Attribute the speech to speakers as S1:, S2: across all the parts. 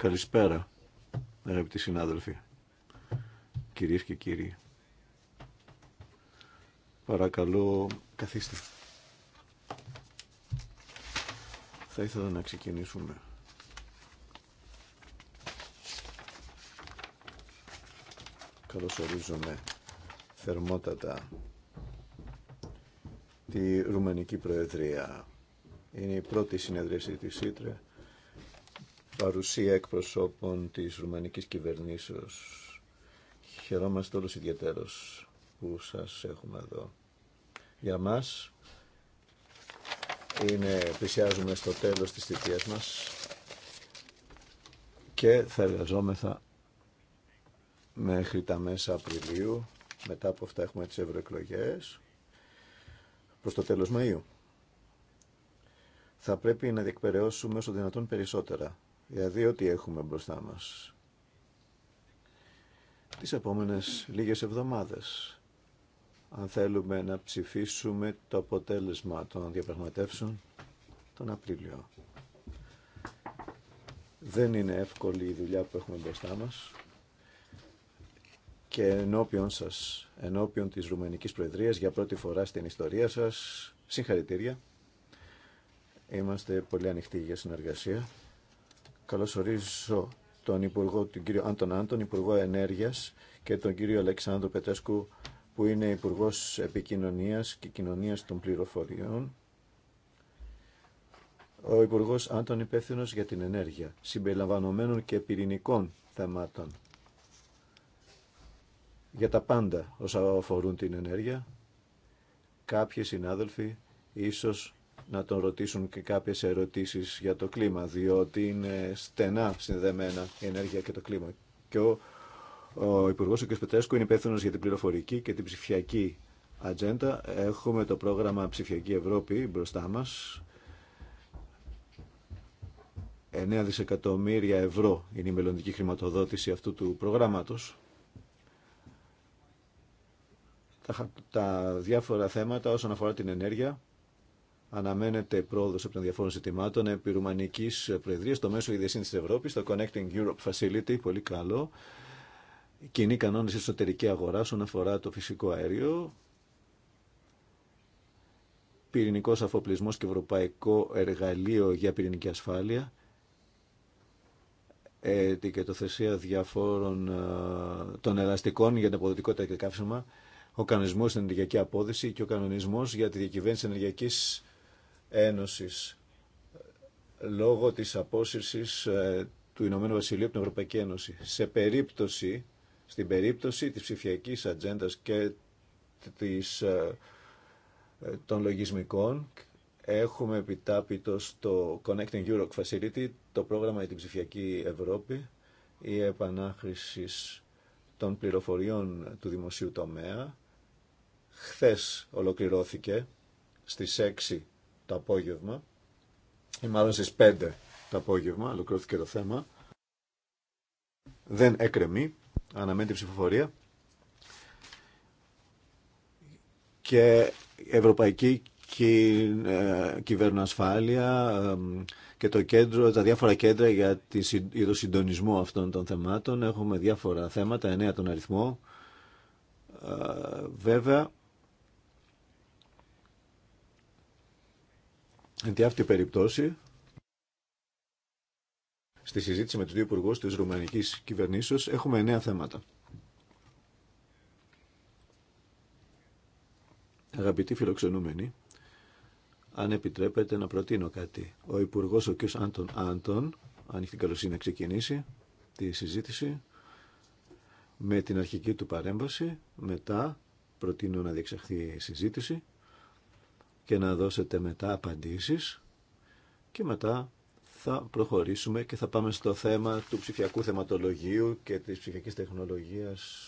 S1: Καλησπέρα, αγαπητοί συνάδελφοι, κυρίες και κύριοι. Παρακαλώ, καθίστε. Θα ήθελα να ξεκινήσουμε. Καλωσορίζομαι θερμότατα τη Ρουμανική Προεδρία. Είναι η πρώτη συνεδρίαση της ΣΥΤΡΕ παρουσία εκπροσώπων της Ρουμανικής Κυβερνήσεως. Χαιρόμαστε όλους ιδιαίτερος που σας έχουμε εδώ. Για μας είναι, πλησιάζουμε στο τέλος της θητείας μας και θα εργαζόμεθα μέχρι τα μέσα Απριλίου. Μετά από αυτά έχουμε τις ευρωεκλογέ προς το τέλος Μαΐου. Θα πρέπει να διεκπαιρεώσουμε όσο δυνατόν περισσότερα Δηλαδή ό,τι έχουμε μπροστά μας. Τις επόμενες λίγες εβδομάδες, αν θέλουμε να ψηφίσουμε το αποτέλεσμα των διαπραγματεύσεων τον Απρίλιο. Δεν είναι εύκολη η δουλειά που έχουμε μπροστά μας και ενώπιον σας, ενώπιον της Ρουμανικής Προεδρίας για πρώτη φορά στην ιστορία σας, συγχαρητήρια. Είμαστε πολύ ανοιχτοί για συνεργασία Καλωσορίζω τον Υπουργό, τον κύριο Άντων Άντων, Υπουργό Ενέργειας και τον κύριο Αλεξάνδρου Πετέσκου που είναι Υπουργό Επικοινωνίας και Κοινωνίας των Πληροφοριών. Ο Υπουργό Άντων υπεύθυνο για την ενέργεια, συμπεριλαμβανομένων και πυρηνικών θεμάτων. Για τα πάντα όσα αφορούν την ενέργεια, κάποιοι συνάδελφοι ίσως να τον ρωτήσουν και κάποιες ερωτήσεις για το κλίμα, διότι είναι στενά συνδεμένα η ενέργεια και το κλίμα. Και ο, ο Υπουργό ο κ. Πετρέσκου είναι υπεύθυνο για την πληροφορική και την ψηφιακή ατζέντα. Έχουμε το πρόγραμμα Ψηφιακή Ευρώπη μπροστά μας. 9 δισεκατομμύρια ευρώ είναι η μελλοντική χρηματοδότηση αυτού του προγράμματος. τα διάφορα θέματα όσον αφορά την ενέργεια Αναμένεται πρόοδο από τον διαφόρων ζητημάτων επί Ρουμανική Προεδρία στο μέσο ηγεσία τη Ευρώπη, το Connecting Europe Facility, πολύ καλό. Κοινή κανόνε εσωτερική αγορά όσον αφορά το φυσικό αέριο. Πυρηνικό αφοπλισμό και ευρωπαϊκό εργαλείο για πυρηνική ασφάλεια. Ε, και διαφόρων των ελαστικών για την αποδοτικότητα και καύσιμα ο κανονισμό στην ενεργειακή απόδοση και ο κανονισμό για τη διακυβέρνηση ενεργειακή Ένωσης λόγω της απόσυρσης ε, του Ηνωμένου Βασιλείου από την Ευρωπαϊκή Ένωση. Σε περίπτωση, στην περίπτωση της ψηφιακή ατζέντα και της, ε, των λογισμικών έχουμε επιτάπητο στο Connecting Europe Facility το πρόγραμμα για την ψηφιακή Ευρώπη η επανάχρηση των πληροφοριών του δημοσίου τομέα. Χθες ολοκληρώθηκε στις 6 το απόγευμα ή μάλλον στις 5 το απόγευμα, ολοκληρώθηκε το θέμα. Δεν έκρεμεί, αναμένει ψηφοφορία. Και Ευρωπαϊκή ε, Ασφάλεια και το κέντρο, τα διάφορα κέντρα για, το συντονισμό αυτών των θεμάτων. Έχουμε διάφορα θέματα, εννέα τον αριθμό. Ε, βέβαια, Εν τη αυτή περιπτώσει, στη συζήτηση με τους δύο υπουργούς της Ρουμανικής Κυβερνήσεως έχουμε νέα θέματα. Αγαπητοί φιλοξενούμενοι, αν επιτρέπετε να προτείνω κάτι. Ο Υπουργός ο κ. Άντων Άντων, αν έχει την καλοσύνη να ξεκινήσει τη συζήτηση, με την αρχική του παρέμβαση, μετά προτείνω να διεξαχθεί η συζήτηση και να δώσετε μετά απαντήσεις και μετά θα προχωρήσουμε και θα πάμε στο θέμα του ψηφιακού θεματολογίου και της ψηφιακής τεχνολογίας.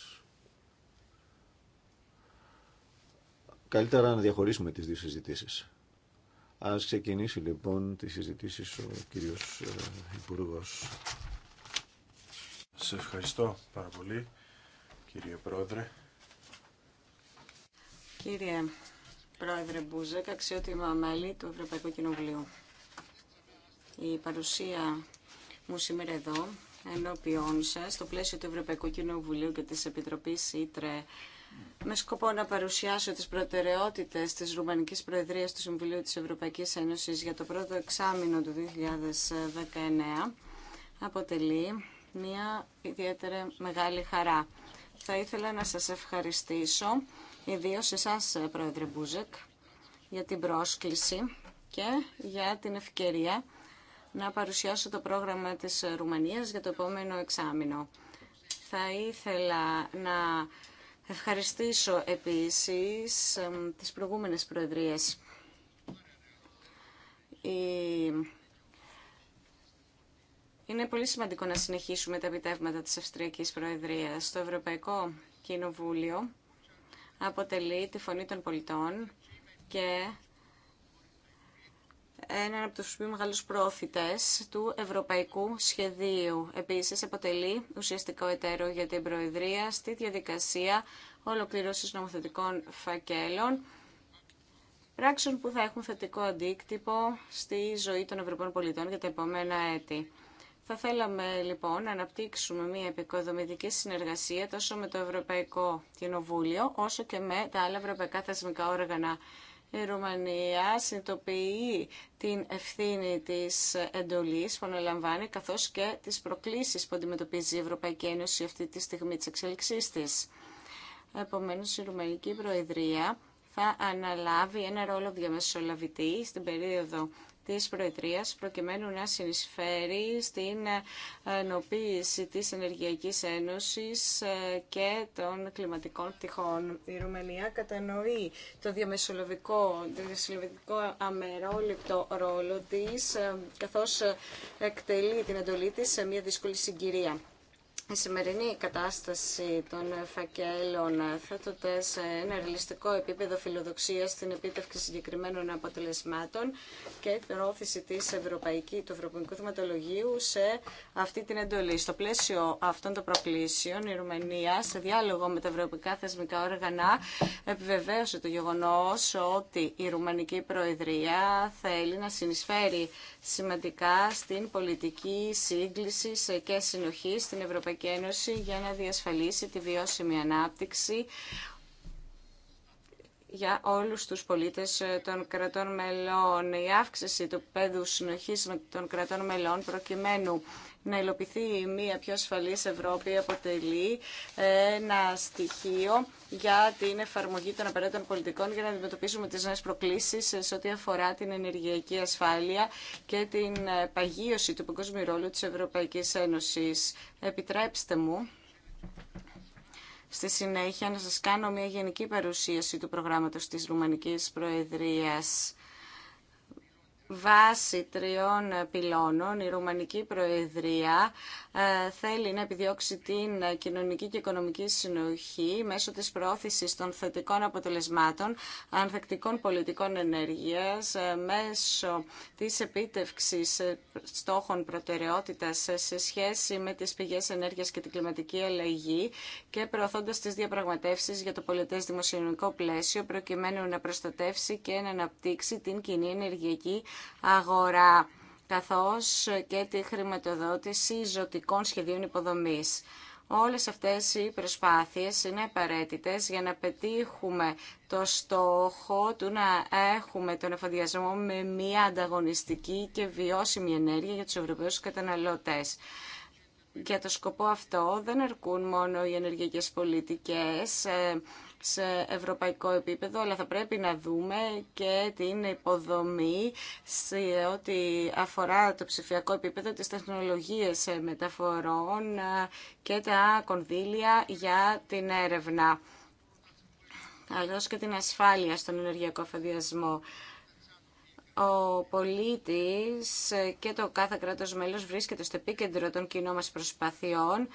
S1: Καλύτερα να διαχωρίσουμε τις δύο συζητήσεις. Ας ξεκινήσει λοιπόν τις συζητήσεις ο κύριος ε, Υπουργός. Σε ευχαριστώ πάρα πολύ κύριε Πρόεδρε.
S2: Κύριε Πρόεδρε Μπούζεκ, αξιότιμα μέλη του Ευρωπαϊκού Κοινοβουλίου. Η παρουσία μου σήμερα εδώ, ενώπιόν σα, στο πλαίσιο του Ευρωπαϊκού Κοινοβουλίου και τη Επιτροπή ΣΥΤΡΕ, με σκοπό να παρουσιάσω τις προτεραιότητε της Ρουμανικής Προεδρία του Συμβουλίου της Ευρωπαϊκής Ένωσης για το πρώτο εξάμεινο του 2019, αποτελεί μια ιδιαίτερα μεγάλη χαρά. Θα ήθελα να σας ευχαριστήσω ιδίως εσά, ε, Πρόεδρε Μπούζεκ για την πρόσκληση και για την ευκαιρία να παρουσιάσω το πρόγραμμα της ε, Ρουμανίας για το επόμενο εξάμεινο. Θα ήθελα να ευχαριστήσω επίσης ε, τις προηγούμενες Προεδρίες. Είναι πολύ σημαντικό να συνεχίσουμε τα επιτεύγματα της Αυστριακής Προεδρίας στο Ευρωπαϊκό Κοινοβούλιο αποτελεί τη φωνή των πολιτών και έναν από τους πιο μεγάλους πρόθητες του Ευρωπαϊκού Σχεδίου. Επίσης, αποτελεί ουσιαστικό εταίρο για την Προεδρία στη διαδικασία ολοκληρώσης νομοθετικών φακέλων, πράξεων που θα έχουν θετικό αντίκτυπο στη ζωή των Ευρωπαίων πολιτών για τα επόμενα έτη. Θα θέλαμε λοιπόν να αναπτύξουμε μια επικοδομητική συνεργασία τόσο με το Ευρωπαϊκό Κοινοβούλιο όσο και με τα άλλα ευρωπαϊκά θεσμικά όργανα. Η Ρουμανία συνειδητοποιεί την ευθύνη της εντολής που αναλαμβάνει καθώς και τις προκλήσεις που αντιμετωπίζει η Ευρωπαϊκή Ένωση αυτή τη στιγμή της εξέλιξής της. Επομένως, η Ρουμανική Προεδρία θα αναλάβει ένα ρόλο διαμεσολαβητή στην περίοδο της Προεδρίας προκειμένου να συνεισφέρει στην ε, ενοποίηση της Ενεργειακής Ένωσης ε, και των κλιματικών πτυχών. Η Ρουμανία κατανοεί το διαμεσολαβικό, το διαμεσολαβικό αμερόληπτο ρόλο της ε, καθώς εκτελεί την εντολή της σε μια δύσκολη συγκυρία η σημερινή κατάσταση των φακέλων θέτονται σε ένα ρεαλιστικό επίπεδο φιλοδοξία στην επίτευξη συγκεκριμένων αποτελεσμάτων και την όθηση της Ευρωπαϊκή, του Ευρωπαϊκού Θεματολογίου σε αυτή την εντολή. Στο πλαίσιο αυτών των προκλήσεων, η Ρουμανία, σε διάλογο με τα ευρωπαϊκά θεσμικά όργανα, επιβεβαίωσε το γεγονό ότι η Ρουμανική Προεδρία θέλει να συνεισφέρει σημαντικά στην πολιτική σύγκληση και συνοχή στην Ευρωπαϊκή Ευρωπαϊκή Ένωση για να διασφαλίσει τη βιώσιμη ανάπτυξη για όλους τους πολίτες των κρατών μελών. Η αύξηση του πέδου συνοχής των κρατών μελών προκειμένου να υλοποιηθεί μια πιο ασφαλής Ευρώπη αποτελεί ένα στοιχείο για την εφαρμογή των απαραίτητων πολιτικών για να αντιμετωπίσουμε τις νέες προκλήσεις σε ό,τι αφορά την ενεργειακή ασφάλεια και την παγίωση του παγκόσμιου ρόλου της Ευρωπαϊκής Ένωσης. Επιτρέψτε μου στη συνέχεια να σας κάνω μια γενική παρουσίαση του προγράμματος της Ρουμανικής Προεδρίας βάση τριών πυλώνων η Ρουμανική Προεδρία ε, θέλει να επιδιώξει την κοινωνική και οικονομική συνοχή μέσω της προώθησης των θετικών αποτελεσμάτων ανθεκτικών πολιτικών ενέργειας ε, μέσω της επίτευξης στόχων προτεραιότητας σε σχέση με τις πηγές ενέργειας και την κλιματική αλλαγή και προωθώντας τις διαπραγματεύσεις για το πολιτές δημοσιονομικό πλαίσιο προκειμένου να προστατεύσει και να αναπτύξει την κοινή ενεργειακή αγορά, καθώς και τη χρηματοδότηση ζωτικών σχεδίων υποδομής. Όλες αυτές οι προσπάθειες είναι απαραίτητε για να πετύχουμε το στόχο του να έχουμε τον εφοδιασμό με μια ανταγωνιστική και βιώσιμη ενέργεια για τους Ευρωπαίους καταναλωτές. Για το σκοπό αυτό δεν αρκούν μόνο οι ενεργειακές πολιτικές, ε, σε ευρωπαϊκό επίπεδο, αλλά θα πρέπει να δούμε και την υποδομή σε ό,τι αφορά το ψηφιακό επίπεδο, τις τεχνολογίες μεταφορών και τα κονδύλια για την έρευνα, αλλιώς και την ασφάλεια στον ενεργειακό αφαιδιασμό. ο πολίτης και το κάθε κράτος μέλος βρίσκεται στο επίκεντρο των κοινών μας προσπαθειών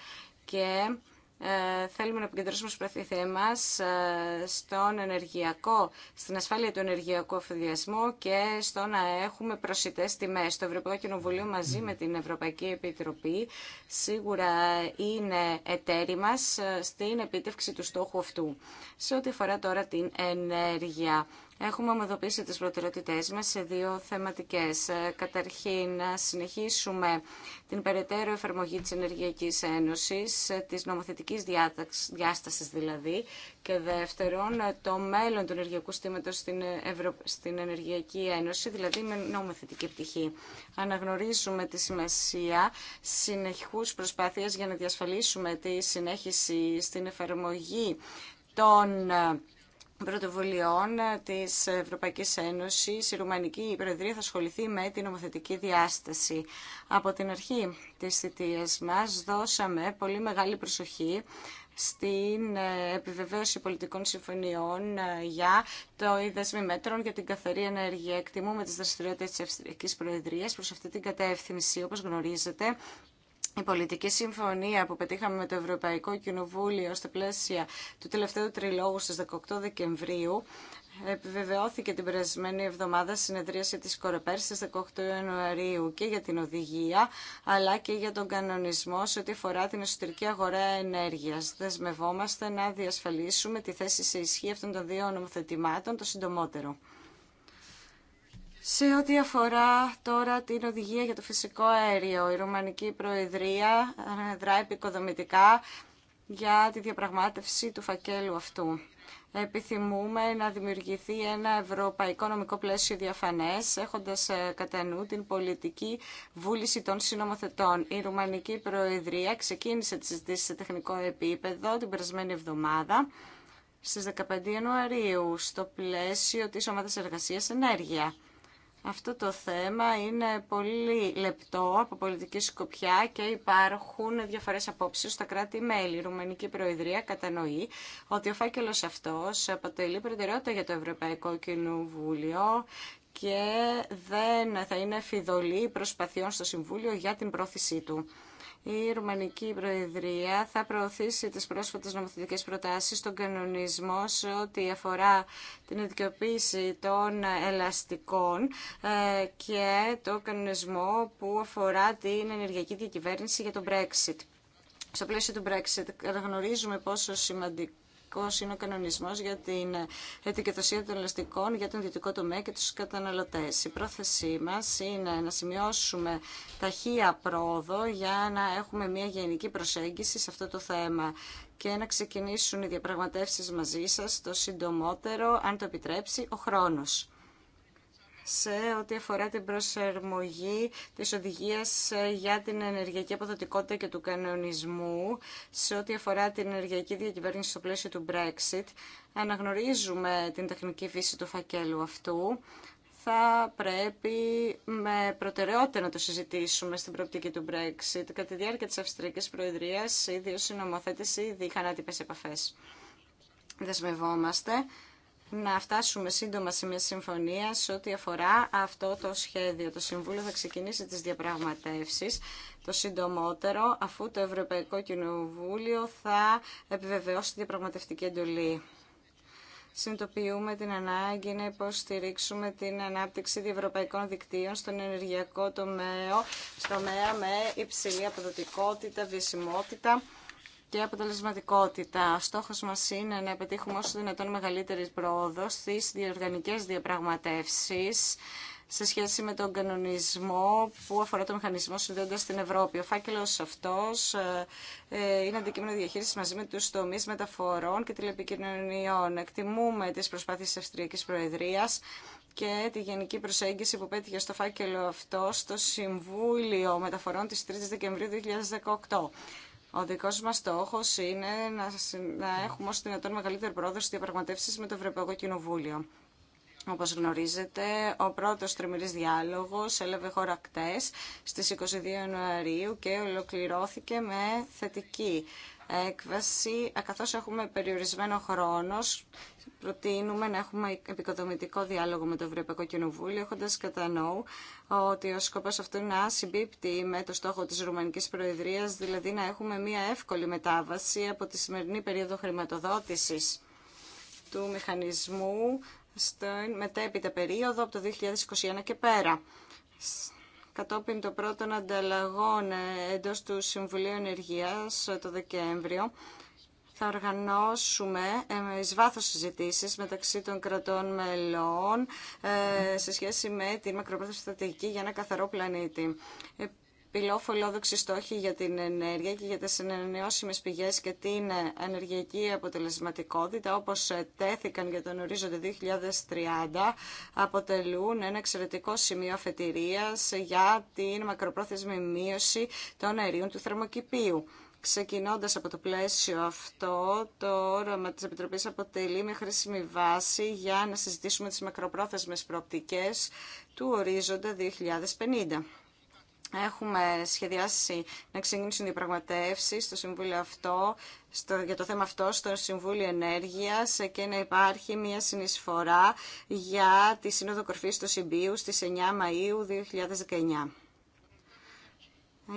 S2: και ε, θέλουμε να επικεντρώσουμε στο προσπαθήθειά μας ε, στον ενεργειακό, στην ασφάλεια του ενεργειακού αφοδιασμού και στο να έχουμε προσιτές τιμές. Το Ευρωπαϊκό Κοινοβουλίο μαζί με την Ευρωπαϊκή Επιτροπή σίγουρα είναι εταίροι μας ε, στην επίτευξη του στόχου αυτού. Σε ό,τι αφορά τώρα την ενέργεια. Έχουμε ομοδοποιήσει τις προτεραιότητές μας σε δύο θεματικές. Ε, καταρχήν, να συνεχίσουμε την περαιτέρω εφαρμογή της Ενεργειακής Ένωσης, ε, της νομοθετικής διάστασης δηλαδή, και δεύτερον, ε, το μέλλον του ενεργειακού στήματος στην, στην Ενεργειακή Ένωση, δηλαδή με νομοθετική πτυχή. Αναγνωρίζουμε τη σημασία συνεχούς προσπάθειας για να διασφαλίσουμε τη συνέχιση στην εφαρμογή των πρωτοβουλειών της Ευρωπαϊκής Ένωσης, η Ρουμανική Προεδρία θα ασχοληθεί με την νομοθετική διάσταση. Από την αρχή της θητείας μας δώσαμε πολύ μεγάλη προσοχή στην επιβεβαίωση πολιτικών συμφωνιών για το είδεσμι μέτρων για την καθαρή ενέργεια. Εκτιμούμε τις δραστηριότητε της Αυστριακής Προεδρία προς αυτή την κατεύθυνση. Όπως γνωρίζετε, η πολιτική συμφωνία που πετύχαμε με το Ευρωπαϊκό Κοινοβούλιο στα πλαίσια του τελευταίου τριλόγου στις 18 Δεκεμβρίου επιβεβαιώθηκε την περασμένη εβδομάδα συνεδρίαση της Κορεπέρ στις 18 Ιανουαρίου και για την οδηγία αλλά και για τον κανονισμό σε ό,τι αφορά την εσωτερική αγορά ενέργειας. Δεσμευόμαστε να διασφαλίσουμε τη θέση σε ισχύ αυτών των δύο νομοθετημάτων το συντομότερο. Σε ό,τι αφορά τώρα την οδηγία για το φυσικό αέριο, η Ρουμανική Προεδρία ε, δράει επικοδομητικά για τη διαπραγμάτευση του φακέλου αυτού. Επιθυμούμε να δημιουργηθεί ένα ευρωπαϊκό νομικό πλαίσιο διαφανές, έχοντας ε, κατά νου την πολιτική βούληση των συνομοθετών. Η Ρουμανική Προεδρία ξεκίνησε τις συζητήσεις σε τεχνικό επίπεδο την περασμένη εβδομάδα, στις 15 Ιανουαρίου, στο πλαίσιο της Ομάδας Εργασίας Ενέργεια. Αυτό το θέμα είναι πολύ λεπτό από πολιτική σκοπιά και υπάρχουν διαφορές απόψεις στα κράτη-μέλη. Η Ρουμανική Προεδρία κατανοεί ότι ο φάκελος αυτός αποτελεί προτεραιότητα για το Ευρωπαϊκό Κοινοβούλιο και δεν θα είναι φιδωλή προσπαθειών στο Συμβούλιο για την πρόθεσή του η Ρουμανική Προεδρία θα προωθήσει τις πρόσφατες νομοθετικές προτάσεις στον κανονισμό σε ό,τι αφορά την ειδικοποίηση των ελαστικών ε, και το κανονισμό που αφορά την ενεργειακή διακυβέρνηση για τον Brexit. Στο πλαίσιο του Brexit αναγνωρίζουμε πόσο σημαντικό είναι ο κανονισμό για την ετικετοσία των ελαστικών για τον ιδιωτικό τομέα και του καταναλωτέ. Η πρόθεσή μα είναι να σημειώσουμε ταχεία πρόοδο για να έχουμε μια γενική προσέγγιση σε αυτό το θέμα και να ξεκινήσουν οι διαπραγματεύσει μαζί σα το συντομότερο, αν το επιτρέψει, ο χρόνος σε ό,τι αφορά την προσαρμογή της οδηγίας ε, για την ενεργειακή αποδοτικότητα και του κανονισμού, σε ό,τι αφορά την ενεργειακή διακυβέρνηση στο πλαίσιο του Brexit. Αναγνωρίζουμε την τεχνική φύση του φακέλου αυτού. Θα πρέπει με προτεραιότητα να το συζητήσουμε στην προοπτική του Brexit. Κατά τη διάρκεια της Αυστριακής Προεδρίας, οι δύο ήδη είχαν άτυπες επαφές. Δεσμευόμαστε να φτάσουμε σύντομα σε μια συμφωνία σε ό,τι αφορά αυτό το σχέδιο. Το Συμβούλιο θα ξεκινήσει τις διαπραγματεύσεις το συντομότερο, αφού το Ευρωπαϊκό Κοινοβούλιο θα επιβεβαιώσει τη διαπραγματευτική εντολή. Συντοποιούμε την ανάγκη να υποστηρίξουμε την ανάπτυξη διευρωπαϊκών δικτύων στον ενεργειακό τομέα, τομέα με υψηλή αποδοτικότητα, βιωσιμότητα και αποτελεσματικότητα. Ο στόχος μας είναι να πετύχουμε όσο δυνατόν μεγαλύτερη πρόοδο στι διοργανικέ διαπραγματεύσει σε σχέση με τον κανονισμό που αφορά το μηχανισμό συνδέοντας στην Ευρώπη. Ο φάκελος αυτός ε, ε, είναι αντικείμενο διαχείρισης μαζί με τους τομείς μεταφορών και τηλεπικοινωνιών. Εκτιμούμε τις προσπάθειες της Αυστριακής Προεδρίας και τη γενική προσέγγιση που πέτυχε στο φάκελο αυτό στο Συμβούλιο Μεταφορών της 3 η Δεκεμβρίου 2018. Ο δικό μα στόχο είναι να, έχουμε όσο δυνατόν μεγαλύτερη πρόοδο στι διαπραγματεύσει με το Ευρωπαϊκό Κοινοβούλιο. Όπω γνωρίζετε, ο πρώτο τριμερή διάλογο έλαβε χώρα χτε στι 22 Ιανουαρίου και ολοκληρώθηκε με θετική έκβαση, ε, καθώ έχουμε περιορισμένο χρόνο προτείνουμε να έχουμε επικοδομητικό διάλογο με το Ευρωπαϊκό Κοινοβούλιο, έχοντας κατά νου ότι ο σκοπός αυτού να συμπίπτει με το στόχο της Ρουμανικής Προεδρίας, δηλαδή να έχουμε μια εύκολη μετάβαση από τη σημερινή περίοδο χρηματοδότησης του μηχανισμού στην μετέπειτα περίοδο από το 2021 και πέρα κατόπιν των πρώτων ανταλλαγών εντός του Συμβουλίου Ενεργείας το Δεκέμβριο θα οργανώσουμε ε, εις βάθος συζητήσεις μεταξύ των κρατών μελών ε, σε σχέση με τη μακροπρόθεσμη στρατηγική για ένα καθαρό πλανήτη. Πυλό φιλόδοξη στόχη για την ενέργεια και για τι ανανεώσιμες πηγές και την ενεργειακή αποτελεσματικότητα όπως τέθηκαν για τον ορίζοντα 2030 αποτελούν ένα εξαιρετικό σημείο αφετηρίας για την μακροπρόθεσμη μείωση των αερίων του θερμοκηπίου. Ξεκινώντας από το πλαίσιο αυτό, το όραμα της Επιτροπής αποτελεί μια χρήσιμη βάση για να συζητήσουμε τις μακροπρόθεσμες προοπτικές του ορίζοντα 2050. Έχουμε σχεδιάσει να ξεκινήσουν διαπραγματεύσει στο Συμβούλιο αυτό, στο, για το θέμα αυτό στο Συμβούλιο ενέργεια και να υπάρχει μια συνεισφορά για τη Σύνοδο κορφή του Συμπίου στι 9 Μαου 2019.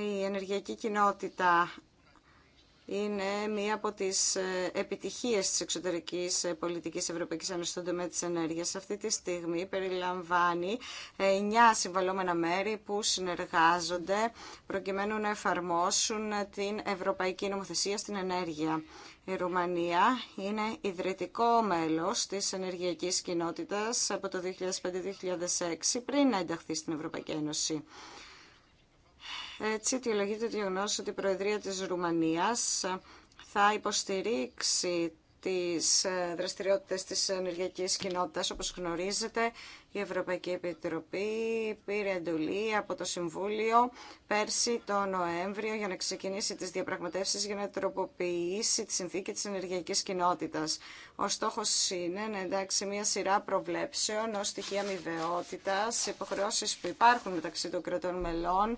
S2: Η ενεργειακή κοινότητα είναι μία από τις ε, επιτυχίες της εξωτερικής ε, πολιτικής Ευρωπαϊκής Ένωσης στον τομέα της ενέργειας. Αυτή τη στιγμή περιλαμβάνει ε, εννιά συμβαλόμενα μέρη που συνεργάζονται προκειμένου να εφαρμόσουν την Ευρωπαϊκή Νομοθεσία στην ενέργεια. Η Ρουμανία είναι ιδρυτικό μέλος της ενεργειακής κοινότητας από το 2005-2006 πριν να ενταχθεί στην Ευρωπαϊκή Ένωση. Έτσι αιτιολογείται το γεγονό ότι η Προεδρία της Ρουμανίας θα υποστηρίξει τις ε, δραστηριότητες της ενεργειακής κοινότητας. Όπως γνωρίζετε, η Ευρωπαϊκή Επιτροπή πήρε εντολή από το Συμβούλιο πέρσι το Νοέμβριο για να ξεκινήσει τις διαπραγματεύσεις για να τροποποιήσει τη συνθήκη της ενεργειακής κοινότητας. Ο στόχος είναι να εντάξει μια σειρά προβλέψεων ως στοιχεία αμοιβαιότητας, υποχρεώσεις που υπάρχουν μεταξύ των κρατών μελών,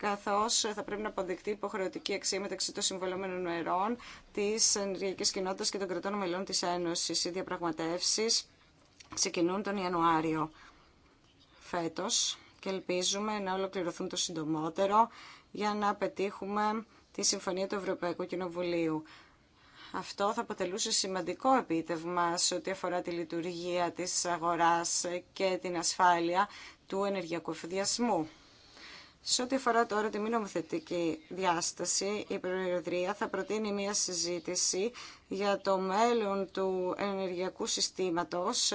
S2: Καθώ θα πρέπει να αποδεικτεί υποχρεωτική αξία μεταξύ των συμβολωμένων μερών τη ενεργειακή κοινότητα και των κρατών μελών τη Ένωση. Οι διαπραγματεύσει ξεκινούν τον Ιανουάριο Φέτο! και ελπίζουμε να ολοκληρωθούν το συντομότερο για να πετύχουμε τη Συμφωνία του Ευρωπαϊκού Κοινοβουλίου. Αυτό θα αποτελούσε σημαντικό επίτευγμα σε ό,τι αφορά τη λειτουργία της αγοράς και την ασφάλεια του ενεργειακού εφηδιασμού. Σε ό,τι αφορά τώρα τη μη νομοθετική διάσταση, η Προεδρία θα προτείνει μία συζήτηση για το μέλλον του ενεργειακού συστήματος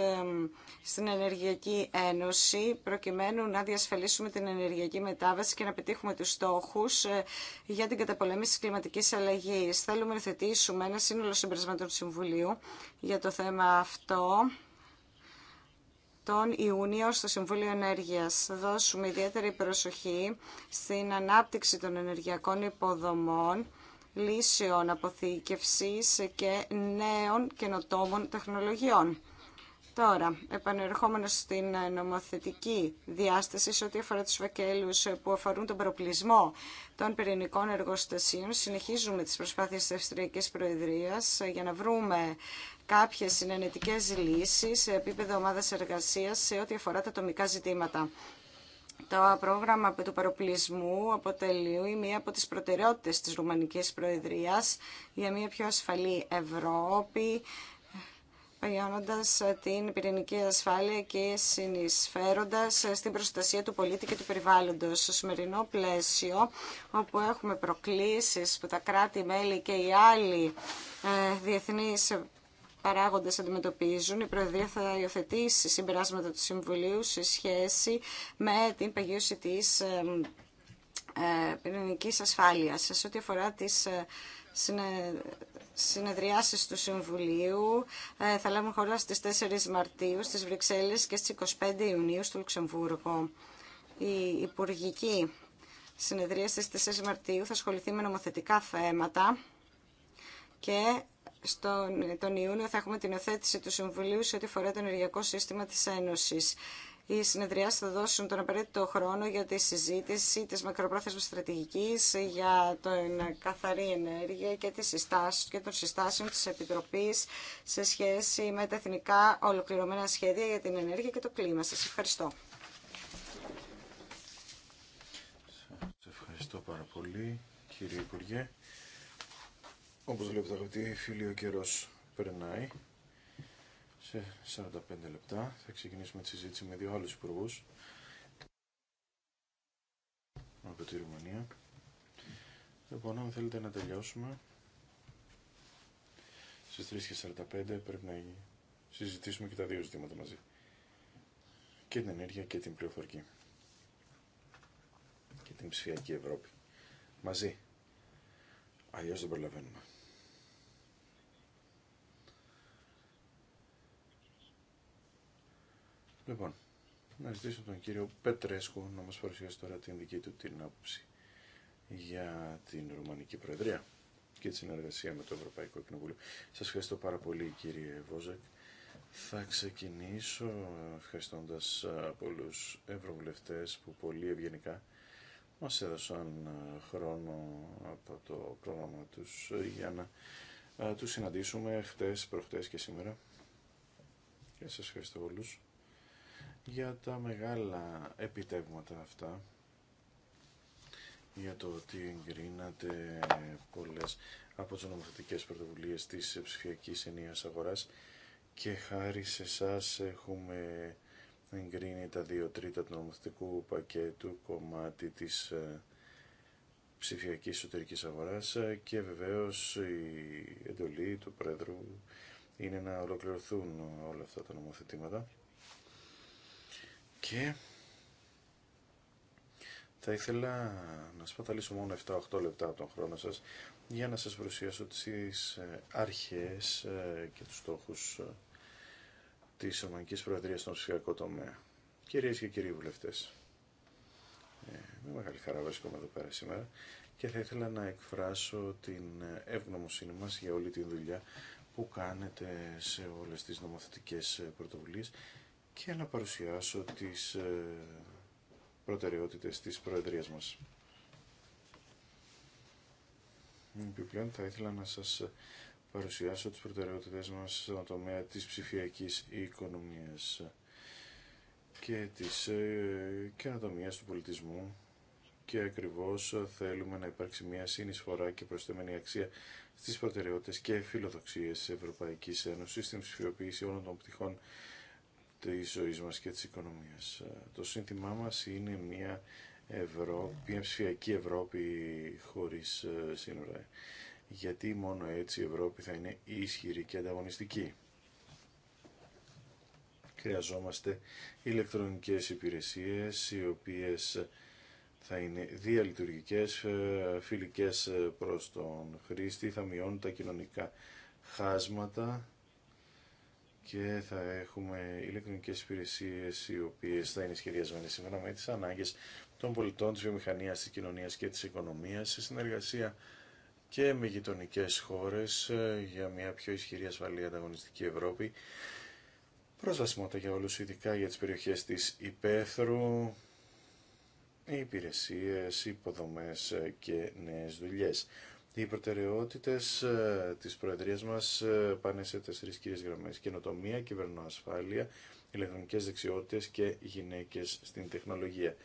S2: στην Ενεργειακή Ένωση, προκειμένου να διασφαλίσουμε την ενεργειακή μετάβαση και να πετύχουμε τους στόχους ε, για την καταπολέμηση της κλιματικής αλλαγής. Θέλουμε να θετήσουμε ένα σύνολο συμπερισμάτων Συμβουλίου για το θέμα αυτό τον Ιούνιο στο Συμβούλιο Ενέργειας. Θα δώσουμε ιδιαίτερη προσοχή στην ανάπτυξη των ενεργειακών υποδομών, λύσεων αποθήκευσης και νέων καινοτόμων τεχνολογιών. Τώρα, επανερχόμενο στην νομοθετική διάσταση σε ό,τι αφορά τους φακέλους που αφορούν τον προπλισμό των πυρηνικών εργοστασίων, συνεχίζουμε τις προσπάθειες της Αυστριακής Προεδρίας για να βρούμε κάποιες συνενετικές λύσεις σε επίπεδο ομάδας εργασίας σε ό,τι αφορά τα τομικά ζητήματα. Το πρόγραμμα του παροπλισμού αποτελεί μία από τις προτεραιότητες της Ρουμανικής Προεδρίας για μία πιο ασφαλή Ευρώπη, παγιώνοντας την πυρηνική ασφάλεια και συνεισφέροντας στην προστασία του πολίτη και του περιβάλλοντος. Στο σημερινό πλαίσιο, όπου έχουμε προκλήσεις που τα κράτη-μέλη και οι άλλοι ε, διεθνείς παράγοντε αντιμετωπίζουν, η Προεδρία θα υιοθετήσει συμπεράσματα του Συμβουλίου σε σχέση με την παγίωση τη ε, ε, πυρηνική ασφάλεια. Σε ό,τι αφορά τι ε, συνεδριάσεις του Συμβουλίου θα λάβουν χώρα στις 4 Μαρτίου στις Βρυξέλλες και στις 25 Ιουνίου στο Λουξεμβούργο. Η Υπουργική Συνεδρία στις 4 Μαρτίου θα ασχοληθεί με νομοθετικά θέματα και στον, τον Ιούνιο θα έχουμε την οθέτηση του Συμβουλίου σε ό,τι αφορά το ενεργειακό σύστημα της Ένωσης. Οι συνεδριάσεις θα δώσουν τον απαραίτητο χρόνο για τη συζήτηση της μακροπρόθεσμης στρατηγικής για την καθαρή ενέργεια και, τις συστάσεις, και των συστάσεων της Επιτροπής σε σχέση με τα εθνικά ολοκληρωμένα σχέδια για την ενέργεια και το κλίμα. Σας ευχαριστώ.
S3: Σας ευχαριστώ πάρα πολύ κύριε Υπουργέ. Όπως βλέπετε αγαπητοί φίλοι, ο καιρός περνάει σε 45 λεπτά. Θα ξεκινήσουμε τη συζήτηση με δύο άλλους υπουργού από τη Ρουμανία. Λοιπόν, αν θέλετε να τελειώσουμε στις 3.45 πρέπει να συζητήσουμε και τα δύο ζητήματα μαζί. Και την ενέργεια και την πληροφορική. Και την ψηφιακή Ευρώπη. Μαζί. Αλλιώς δεν προλαβαίνουμε. Λοιπόν, να ζητήσω τον κύριο Πετρέσκο να μας παρουσιάσει τώρα την δική του την άποψη για την Ρουμανική Προεδρία και τη συνεργασία με το Ευρωπαϊκό Κοινοβούλιο. Σας ευχαριστώ πάρα πολύ κύριε Βόζεκ. Θα ξεκινήσω ευχαριστώντας πολλούς ευρωβουλευτές που πολύ ευγενικά μας έδωσαν χρόνο από το πρόγραμμα τους ε, για να τους συναντήσουμε χτες, προχτές και σήμερα. Και σας ευχαριστώ όλους για τα μεγάλα επιτεύγματα αυτά για το ότι εγκρίνατε πολλές από τις νομοθετικές πρωτοβουλίες της ψηφιακής ενίας αγοράς και χάρη σε εσά έχουμε εγκρίνει τα δύο τρίτα του νομοθετικού πακέτου κομμάτι της ε, ψηφιακής εσωτερικής αγοράς ε, και βεβαίως η εντολή του Πρόεδρου είναι να ολοκληρωθούν όλα αυτά τα νομοθετήματα και θα ήθελα να σπαταλήσω μόνο 7-8 λεπτά από τον χρόνο σας για να σας παρουσιάσω τις ε, αρχές ε, και τους στόχους ε, της Ρωμανικής Προεδρίας στον ψηφιακό τομέα. Κυρίες και κύριοι βουλευτές, με μεγάλη χαρά βρίσκομαι εδώ πέρα σήμερα και θα ήθελα να εκφράσω την ευγνωμοσύνη μας για όλη τη δουλειά που κάνετε σε όλες τις νομοθετικές πρωτοβουλίες και να παρουσιάσω τις ε, προτεραιότητες της Προεδρίας μας. Επιπλέον θα ήθελα να σας ε, παρουσιάσω τις προτεραιότητες μας στον τομέα της ψηφιακής οικονομίας και της ε, καινοτομίας του πολιτισμού και ακριβώς θέλουμε να υπάρξει μια συνεισφορά και προσθέμενη αξία στις προτεραιότητες και φιλοδοξίες της Ευρωπαϊκής Ένωσης στην ψηφιοποίηση όλων των πτυχών της ζωής μας και της οικονομίας. Ε, το σύνθημά μας είναι μια Ευρώπη, μια ψηφιακή Ευρώπη χωρίς ε, σύνορα. Γιατί μόνο έτσι η Ευρώπη θα είναι ισχυρή και ανταγωνιστική. Χρειαζόμαστε ηλεκτρονικές υπηρεσίες οι οποίες θα είναι διαλειτουργικές, ε, φιλικές προς τον χρήστη, θα μειώνουν τα κοινωνικά χάσματα και θα έχουμε ηλεκτρονικές υπηρεσίες οι οποίες θα είναι σχεδιασμένες σήμερα με τις ανάγκες των πολιτών, της βιομηχανίας, της κοινωνίας και της οικονομίας σε συνεργασία και με γειτονικέ χώρες ε, για μια πιο ισχυρή ασφαλή ανταγωνιστική Ευρώπη. Προσβασιμότητα για όλους, ειδικά για τις περιοχές της υπαίθρου, υπηρεσίες, υποδομές ε, και νέες δουλειές. Οι προτεραιότητε ε, της Προεδρίας μας ε, πάνε σε τέσσερι κύριε γραμμές. Καινοτομία, κυβερνοασφάλεια, ηλεκτρονικέ δεξιότητε και γυναίκε στην τεχνολογία.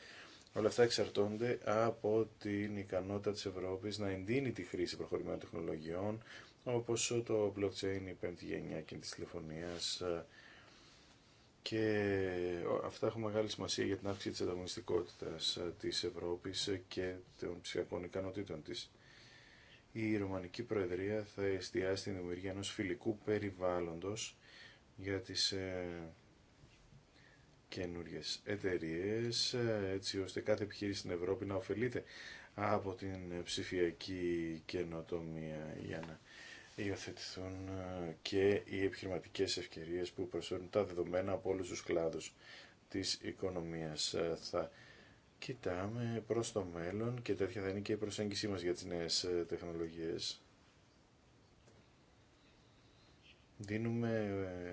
S3: Όλα αυτά εξαρτώνται από την ικανότητα τη Ευρώπη να εντείνει τη χρήση προχωρημένων τεχνολογιών, όπω το blockchain, η πέμπτη γενιά και της τηλεφωνίας, ε, και αυτά έχουν μεγάλη σημασία για την αύξηση της ανταγωνιστικότητας της Ευρώπης και των ψηφιακών ικανοτήτων της η Ρουμανική Προεδρία θα εστιάσει την δημιουργία ενός φιλικού περιβάλλοντος για τις ε, καινούριες εταιρείες, ε, έτσι ώστε κάθε επιχείρηση στην Ευρώπη να ωφελείται από την ψηφιακή καινοτομία για να υιοθετηθούν ε, και οι επιχειρηματικές ευκαιρίες που προσφέρουν τα δεδομένα από όλους τους κλάδους της οικονομίας. Θα κοιτάμε προς το μέλλον και τέτοια θα είναι και η προσέγγιση μας για τις νέες ε, τεχνολογίες. Δίνουμε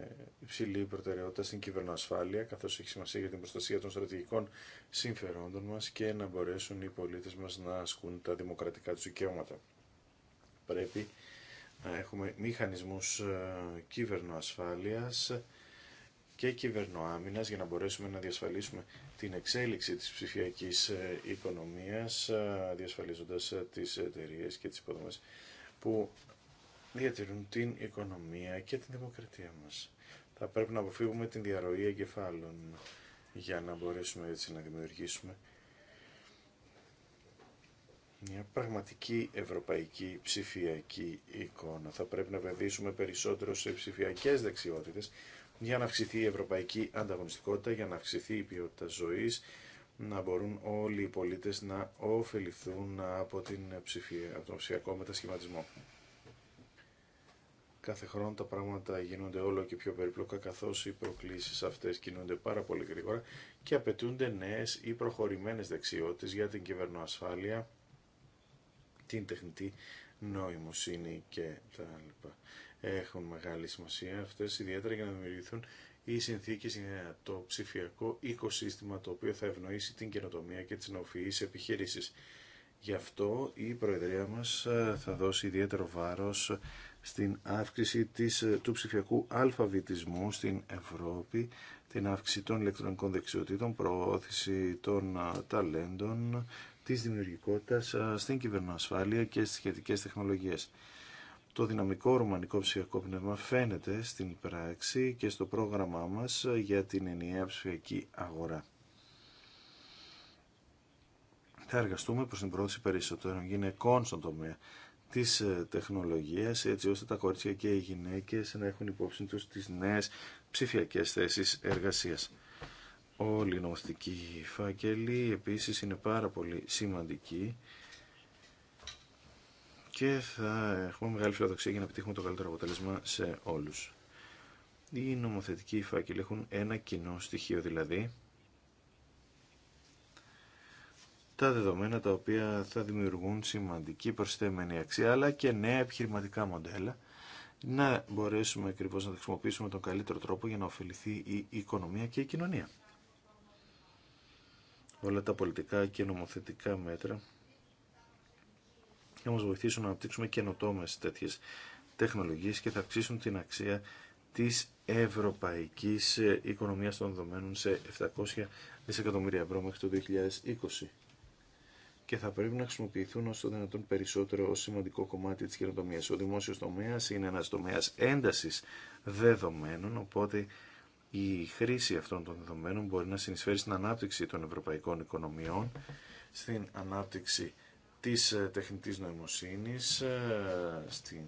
S3: ε, υψηλή προτεραιότητα στην κυβερνοασφάλεια, καθώς έχει σημασία για την προστασία των στρατηγικών συμφερόντων μας και να μπορέσουν οι πολίτες μας να ασκούν τα δημοκρατικά τους δικαιώματα. Πρέπει να έχουμε μηχανισμούς ε, κυβερνοασφάλειας, και κυβερνοάμυνα για να μπορέσουμε να διασφαλίσουμε την εξέλιξη της ψηφιακή ε, οικονομίας ε, διασφαλίζοντας ε, τις εταιρείε και τις υποδομέ που διατηρούν την οικονομία και την δημοκρατία μας. Θα πρέπει να αποφύγουμε την διαρροή εγκεφάλων για να μπορέσουμε έτσι να δημιουργήσουμε μια πραγματική ευρωπαϊκή ψηφιακή εικόνα. Θα πρέπει να επενδύσουμε περισσότερο σε ψηφιακές δεξιότητες για να αυξηθεί η ευρωπαϊκή ανταγωνιστικότητα, για να αυξηθεί η ποιότητα ζωής, να μπορούν όλοι οι πολίτες να ωφεληθούν από, την από τον ψηφιακό μετασχηματισμό. Κάθε χρόνο τα πράγματα γίνονται όλο και πιο περίπλοκα καθώς οι προκλήσεις αυτές κινούνται πάρα πολύ γρήγορα και απαιτούνται νέες ή προχωρημένες δεξιότητες για την κυβερνοασφάλεια, την τεχνητή νοημοσύνη και έχουν μεγάλη σημασία αυτές, ιδιαίτερα για να δημιουργηθούν οι συνθήκες για το ψηφιακό οικοσύστημα το οποίο θα ευνοήσει την καινοτομία και τις νοοφυεί επιχειρήσεις. Γι' αυτό η Προεδρία μας ε, θα δώσει ιδιαίτερο βάρος στην αύξηση της, ε, του ψηφιακού αλφαβητισμού στην Ευρώπη, την αύξηση των ηλεκτρονικών δεξιοτήτων, προώθηση των ε, ταλέντων, της δημιουργικότητας στην κυβερνοασφάλεια και στις σχετικές τεχνολογίες. Το δυναμικό ρουμανικό ψηφιακό πνεύμα φαίνεται στην πράξη και στο πρόγραμμά μας για την ενιαία ψηφιακή αγορά. Θα εργαστούμε προς την πρόθεση περισσότερων γυναικών στον τομέα της ε, τεχνολογίας έτσι ώστε τα κορίτσια και οι γυναίκες να έχουν υπόψη τους τις νέες ψηφιακές θέσεις εργασίας. Όλοι οι νομοθετικοί φάκελοι επίσης είναι πάρα πολύ σημαντική, και θα έχουμε μεγάλη φιλοδοξία για να επιτύχουμε το καλύτερο αποτέλεσμα σε όλους. Οι νομοθετικοί φάκελοι έχουν ένα κοινό στοιχείο δηλαδή τα δεδομένα τα οποία θα δημιουργούν σημαντική προσθέμενη αξία αλλά και νέα επιχειρηματικά μοντέλα να μπορέσουμε ακριβώς να τα χρησιμοποιήσουμε τον καλύτερο τρόπο για να ωφεληθεί η οικονομία και η κοινωνία. Όλα τα πολιτικά και νομοθετικά μέτρα να μας βοηθήσουν να αναπτύξουμε καινοτόμες τέτοιες τεχνολογίες και θα αυξήσουν την αξία της ευρωπαϊκής ε, οικονομίας των δεδομένων σε 700 δισεκατομμύρια ευρώ μέχρι το 2020 και θα πρέπει να χρησιμοποιηθούν όσο δυνατόν περισσότερο ως σημαντικό κομμάτι της καινοτομίας. Ο δημόσιος τομέας είναι ένας τομέας έντασης δεδομένων, οπότε η χρήση αυτών των δεδομένων μπορεί να συνεισφέρει στην ανάπτυξη των ευρωπαϊκών οικονομιών, στην ανάπτυξη της ε, τεχνητής νοημοσύνης ε, στην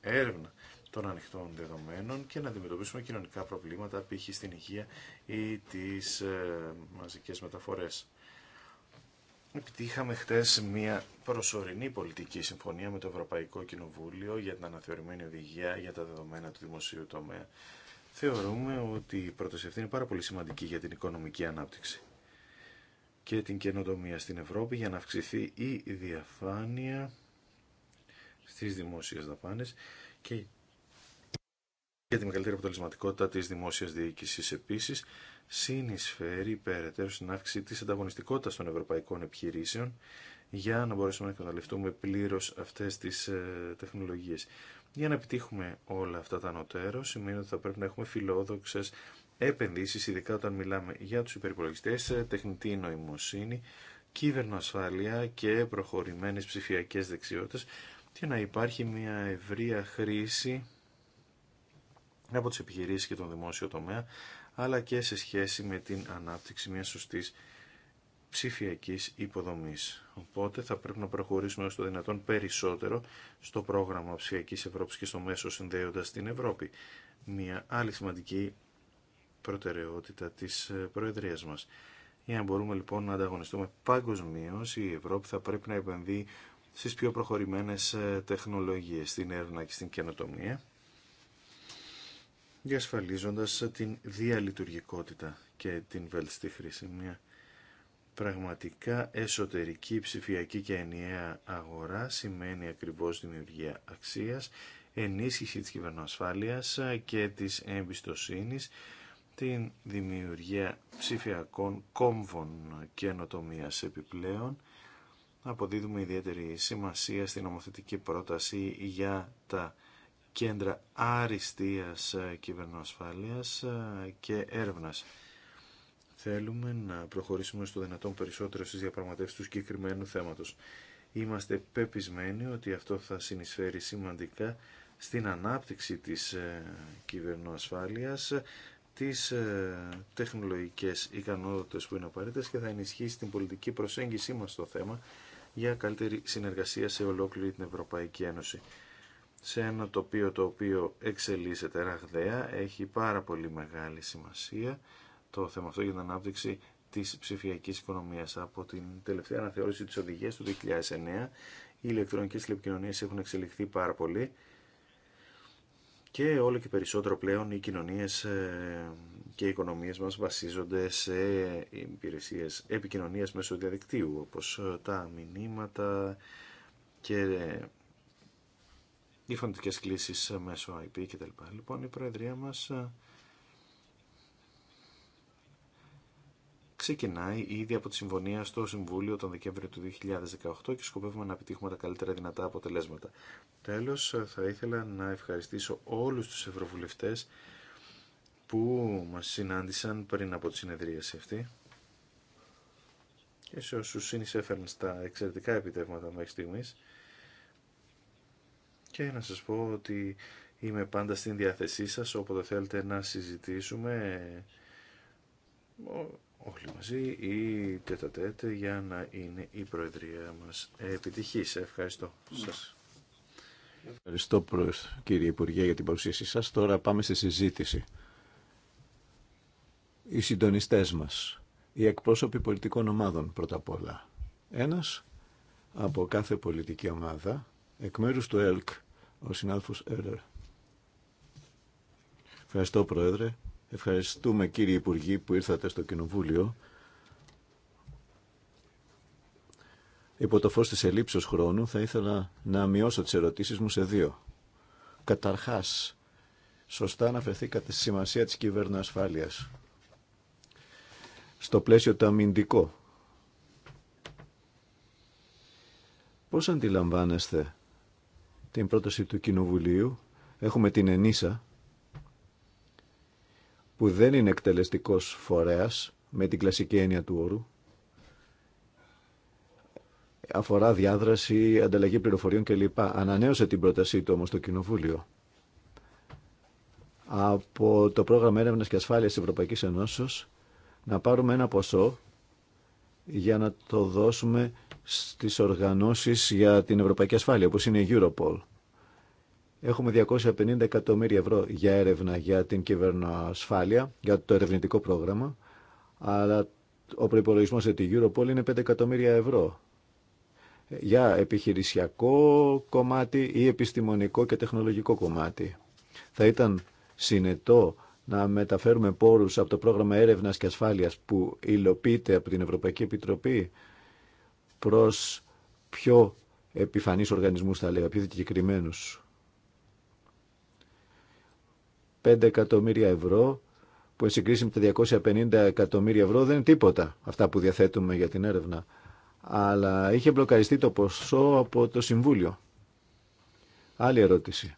S3: έρευνα των ανοιχτών δεδομένων και να αντιμετωπίσουμε κοινωνικά προβλήματα π.χ. στην υγεία ή τις ε, μαζικές μεταφορές. Επιτύχαμε χτες μια προσωρινή πολιτική συμφωνία με το Ευρωπαϊκό Κοινοβούλιο για την αναθεωρημένη οδηγία για τα δεδομένα του δημοσίου τομέα. Θεωρούμε ότι η πρόταση αυτή είναι πάρα πολύ σημαντική για την οικονομική ανάπτυξη και την καινοτομία στην Ευρώπη για να αυξηθεί η διαφάνεια στις δημόσιες δαπάνες και για τη μεγαλύτερη αποτελεσματικότητα της δημόσιας διοίκησης επίσης συνεισφέρει περαιτέρω στην αύξηση της ανταγωνιστικότητας των ευρωπαϊκών επιχειρήσεων για να μπορέσουμε να εκμεταλλευτούμε πλήρως αυτές τις ε, τεχνολογίες. Για να επιτύχουμε όλα αυτά τα ανωτέρω σημαίνει ότι θα πρέπει να έχουμε φιλόδοξες επενδύσει, ειδικά όταν μιλάμε για του υπερυπολογιστές, τεχνητή νοημοσύνη, κύβερνο ασφάλεια και προχωρημένε ψηφιακέ δεξιότητε και να υπάρχει μια ευρεία χρήση από τι επιχειρήσει και τον δημόσιο τομέα, αλλά και σε σχέση με την ανάπτυξη μια σωστή ψηφιακή υποδομή. Οπότε θα πρέπει να προχωρήσουμε το δυνατόν περισσότερο στο πρόγραμμα ψηφιακή Ευρώπη και στο μέσο συνδέοντα την Ευρώπη. Μια άλλη σημαντική προτεραιότητα της ε, Προεδρίας μας. Για να μπορούμε λοιπόν να ανταγωνιστούμε παγκοσμίω, η Ευρώπη θα πρέπει να επενδύει στις πιο προχωρημένες ε, τεχνολογίες, στην έρευνα και στην καινοτομία, διασφαλίζοντας την διαλειτουργικότητα και την βέλτιστη χρήση. Μια πραγματικά εσωτερική ψηφιακή και ενιαία αγορά σημαίνει ακριβώς δημιουργία αξίας, ενίσχυση της κυβερνοασφάλειας ε, και της εμπιστοσύνης την δημιουργία ψηφιακών κόμβων καινοτομία επιπλέον. Αποδίδουμε ιδιαίτερη σημασία στην νομοθετική πρόταση για τα κέντρα αριστείας κυβερνοασφάλειας και έρευνας. Θέλουμε να προχωρήσουμε στο δυνατόν περισσότερο στις διαπραγματεύσεις του συγκεκριμένου θέματος. Είμαστε πεπισμένοι ότι αυτό θα συνεισφέρει σημαντικά στην ανάπτυξη της ε, κυβερνοασφάλειας τις ε, τεχνολογικές ικανότητες που είναι απαραίτητες και θα ενισχύσει την πολιτική προσέγγιση μας στο θέμα για καλύτερη συνεργασία σε ολόκληρη την Ευρωπαϊκή Ένωση. Σε ένα τοπίο το οποίο εξελίσσεται ραγδαία έχει πάρα πολύ μεγάλη σημασία το θέμα αυτό για την ανάπτυξη της ψηφιακής οικονομίας. Από την τελευταία αναθεώρηση της οδηγίας του 2009 οι ηλεκτρονικές τηλεπικοινωνίες έχουν εξελιχθεί πάρα πολύ και όλο και περισσότερο πλέον οι κοινωνίες ε, και οι οικονομίες μας βασίζονται σε υπηρεσίες επικοινωνίας μέσω διαδικτύου όπως ε, τα μηνύματα και ε, οι φωνητικές κλήσεις μέσω IP κτλ. Λοιπόν η Προεδρία μας ξεκινάει ήδη από τη συμφωνία στο Συμβούλιο τον Δεκέμβριο του 2018 και σκοπεύουμε να επιτύχουμε τα καλύτερα δυνατά αποτελέσματα. Τέλος, θα ήθελα να ευχαριστήσω όλους τους ευρωβουλευτές που μας συνάντησαν πριν από τη συνεδρίαση αυτή και σε όσους συνεισέφεραν στα εξαιρετικά επιτεύγματα μέχρι στιγμής και να σας πω ότι είμαι πάντα στην διάθεσή σας όποτε θέλετε να συζητήσουμε όλοι μαζί ή τέτα για να είναι η Προεδρία μας επιτυχής. Ευχαριστώ
S1: σας. Ευχαριστώ κύριε Υπουργέ για την παρουσίασή σας. Τώρα πάμε στη συζήτηση. Οι συντονιστές μας, οι εκπρόσωποι πολιτικών ομάδων πρώτα απ' όλα. Ένας από κάθε πολιτική ομάδα, εκ μέρους του ΕΛΚ, ο συνάδελφος Έρερ. Ευχαριστώ Πρόεδρε. Ευχαριστούμε κύριε Υπουργοί, που ήρθατε στο Κοινοβούλιο. Υπό το φως της ελλείψεως χρόνου θα ήθελα να μειώσω τις ερωτήσεις μου σε δύο. Καταρχάς, σωστά αναφερθήκατε στη σημασία της κυβερνοασφάλειας στο πλαίσιο το αμυντικό. Πώς αντιλαμβάνεστε την πρόταση του Κοινοβουλίου, έχουμε την ΕΝΙΣΑ, που δεν είναι εκτελεστικός φορέας με την κλασική έννοια του όρου. Αφορά διάδραση, ανταλλαγή πληροφοριών κλπ. Ανανέωσε την πρότασή του όμως το Κοινοβούλιο. Από το πρόγραμμα έρευνας και ασφάλειας της Ευρωπαϊκής Ενώσεως να πάρουμε ένα ποσό για να το δώσουμε στις οργανώσεις για την Ευρωπαϊκή Ασφάλεια, όπως είναι η Europol. Έχουμε 250 εκατομμύρια ευρώ για έρευνα για την κυβερνοασφάλεια, για το ερευνητικό πρόγραμμα, αλλά ο προπολογισμό για τη Europol είναι 5 εκατομμύρια ευρώ για επιχειρησιακό κομμάτι ή επιστημονικό και τεχνολογικό κομμάτι. Θα ήταν συνετό να μεταφέρουμε πόρους από το πρόγραμμα έρευνας και ασφάλειας που υλοποιείται από την Ευρωπαϊκή Επιτροπή προ πιο επιφανείς οργανισμού θα λέγαμε, πιο συγκεκριμένου. 5 εκατομμύρια ευρώ που εν συγκρίση με τα 250 εκατομμύρια ευρώ δεν είναι τίποτα αυτά που διαθέτουμε για την έρευνα. Αλλά είχε μπλοκαριστεί το ποσό από το Συμβούλιο. Άλλη ερώτηση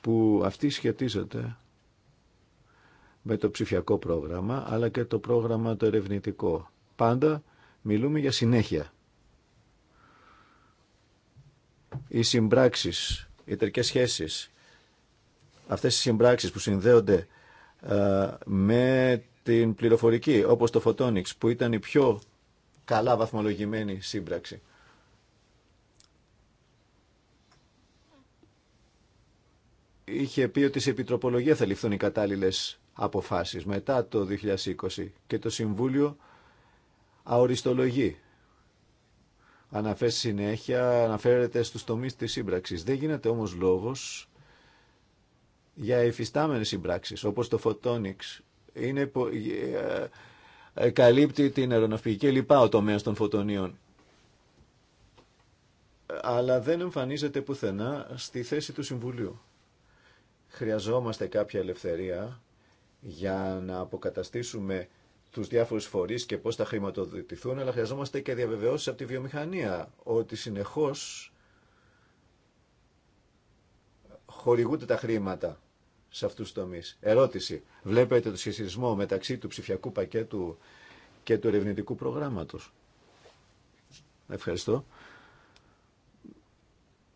S1: που αυτή σχετίζεται με το ψηφιακό πρόγραμμα αλλά και το πρόγραμμα το ερευνητικό. Πάντα μιλούμε για συνέχεια. Οι συμπράξεις, οι τερκές σχέσεις, αυτές οι συμπράξεις που συνδέονται ε, με την πληροφορική, όπως το Photonics, που ήταν η πιο καλά βαθμολογημένη σύμπραξη. Είχε πει ότι σε επιτροπολογία θα ληφθούν οι κατάλληλες αποφάσεις μετά το 2020 και το Συμβούλιο αοριστολογεί. Αναφέρει συνέχεια, αναφέρεται στους τομείς της σύμπραξης. Δεν γίνεται όμως λόγος για εφιστάμενες συμπράξεις, όπως το Photonics. Είναι, ε, ε, καλύπτει την αεροναυπηγική λοιπά ο τομέας των φωτονίων. Αλλά δεν εμφανίζεται πουθενά στη θέση του Συμβουλίου. Χρειαζόμαστε κάποια ελευθερία για να αποκαταστήσουμε τους διάφορους φορείς και πώς θα χρηματοδοτηθούν, αλλά χρειαζόμαστε και διαβεβαιώσεις από τη βιομηχανία, ότι συνεχώς χορηγούνται τα χρήματα σε αυτούς τους τομείς. Ερώτηση. Βλέπετε το σχεσισμό μεταξύ του ψηφιακού πακέτου και του ερευνητικού προγράμματος. Ευχαριστώ.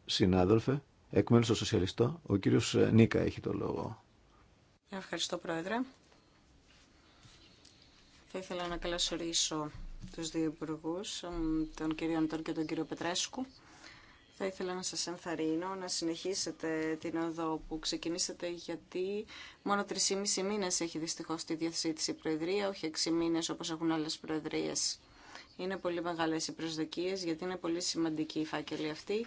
S1: Συνάδελφε, εκ μέρους των ο κύριος Νίκα έχει το λόγο.
S2: Ευχαριστώ, Πρόεδρε. Θα ήθελα να καλωσορίσω τους δύο υπουργού, τον κύριο Αντών και τον κύριο Πετρέσκου. Θα ήθελα να σας ενθαρρύνω να συνεχίσετε την οδό που ξεκινήσατε γιατί μόνο 3,5 μήνες έχει δυστυχώς τη διαθεσή η Προεδρία, όχι 6 μήνες όπως έχουν άλλες Προεδρίες. Είναι πολύ μεγάλες οι προσδοκίες γιατί είναι πολύ σημαντική η φάκελη αυτή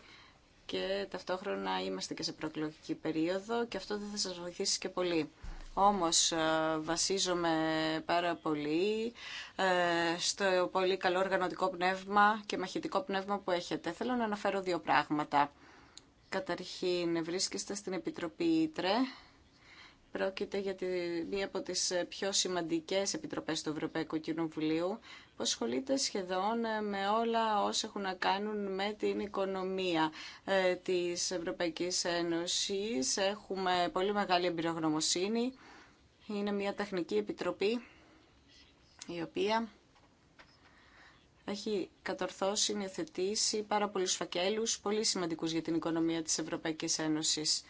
S2: και ταυτόχρονα είμαστε και σε προκλογική περίοδο και αυτό δεν θα σας βοηθήσει και πολύ. Όμως ε, βασίζομαι πάρα πολύ ε, στο πολύ καλό οργανωτικό πνεύμα και μαχητικό πνεύμα που έχετε. Θέλω να αναφέρω δύο πράγματα. Καταρχήν βρίσκεστε στην Επιτροπή Ήτρε Πρόκειται για τη, μία από τις ε, πιο σημαντικές επιτροπές του Ευρωπαϊκού Κοινοβουλίου που ασχολείται σχεδόν ε, με όλα όσα έχουν να κάνουν με την οικονομία ε, της Ευρωπαϊκής Ένωσης. Έχουμε πολύ μεγάλη εμπειρογνωμοσύνη. Είναι μια τεχνική επιτροπή η οποία έχει κατορθώσει, υιοθετήσει πάρα πολλούς φακέλους, πολύ σημαντικούς για την οικονομία της Ευρωπαϊκής Ένωσης.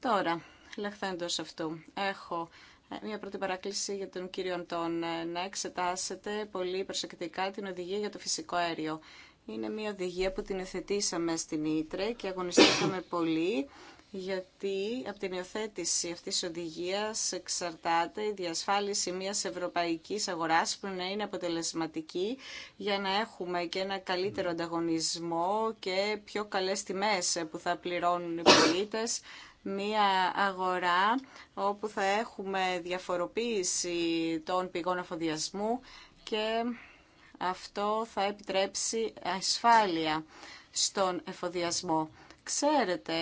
S2: Τώρα, λεχθέντος αυτού. Έχω ε, μια πρώτη παράκληση για τον κύριο Αντών ε, να εξετάσετε πολύ προσεκτικά την οδηγία για το φυσικό αέριο. Είναι μια οδηγία που την εθετήσαμε στην Ήτρε και αγωνιστήκαμε πολύ γιατί από την υιοθέτηση αυτής της οδηγίας εξαρτάται η διασφάλιση μιας ευρωπαϊκής αγοράς που να είναι αποτελεσματική για να έχουμε και ένα καλύτερο ανταγωνισμό και πιο καλές τιμές που θα πληρώνουν οι πολίτες μία αγορά όπου θα έχουμε διαφοροποίηση των πηγών αφοδιασμού και αυτό θα επιτρέψει ασφάλεια στον εφοδιασμό. Ξέρετε,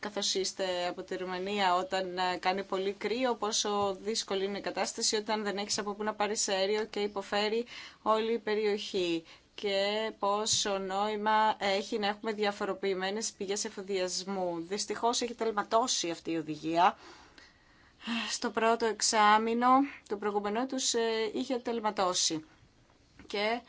S2: καθώς είστε από τη Ρουμανία, όταν κάνει πολύ κρύο, πόσο δύσκολη είναι η κατάσταση όταν δεν έχεις από πού να πάρεις αέριο και υποφέρει όλη η περιοχή και πόσο νόημα έχει να έχουμε διαφοροποιημένες πηγές εφοδιασμού. Δυστυχώς έχει τελματώσει αυτή η οδηγία. Στο πρώτο εξάμεινο το προηγουμένό τους ε, είχε τελματώσει. Και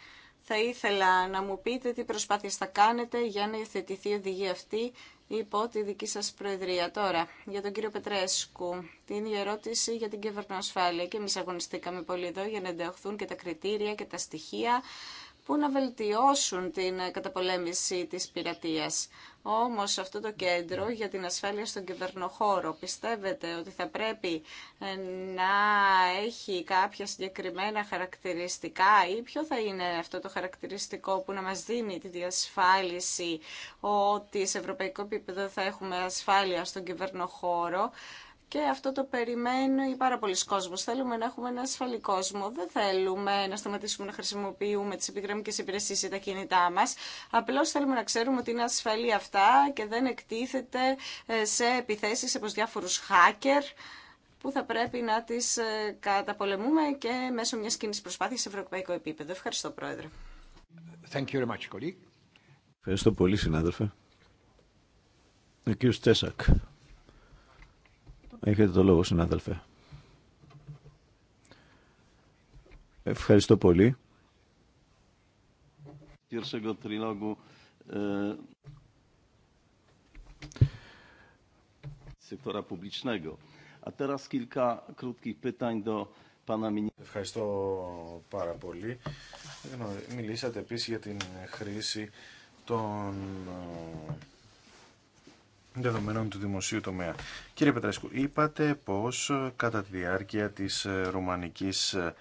S2: θα ήθελα να μου πείτε τι προσπάθειες θα κάνετε για να υιοθετηθεί η οδηγία αυτή υπό τη δική σας προεδρία. Τώρα, για τον κύριο Πετρέσκου, την ερώτηση για την κυβερνοασφάλεια. Και εμείς αγωνιστήκαμε πολύ εδώ για να ενταχθούν και τα κριτήρια και τα στοιχεία που να βελτιώσουν την καταπολέμηση της πειρατείας. Όμως αυτό το κέντρο για την ασφάλεια στον κυβερνοχώρο πιστεύετε ότι θα πρέπει ε, να έχει κάποια συγκεκριμένα χαρακτηριστικά ή ποιο θα είναι αυτό το χαρακτηριστικό που να μας δίνει τη διασφάλιση ότι σε ευρωπαϊκό επίπεδο θα έχουμε ασφάλεια στον κυβερνοχώρο και αυτό το περιμένει πάρα πολλοί κόσμο. Θέλουμε να έχουμε ένα ασφαλή κόσμο. Δεν θέλουμε να σταματήσουμε να χρησιμοποιούμε τι επιγραμμικέ υπηρεσίε ή τα κινητά μα. Απλώ θέλουμε να ξέρουμε ότι είναι ασφαλή αυτά και δεν εκτίθεται ε, σε επιθέσει από διάφορου hacker που θα πρέπει να τι ε, καταπολεμούμε και μέσω μια κοινή προσπάθεια σε ευρωπαϊκό επίπεδο. Ευχαριστώ, Πρόεδρε.
S1: Ευχαριστώ πολύ, συνάδελφε. Ο κ. Τέσακ. Έχετε το λόγο, συνάδελφε. Ευχαριστώ πολύ. E,
S3: Ευχαριστώ πάρα πολύ. Μιλήσατε επίσης για την χρήση των δεδομένων του δημοσίου τομέα. Κύριε Πετρέσκου, είπατε πως ε, κατά τη διάρκεια της ε, Ρουμανικής ε,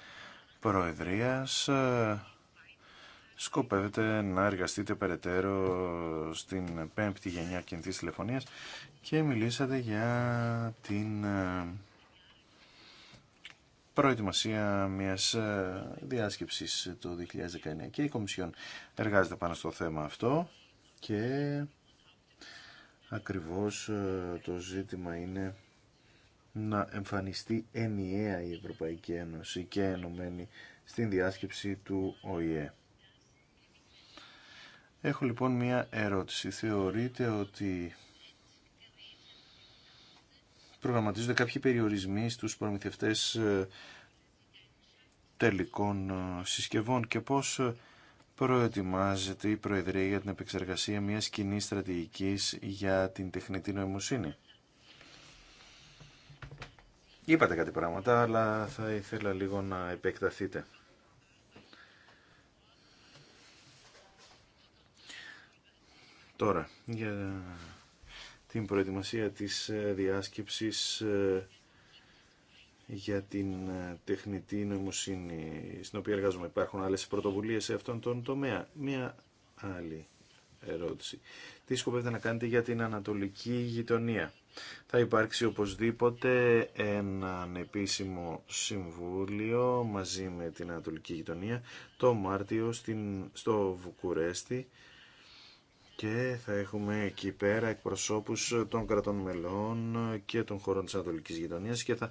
S3: Προεδρίας σκοπεύετε να εργαστείτε περαιτέρω στην πέμπτη γενιά κινητής τηλεφωνίας και μιλήσατε για την προετοιμασία μιας διάσκεψης το 2019 και η Κομισιόν εργάζεται πάνω στο θέμα αυτό και Ακριβώς ε, το ζήτημα είναι να εμφανιστεί ενιαία η Ευρωπαϊκή Ένωση και ενωμένη στην διάσκεψη του ΟΗΕ. Έχω λοιπόν μία ερώτηση. Θεωρείτε ότι προγραμματίζονται κάποιοι περιορισμοί στους προμηθευτές ε, τελικών ε, συσκευών και πώς προετοιμάζεται η Προεδρία για την επεξεργασία μιας κοινή στρατηγικής για την τεχνητή νοημοσύνη. Είπατε κάτι πράγματα, αλλά θα ήθελα λίγο να επεκταθείτε. Τώρα, για την προετοιμασία της ε, διάσκεψης ε, για την ε, τεχνητή νοημοσύνη στην οποία εργάζομαι. Υπάρχουν άλλες πρωτοβουλίες σε αυτόν τον τομέα. Μία άλλη ερώτηση. Τι σκοπεύετε να κάνετε για την ανατολική γειτονία. Θα υπάρξει οπωσδήποτε ένα επίσημο συμβούλιο μαζί με την Ανατολική Γειτονία το Μάρτιο στην, στο Βουκουρέστι και θα έχουμε εκεί πέρα εκπροσώπους των κρατών μελών και των χωρών της Ανατολικής Γειτονίας και θα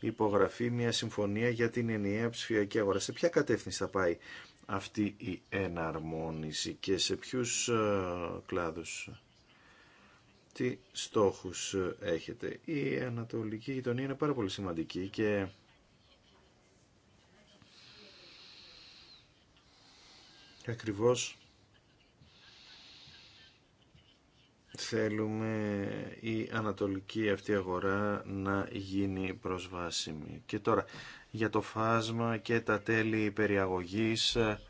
S3: υπογραφεί μια συμφωνία για την ενιαία ψηφιακή αγορά. Σε ποια κατεύθυνση θα πάει αυτή η εναρμόνιση και σε ποιους ε, κλάδους τι στόχους ε, έχετε. Η ανατολική γειτονία είναι πάρα πολύ σημαντική και ακριβώς θέλουμε η ανατολική αυτή αγορά να γίνει προσβάσιμη. Και τώρα για το φάσμα και τα τέλη περιαγωγής ε,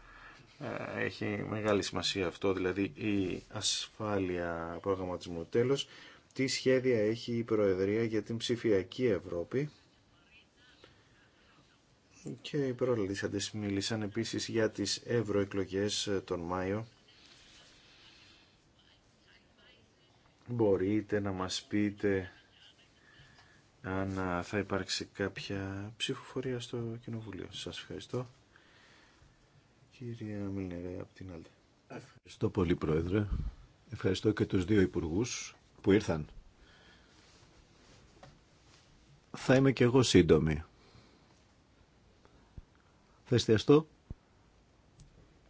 S3: έχει μεγάλη σημασία αυτό, δηλαδή η ασφάλεια προγραμματισμού. Τέλος, τι σχέδια έχει η Προεδρία για την ψηφιακή Ευρώπη και οι προλαλήσαντες μίλησαν επίσης για τις ευρωεκλογές τον Μάιο μπορείτε να μας πείτε αν θα υπάρξει κάποια ψηφοφορία στο Κοινοβουλίο. Σας ευχαριστώ. Κύριε Μιλνερέ, από την άλλη.
S1: Ευχαριστώ πολύ, Πρόεδρε. Ευχαριστώ και τους δύο υπουργούς που ήρθαν. Θα είμαι και εγώ σύντομη. Θα εστιαστώ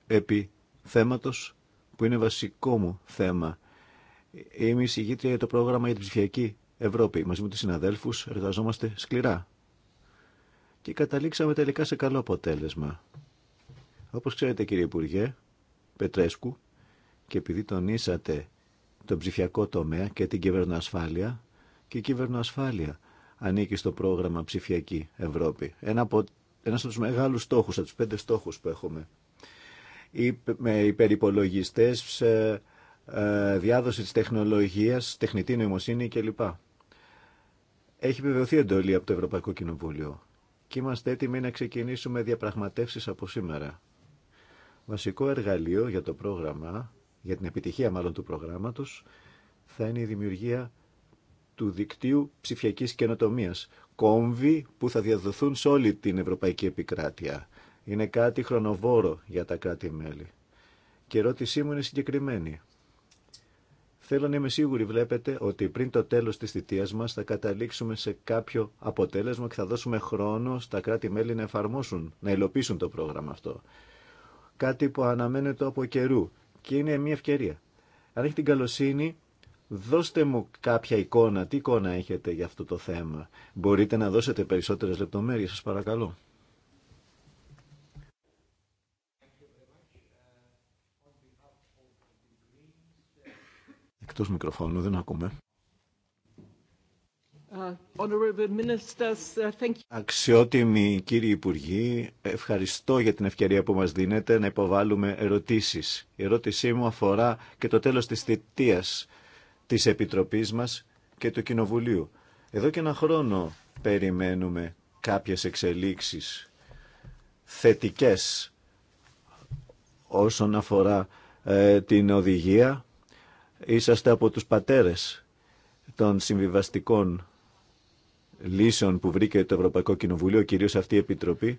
S1: επί θέματος που είναι βασικό μου θέμα Είμαι συγγήτρια για το πρόγραμμα για την ψηφιακή Ευρώπη. Μαζί με του συναδέλφου εργαζόμαστε σκληρά. Και καταλήξαμε τελικά σε καλό αποτέλεσμα. Όπως ξέρετε κύριε Υπουργέ, Πετρέσκου, και επειδή τονίσατε τον ψηφιακό τομέα και την κυβερνοασφάλεια, και η κυβερνοασφάλεια ανήκει στο πρόγραμμα Ψηφιακή Ευρώπη. Ένα από, ένας από τους μεγάλους στόχους, από του πέντε στόχου που έχουμε. Οι, με ε, διάδοση της τεχνολογίας, τεχνητή νοημοσύνη κλπ. Έχει επιβεβαιωθεί εντολή από το Ευρωπαϊκό Κοινοβούλιο και είμαστε έτοιμοι να ξεκινήσουμε διαπραγματεύσεις από σήμερα. Βασικό εργαλείο για το πρόγραμμα, για την επιτυχία μάλλον του προγράμματος, θα είναι η δημιουργία του δικτύου ψηφιακής καινοτομίας, κόμβοι που θα διαδοθούν σε όλη την Ευρωπαϊκή Επικράτεια. Είναι κάτι χρονοβόρο για τα κράτη-μέλη. Και ερώτησή μου είναι συγκεκριμένη. Θέλω να είμαι σίγουρη, βλέπετε, ότι πριν το τέλος της θητείας μας θα καταλήξουμε σε κάποιο αποτέλεσμα και θα δώσουμε χρόνο στα κράτη-μέλη να εφαρμόσουν, να υλοποιήσουν το πρόγραμμα αυτό. Κάτι που αναμένεται από καιρού και είναι μια ευκαιρία. Αν έχετε την καλοσύνη, δώστε μου κάποια εικόνα. Τι εικόνα έχετε για αυτό το θέμα. Μπορείτε να δώσετε περισσότερες λεπτομέρειες, σας παρακαλώ. Εκτός μικροφώνου, δεν ακούμε.
S4: Uh, uh,
S1: Αξιότιμοι κύριοι Υπουργοί, ευχαριστώ για την ευκαιρία που μας δίνετε να υποβάλουμε ερωτήσεις. Η ερώτησή μου αφορά και το τέλος της θητείας της Επιτροπής μας και του Κοινοβουλίου. Εδώ και ένα χρόνο περιμένουμε κάποιες εξελίξεις θετικές όσον αφορά ε, την οδηγία Είσαστε από τους πατέρες των συμβιβαστικών λύσεων που βρήκε το Ευρωπαϊκό Κοινοβουλίο, κυρίως αυτή η Επιτροπή.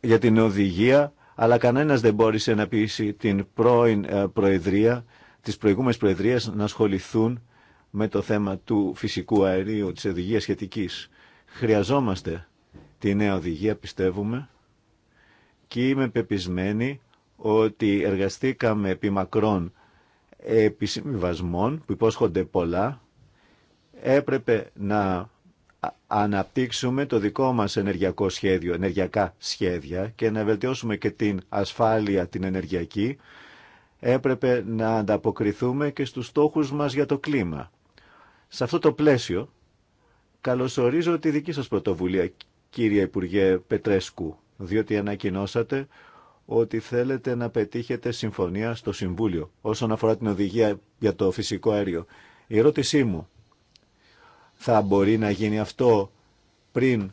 S1: για την οδηγία, αλλά κανένας δεν μπόρεσε να πείσει την πρώην ε, προεδρία, τις προηγούμενες προεδρίες να ασχοληθούν με το θέμα του φυσικού αερίου, της οδηγίας σχετικής. Χρειαζόμαστε τη νέα οδηγία, πιστεύουμε, και είμαι πεπισμένη ότι εργαστήκαμε επί μακρών επί που υπόσχονται πολλά. Έπρεπε να αναπτύξουμε το δικό μας ενεργειακό σχέδιο, ενεργειακά σχέδια και να βελτιώσουμε και την ασφάλεια την ενεργειακή. Έπρεπε να ανταποκριθούμε και στους στόχους μας για το κλίμα. Σε αυτό το πλαίσιο καλωσορίζω τη δική σας πρωτοβουλία, κύριε Υπουργέ Πετρέσκου διότι ανακοινώσατε ότι θέλετε να πετύχετε συμφωνία στο Συμβούλιο όσον αφορά την οδηγία για το φυσικό αέριο. Η ερώτησή μου, θα μπορεί να γίνει αυτό πριν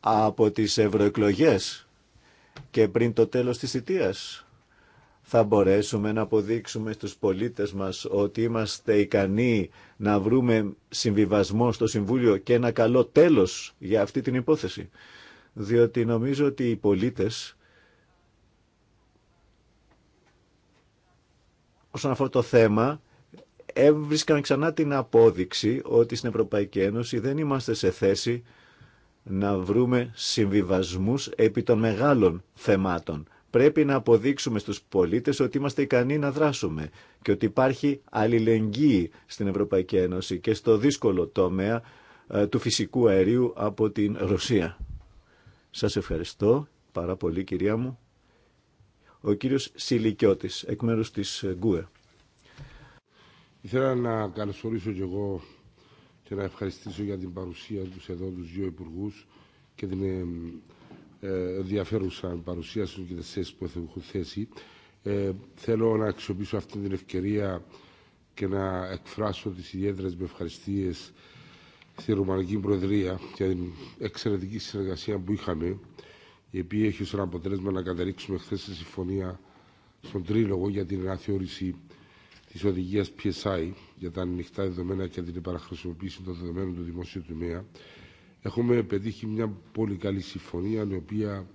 S1: από τις ευρωεκλογέ και πριν το τέλος της θητείας. Θα μπορέσουμε να αποδείξουμε στους πολίτες μας ότι είμαστε ικανοί να βρούμε συμβιβασμό στο Συμβούλιο και ένα καλό τέλος για αυτή την υπόθεση διότι νομίζω ότι οι πολίτες όσον αφορά το θέμα έβρισκαν ξανά την απόδειξη ότι στην Ευρωπαϊκή Ένωση δεν είμαστε σε θέση να βρούμε συμβιβασμούς επί των μεγάλων θεμάτων. Πρέπει να αποδείξουμε στους πολίτες ότι είμαστε ικανοί να δράσουμε και ότι υπάρχει αλληλεγγύη στην Ευρωπαϊκή Ένωση και στο δύσκολο τομέα ε, του φυσικού αερίου από την Ρωσία. Σας ευχαριστώ πάρα πολύ κυρία
S4: μου. Ο κύριος Σιλικιώτης, εκ μέρους της ε, ΓΚΟΕ. Ήθελα να καλωσορίσω και εγώ και να ευχαριστήσω για την παρουσία τους εδώ τους δύο υπουργού και την ε, ε, ενδιαφέρουσα παρουσία τους και τις θέσεις που έχουν θέσει. Ε, θέλω να αξιοποιήσω αυτή την ευκαιρία και να εκφράσω τις ιδιαίτερες με ευχαριστίες στη Ρουμανική Προεδρία για την εξαιρετική συνεργασία που είχαμε, η οποία έχει ως αποτέλεσμα να καταλήξουμε χθε τη συμφωνία στον Τρίλογο για την αναθεώρηση τη οδηγία PSI για τα ανοιχτά δεδομένα και την επαναχρησιμοποίηση των δεδομένων του δημόσιου τομέα. Έχουμε πετύχει μια πολύ καλή συμφωνία, η οποία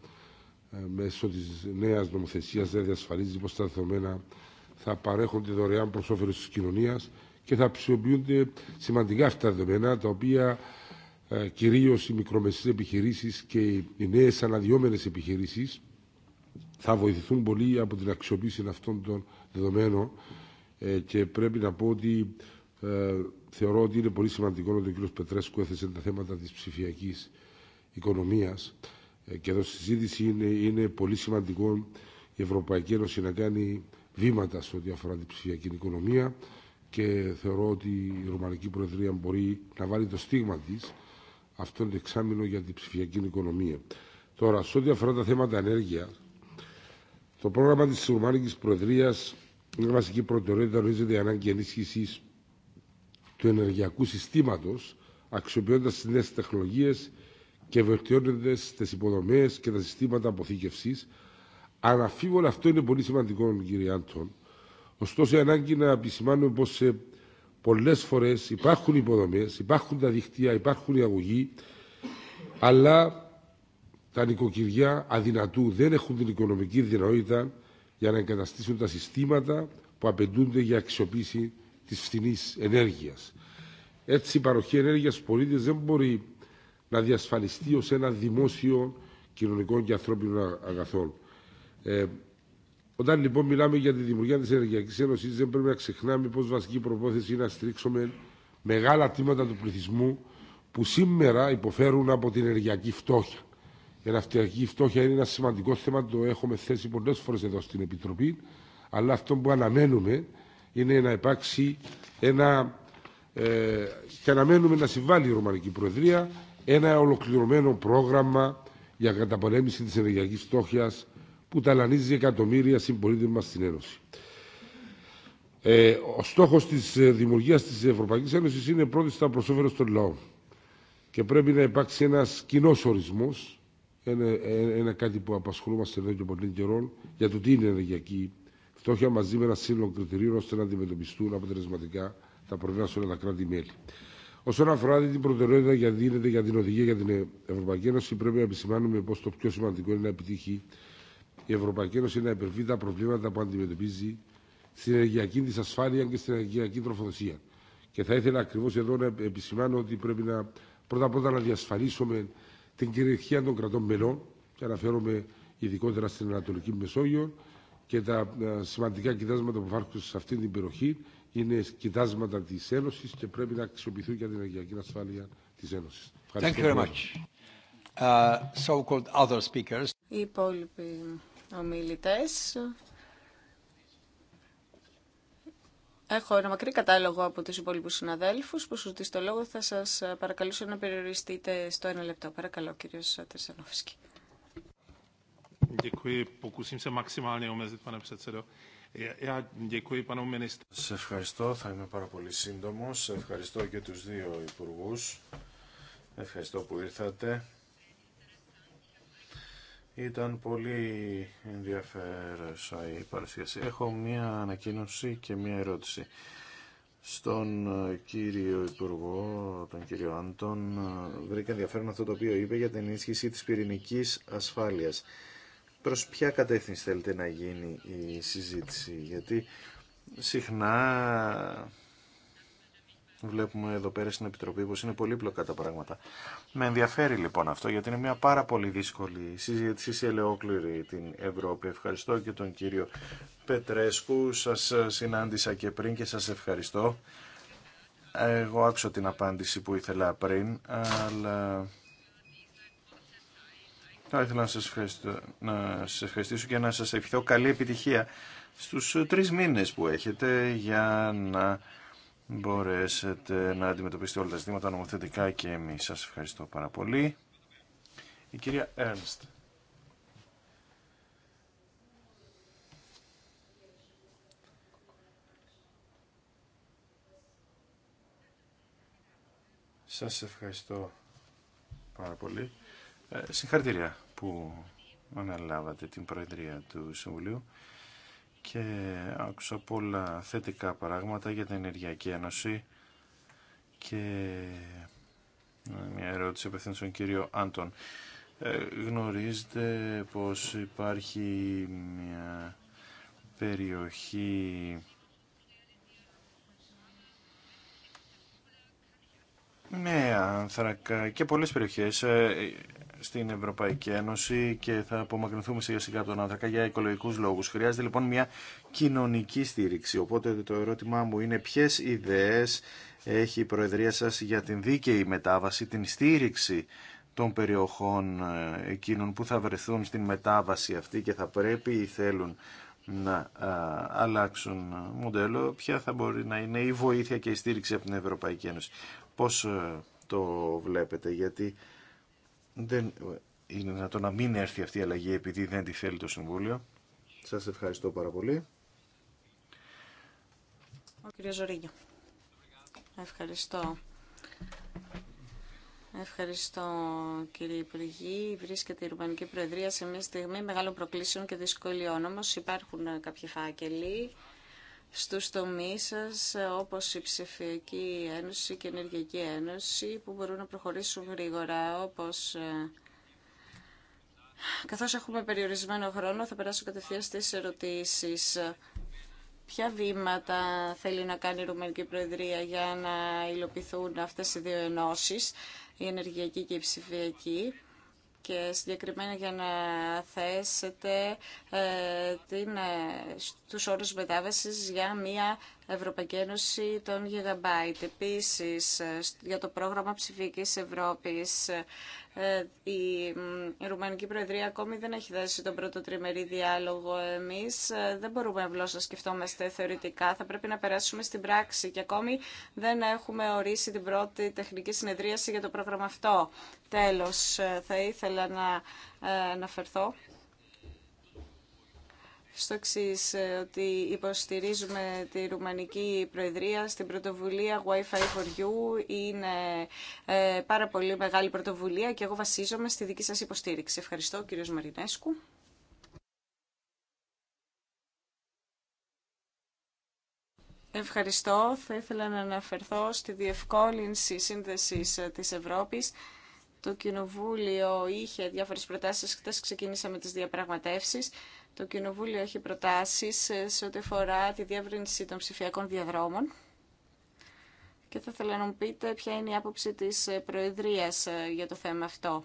S4: ε, μέσω τη νέα νομοθεσία δεν διασφαλίζει πω τα δεδομένα θα παρέχονται δωρεάν προ όφελο τη κοινωνία και θα αξιοποιούνται σημαντικά αυτά τα δεδομένα, τα οποία ε, κυρίως οι μικρομεσαίες επιχειρήσεις και οι νέες αναδυόμενες επιχειρήσεις θα βοηθηθούν πολύ από την αξιοποίηση αυτών των δεδομένων ε, και πρέπει να πω ότι ε, θεωρώ ότι είναι πολύ σημαντικό ότι ο κ. Πετρέσκου έθεσε τα θέματα της ψηφιακής οικονομίας και εδώ στη συζήτηση είναι, είναι πολύ σημαντικό η Ευρωπαϊκή Ένωση να κάνει βήματα σε ό,τι αφορά την ψηφιακή οικονομία και θεωρώ ότι η Ρουμανική Προεδρία μπορεί να βάλει το στίγμα τη αυτό το εξάμεινο για την ψηφιακή οικονομία. Τώρα, σε ό,τι αφορά τα θέματα ενέργεια, το πρόγραμμα τη Ρουμάνικη Προεδρία είναι βασική προτεραιότητα ορίζεται η ανάγκη ενίσχυση του ενεργειακού συστήματο, αξιοποιώντα τι νέε τεχνολογίε και βελτιώνοντα τι υποδομέ και τα συστήματα αποθήκευση. Αναφίβολα αυτό είναι πολύ σημαντικό, κύριε Άντων, Ωστόσο, η ανάγκη να επισημάνουμε πω σε πολλέ φορέ υπάρχουν υποδομέ, υπάρχουν τα δικτύα, υπάρχουν οι αγωγοί, αλλά τα νοικοκυριά αδυνατού δεν έχουν την οικονομική δυνατότητα για να εγκαταστήσουν τα συστήματα που απαιτούνται για αξιοποίηση της φθηνής ενέργειας. Έτσι η παροχή ενέργειας στους δεν μπορεί να διασφαλιστεί ως ένα δημόσιο κοινωνικό και ανθρώπινο αγαθό. Ε, όταν λοιπόν μιλάμε για τη δημιουργία τη Ενεργειακή Ένωση, δεν πρέπει να ξεχνάμε πω βασική προπόθεση είναι να στρίξουμε μεγάλα τμήματα του πληθυσμού που σήμερα υποφέρουν από την ενεργειακή φτώχεια. Η ενεργειακή φτώχεια είναι ένα σημαντικό θέμα, το έχουμε θέσει πολλέ φορέ εδώ στην Επιτροπή. Αλλά αυτό που αναμένουμε είναι να υπάρξει ένα. Ε, και αναμένουμε να συμβάλλει η Ρωμανική Προεδρία ένα ολοκληρωμένο πρόγραμμα για καταπολέμηση τη ενεργειακή φτώχεια που ταλανίζει εκατομμύρια συμπολίτε μα στην Ένωση. Ε, ο στόχο τη ε, δημιουργία τη Ευρωπαϊκή Ένωση είναι πρώτη στα προσόφερε των λαών. Και πρέπει να υπάρξει ένα κοινό ορισμό, ένα, ένα, κάτι που απασχολούμαστε εδώ και πολύ καιρό, για το τι είναι ενεργειακή φτώχεια μαζί με ένα σύνολο κριτηρίων ώστε να αντιμετωπιστούν αποτελεσματικά τα προβλήματα σε όλα τα κράτη-μέλη. Όσον αφορά την προτεραιότητα για για την οδηγία για την Ευρωπαϊκή Ένωση, πρέπει να επισημάνουμε πω το πιο σημαντικό είναι να επιτύχει η Ευρωπαϊκή Ένωση να υπερβεί τα προβλήματα που αντιμετωπίζει στην ενεργειακή τη ασφάλεια και στην ενεργειακή τροφοδοσία. Και θα ήθελα ακριβώ εδώ να επισημάνω ότι πρέπει να πρώτα απ' όλα να διασφαλίσουμε την κυριαρχία των κρατών μελών, και αναφέρομαι ειδικότερα στην Ανατολική Μεσόγειο, και τα ε, σημαντικά κοιτάσματα που υπάρχουν σε αυτή την περιοχή είναι κοιτάσματα τη Ένωση και πρέπει να αξιοποιηθούν για την ενεργειακή ασφάλεια τη Ένωση. Ευχαριστώ. Thank Uh, so other speakers
S2: ομιλητές. Έχω ένα μακρύ κατάλογο από τους υπόλοιπους συναδέλφους που σου το λόγο. Θα σας παρακαλούσα να περιοριστείτε στο ένα λεπτό. Παρακαλώ, κύριος Τερσανόφσκι.
S4: Σε
S3: ευχαριστώ, θα είμαι πάρα πολύ σύντομος. Σε ευχαριστώ και τους δύο υπουργούς. Ευχαριστώ που ήρθατε. Ήταν πολύ ενδιαφέρουσα η παρουσίαση. Έχω μία ανακοίνωση και μία ερώτηση. Στον ε, κύριο Υπουργό, τον κύριο Άντων, ε, βρήκα ενδιαφέρον αυτό το οποίο είπε για την ενίσχυση της πυρηνικής ασφάλειας. Προς ποια κατεύθυνση θέλετε να γίνει η συζήτηση, γιατί συχνά βλέπουμε εδώ πέρα στην Επιτροπή πως είναι πολύπλοκα τα πράγματα. Με ενδιαφέρει λοιπόν αυτό γιατί είναι μια πάρα πολύ δύσκολη συζήτηση σε ελαιόκληρη την Ευρώπη. Ευχαριστώ και τον κύριο Πετρέσκου. Σας συνάντησα και πριν και σας ευχαριστώ. Εγώ άκουσα την απάντηση που ήθελα πριν, αλλά... Θα ήθελα να σας, να σας ευχαριστήσω και να σας ευχηθώ καλή επιτυχία στους τρεις μήνες που έχετε για να μπορέσετε να αντιμετωπίσετε όλα τα ζητήματα νομοθετικά και εμείς. Σας ευχαριστώ πάρα πολύ. Η κυρία Ernst. Σας ευχαριστώ πάρα πολύ. Ε, συγχαρητήρια που αναλάβατε την Προεδρία του Συμβουλίου και άκουσα πολλά θετικά πράγματα για την Ενεργειακή Ένωση και μια ερώτηση απευθύνω στον κύριο Άντων. Ε, γνωρίζετε πως υπάρχει μια περιοχή με άνθρακα και πολλές περιοχές ε, στην Ευρωπαϊκή Ένωση και θα απομακρυνθούμε σιγά σιγά από τον άνθρακα για οικολογικού λόγους. Χρειάζεται λοιπόν μια κοινωνική στήριξη. Οπότε το ερώτημά μου είναι ποιε ιδέες έχει η Προεδρία σα για την δίκαιη μετάβαση, την στήριξη των περιοχών ε, εκείνων που θα βρεθούν στην μετάβαση αυτή και θα πρέπει ή θέλουν να αλλάξουν μοντέλο, ποια θα μπορεί να είναι η βοήθεια και η στήριξη από την Ευρωπαϊκή Ένωση. Πώς ε, το βλέπετε, γιατί δεν είναι δυνατόν να μην έρθει αυτή η αλλαγή επειδή δεν τη θέλει το Συμβούλιο. Σα ευχαριστώ πάρα πολύ.
S2: Ο Ζωρίγιο. Ευχαριστώ. Ευχαριστώ κύριε Υπουργή. Βρίσκεται η Ρουμανική Προεδρία σε μια στιγμή μεγάλων προκλήσεων και δυσκολιών. Όμω υπάρχουν κάποιοι φάκελοι στους τομείς σας όπως η Ψηφιακή Ένωση και η Ενεργειακή Ένωση που μπορούν να προχωρήσουν γρήγορα όπως ε, καθώς έχουμε περιορισμένο χρόνο θα περάσω κατευθείαν στις ερωτήσεις. Ποια βήματα θέλει να κάνει η Ρουμανική Προεδρία για να υλοποιηθούν αυτές οι δύο ενώσεις, η ενεργειακή και η ψηφιακή και συγκεκριμένα για να θέσετε ε, την, ε, τους όρους μετάβασης για μια Ευρωπαϊκή Ένωση των Γιγαμπάιτ. Επίσης, ε, για το πρόγραμμα ψηφικής Ευρώπης, ε, ε, η Ρουμανική Προεδρία ακόμη δεν έχει δέσει τον πρώτο τριμερή διάλογο. Εμείς δεν μπορούμε απλώ να σκεφτόμαστε θεωρητικά. Θα πρέπει να περάσουμε στην πράξη και ακόμη δεν έχουμε ορίσει την πρώτη τεχνική συνεδρίαση για το πρόγραμμα αυτό. Τέλος, θα ήθελα να αναφερθώ στο εξή, ε, ότι υποστηρίζουμε τη Ρουμανική Προεδρία στην πρωτοβουλία Wi-Fi for You. Είναι ε, πάρα πολύ μεγάλη πρωτοβουλία και εγώ βασίζομαι στη δική σας υποστήριξη. Ευχαριστώ, κύριος Μαρινέσκου. Ευχαριστώ. Θα ήθελα να αναφερθώ στη διευκόλυνση σύνδεσης ε, της Ευρώπης. Το Κοινοβούλιο είχε διάφορες προτάσεις. Χθες ξεκινήσαμε τις διαπραγματεύσεις. Το Κοινοβούλιο έχει προτάσεις ε, σε ό,τι αφορά τη διεύρυνση των ψηφιακών διαδρόμων. Και θα ήθελα να μου πείτε ποια είναι η άποψη της ε, Προεδρίας ε, για το θέμα αυτό.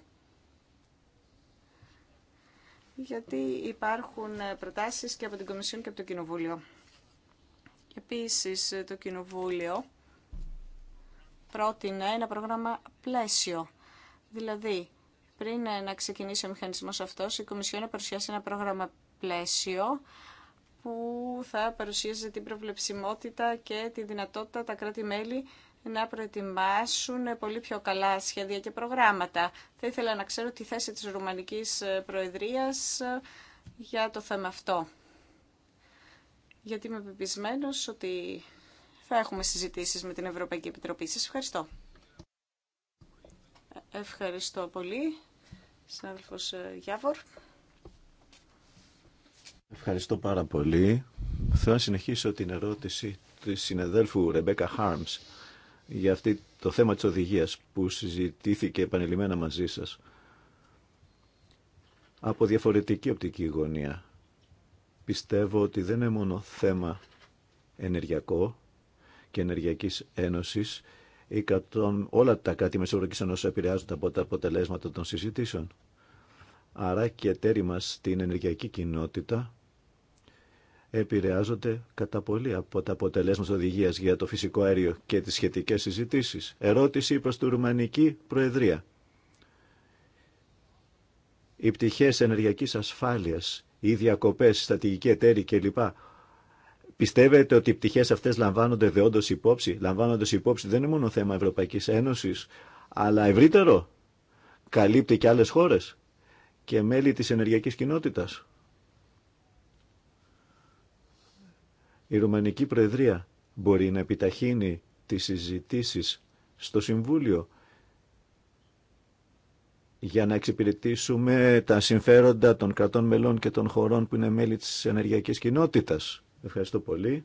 S2: Γιατί υπάρχουν προτάσεις και από την Κομισιόν και από το Κοινοβούλιο. Επίσης, το Κοινοβούλιο πρότεινε ένα πρόγραμμα πλαίσιο. Δηλαδή, πριν να ξεκινήσει ο μηχανισμός αυτός, η Κομισιόν παρουσιάσει ένα πρόγραμμα πλαίσιο που θα παρουσίαζε την προβλεψιμότητα και τη δυνατότητα τα κράτη-μέλη να προετοιμάσουν πολύ πιο καλά σχέδια και προγράμματα. Θα ήθελα να ξέρω τη θέση της Ρουμανικής Προεδρίας για το θέμα αυτό. Γιατί είμαι πεπισμένος ότι θα έχουμε συζητήσεις με την Ευρωπαϊκή Επιτροπή. Σας ευχαριστώ. Ευχαριστώ πολύ, συνάδελφος Γιάβορ.
S1: Ευχαριστώ πάρα πολύ. Θα συνεχίσω την ερώτηση της συνεδέλφου Ρεμπέκα Χάρμς για αυτή το θέμα της οδηγίας που συζητήθηκε επανειλημμένα μαζί σας από διαφορετική οπτική γωνία. Πιστεύω ότι δεν είναι μόνο θέμα ενεργειακό και ενεργειακής ένωσης ή κατών, όλα τα κάτι Μεσοευρωπαϊκής Ένωσης επηρεάζονται από τα αποτελέσματα των συζητήσεων. Άρα και εταίροι μας στην ενεργειακή κοινότητα επηρεάζονται κατά πολύ από τα αποτελέσματα οδηγία για το φυσικό αέριο και τις σχετικές συζητήσεις. Ερώτηση προ τη Ρουμανική Προεδρία. Οι πτυχέ ενεργειακής ασφάλειας, οι διακοπές, στατηγική εταίροι κλπ. Πιστεύετε ότι οι πτυχέ αυτέ λαμβάνονται δεόντως υπόψη. Λαμβάνονται υπόψη δεν είναι μόνο θέμα Ευρωπαϊκή Ένωση, αλλά ευρύτερο. Καλύπτει και άλλε χώρε και μέλη τη ενεργειακή κοινότητα Η Ρουμανική Προεδρία μπορεί να επιταχύνει τις συζητήσεις στο Συμβούλιο για να εξυπηρετήσουμε τα συμφέροντα των κρατών μελών και των χωρών που είναι μέλη της ενεργειακής κοινότητας. Ευχαριστώ πολύ.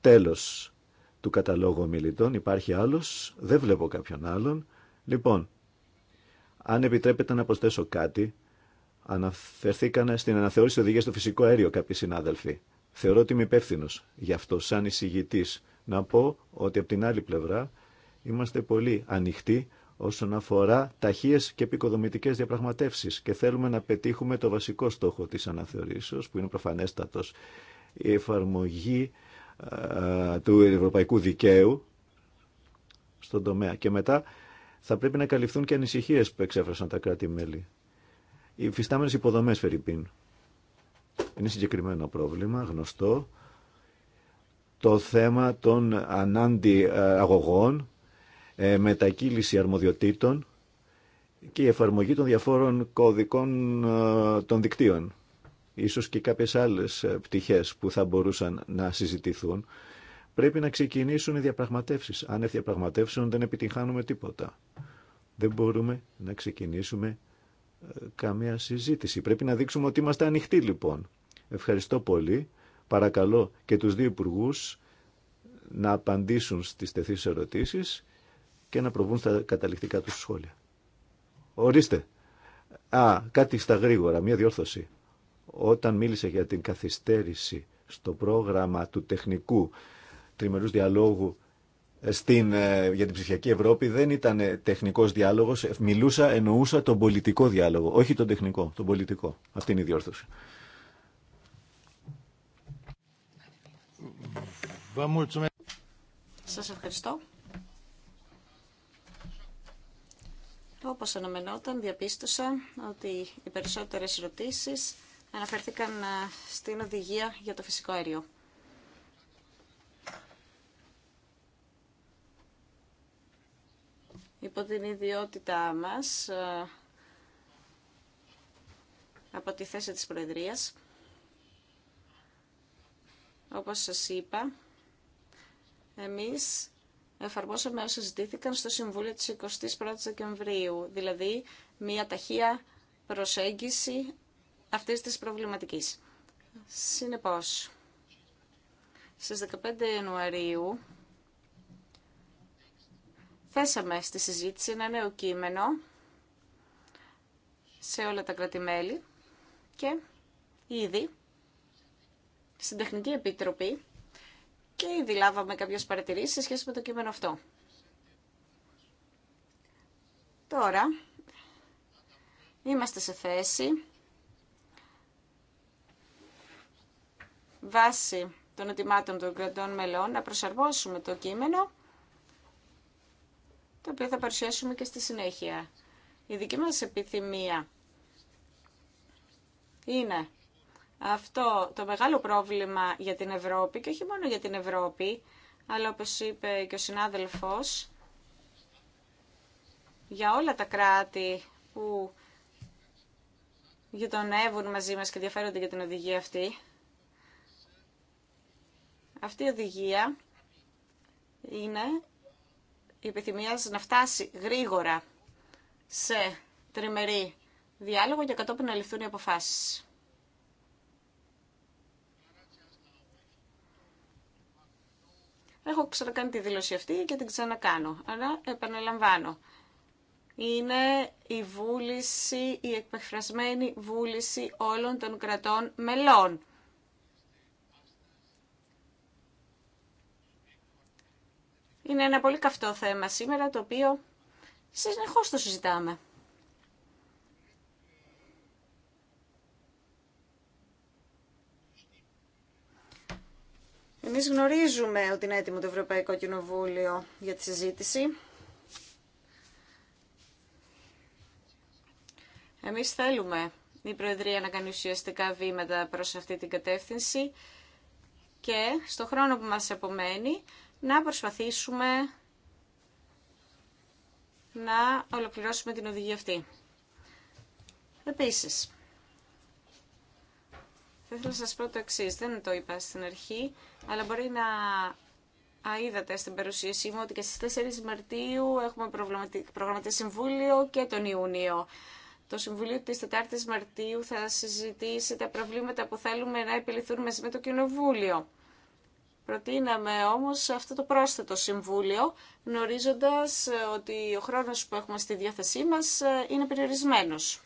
S1: Τέλος του καταλόγου ομιλητών. Υπάρχει άλλος. Δεν βλέπω κάποιον άλλον. Λοιπόν, αν επιτρέπετε να προσθέσω κάτι, αναφερθήκανε στην αναθεώρηση οδηγίας στο φυσικό αέριο κάποιοι συνάδελφοι. Θεωρώ ότι είμαι υπεύθυνο γι' αυτό, σαν εισηγητή. Να πω ότι από την άλλη πλευρά είμαστε πολύ ανοιχτοί όσον αφορά ταχείε και επικοδομητικέ διαπραγματεύσεις και θέλουμε να πετύχουμε το βασικό στόχο της αναθεωρήσεως που είναι προφανέστατο. η εφαρμογή του ευρωπαϊκού δικαίου στον τομέα και μετά θα πρέπει να καλυφθούν και ανησυχίε που εξέφρασαν τα κράτη-μέλη. Οι φυστάμενε υποδομέ Φερρυπίν, είναι συγκεκριμένο πρόβλημα, γνωστό. Το θέμα των ανάντι ε, αγωγών, ε, μετακύληση αρμοδιοτήτων και η εφαρμογή των διαφόρων κωδικών ε, των δικτύων. Ίσως και κάποιες άλλες πτυχές που θα μπορούσαν να συζητηθούν. Πρέπει να ξεκινήσουν οι διαπραγματεύσεις. Αν οι διαπραγματεύσουν, δεν επιτυγχάνουμε τίποτα. Δεν μπορούμε να ξεκινήσουμε καμία συζήτηση. Πρέπει να δείξουμε ότι είμαστε ανοιχτοί λοιπόν. Ευχαριστώ πολύ. Παρακαλώ και τους δύο υπουργού να απαντήσουν στις τεθείς ερωτήσεις και να προβούν στα καταληκτικά τους σχόλια. Ορίστε. Α, κάτι στα γρήγορα, μια διόρθωση. Όταν μίλησε για την καθυστέρηση στο πρόγραμμα του τεχνικού τριμερούς διαλόγου στην, ε, για την ψηφιακή Ευρώπη δεν ήταν τεχνικός διάλογος, μιλούσα, εννοούσα τον πολιτικό διάλογο, όχι τον τεχνικό, τον πολιτικό. Αυτή είναι η διόρθωση.
S2: Σας ευχαριστώ. Όπως αναμενόταν, διαπίστωσα ότι οι περισσότερες ερωτήσεις αναφέρθηκαν ε, στην οδηγία για το φυσικό αέριο. υπό την ιδιότητά μας ε, από τη θέση της Προεδρίας. Όπως σας είπα, εμείς εφαρμόσαμε όσα ζητήθηκαν στο Συμβούλιο της 21ης Δεκεμβρίου, δηλαδή μια ταχεία προσέγγιση αυτής της προβληματικής. Συνεπώς, στις 15 Ιανουαρίου θέσαμε στη συζήτηση ένα νέο κείμενο σε όλα τα κρατημέλη και ήδη στην Τεχνική Επιτροπή και ήδη λάβαμε κάποιες παρατηρήσεις σε σχέση με το κείμενο αυτό. Τώρα είμαστε σε θέση βάσει των ετοιμάτων των κρατών μελών να προσαρμόσουμε το κείμενο τα οποίο θα παρουσιάσουμε και στη συνέχεια. Η δική μας επιθυμία είναι αυτό το μεγάλο πρόβλημα για την Ευρώπη και όχι μόνο για την Ευρώπη, αλλά όπως είπε και ο συνάδελφος, για όλα τα κράτη που γειτονεύουν μαζί μας και ενδιαφέρονται για την οδηγία αυτή. Αυτή η οδηγία είναι η επιθυμία να φτάσει γρήγορα σε τριμερή διάλογο για κατόπιν να ληφθούν οι αποφάσεις. Έχω ξανακάνει τη δήλωση αυτή και την ξανακάνω, αλλά επαναλαμβάνω. Είναι η βούληση, η εκπεφρασμένη βούληση όλων των κρατών μελών Είναι ένα πολύ καυτό θέμα σήμερα, το οποίο συνεχώς το συζητάμε. Εμείς γνωρίζουμε ότι είναι έτοιμο το Ευρωπαϊκό Κοινοβούλιο για τη συζήτηση. Εμείς θέλουμε η Προεδρία να κάνει ουσιαστικά βήματα προς αυτή την κατεύθυνση και στο χρόνο που μας απομένει να προσπαθήσουμε να ολοκληρώσουμε την οδηγία αυτή. Επίσης, θα ήθελα να σας πω το εξή. δεν το είπα στην αρχή, αλλά μπορεί να Α, είδατε στην παρουσίασή μου ότι και στις 4 Μαρτίου έχουμε προγραμματίσει συμβούλιο και τον Ιούνιο. Το Συμβουλίο της 4ης Μαρτίου θα συζητήσει τα προβλήματα που θέλουμε να επιληθούν μαζί με το Κοινοβούλιο. Προτείναμε όμως αυτό το πρόσθετο συμβούλιο, γνωρίζοντας ε, ότι ο χρόνος που έχουμε στη διάθεσή μας ε, είναι περιορισμένος.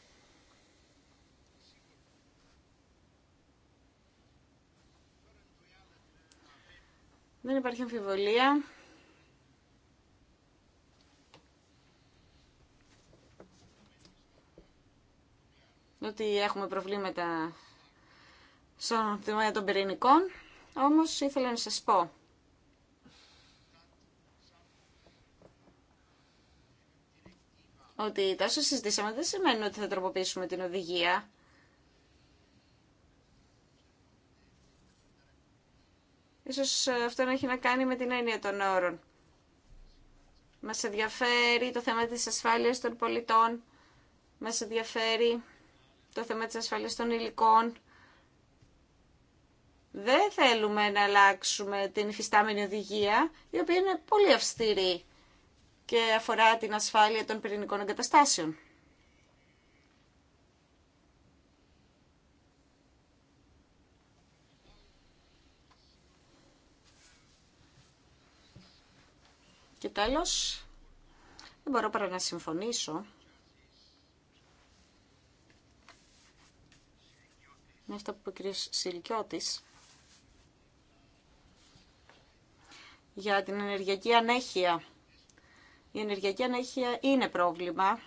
S2: Δεν υπάρχει αμφιβολία. Ότι έχουμε προβλήματα στον τομέα των πυρηνικών. Όμως ήθελα να σας πω ότι τόσο συζητήσαμε δεν σημαίνει ότι θα τροποποιήσουμε την οδηγία. Ίσως αυτό να έχει να κάνει με την έννοια των όρων. Μας ενδιαφέρει το θέμα της ασφάλειας των πολιτών. Μας ενδιαφέρει το θέμα της ασφάλειας των υλικών δεν θέλουμε να αλλάξουμε την υφιστάμενη οδηγία, η οποία είναι πολύ αυστηρή και αφορά την ασφάλεια των πυρηνικών εγκαταστάσεων. Και τέλος, δεν μπορώ παρά να συμφωνήσω με αυτό που είπε ο κ. Σιλικιώτης. για την ενεργειακή ανέχεια. Η ενεργειακή ανέχεια είναι πρόβλημα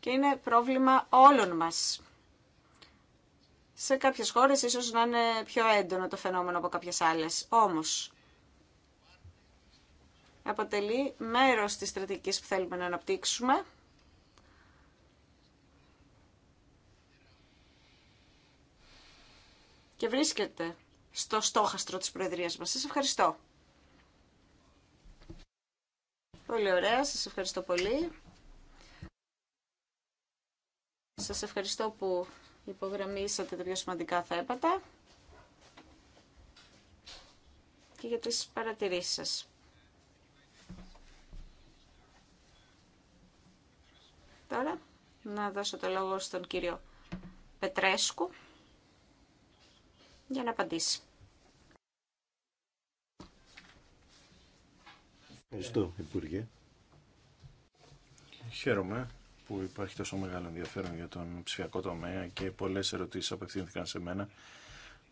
S2: και είναι πρόβλημα όλων μας. Σε κάποιες χώρες ίσως να είναι πιο έντονο το φαινόμενο από κάποιες άλλες. Όμως, αποτελεί μέρος της στρατηγικής που θέλουμε να αναπτύξουμε. Και βρίσκεται στο στόχαστρο της Προεδρίας μας. Σας ευχαριστώ. Πολύ ωραία, σας ευχαριστώ πολύ. Σας ευχαριστώ που υπογραμμίσατε τα πιο σημαντικά θέματα και για τις παρατηρήσεις σας. Τώρα να δώσω το λόγο στον κύριο Πετρέσκου για να απαντήσει.
S1: Ευχαριστώ, Υπουργέ.
S3: Χαίρομαι που υπάρχει τόσο μεγάλο ενδιαφέρον για τον ψηφιακό τομέα και πολλές ερωτήσεις απευθύνθηκαν σε μένα.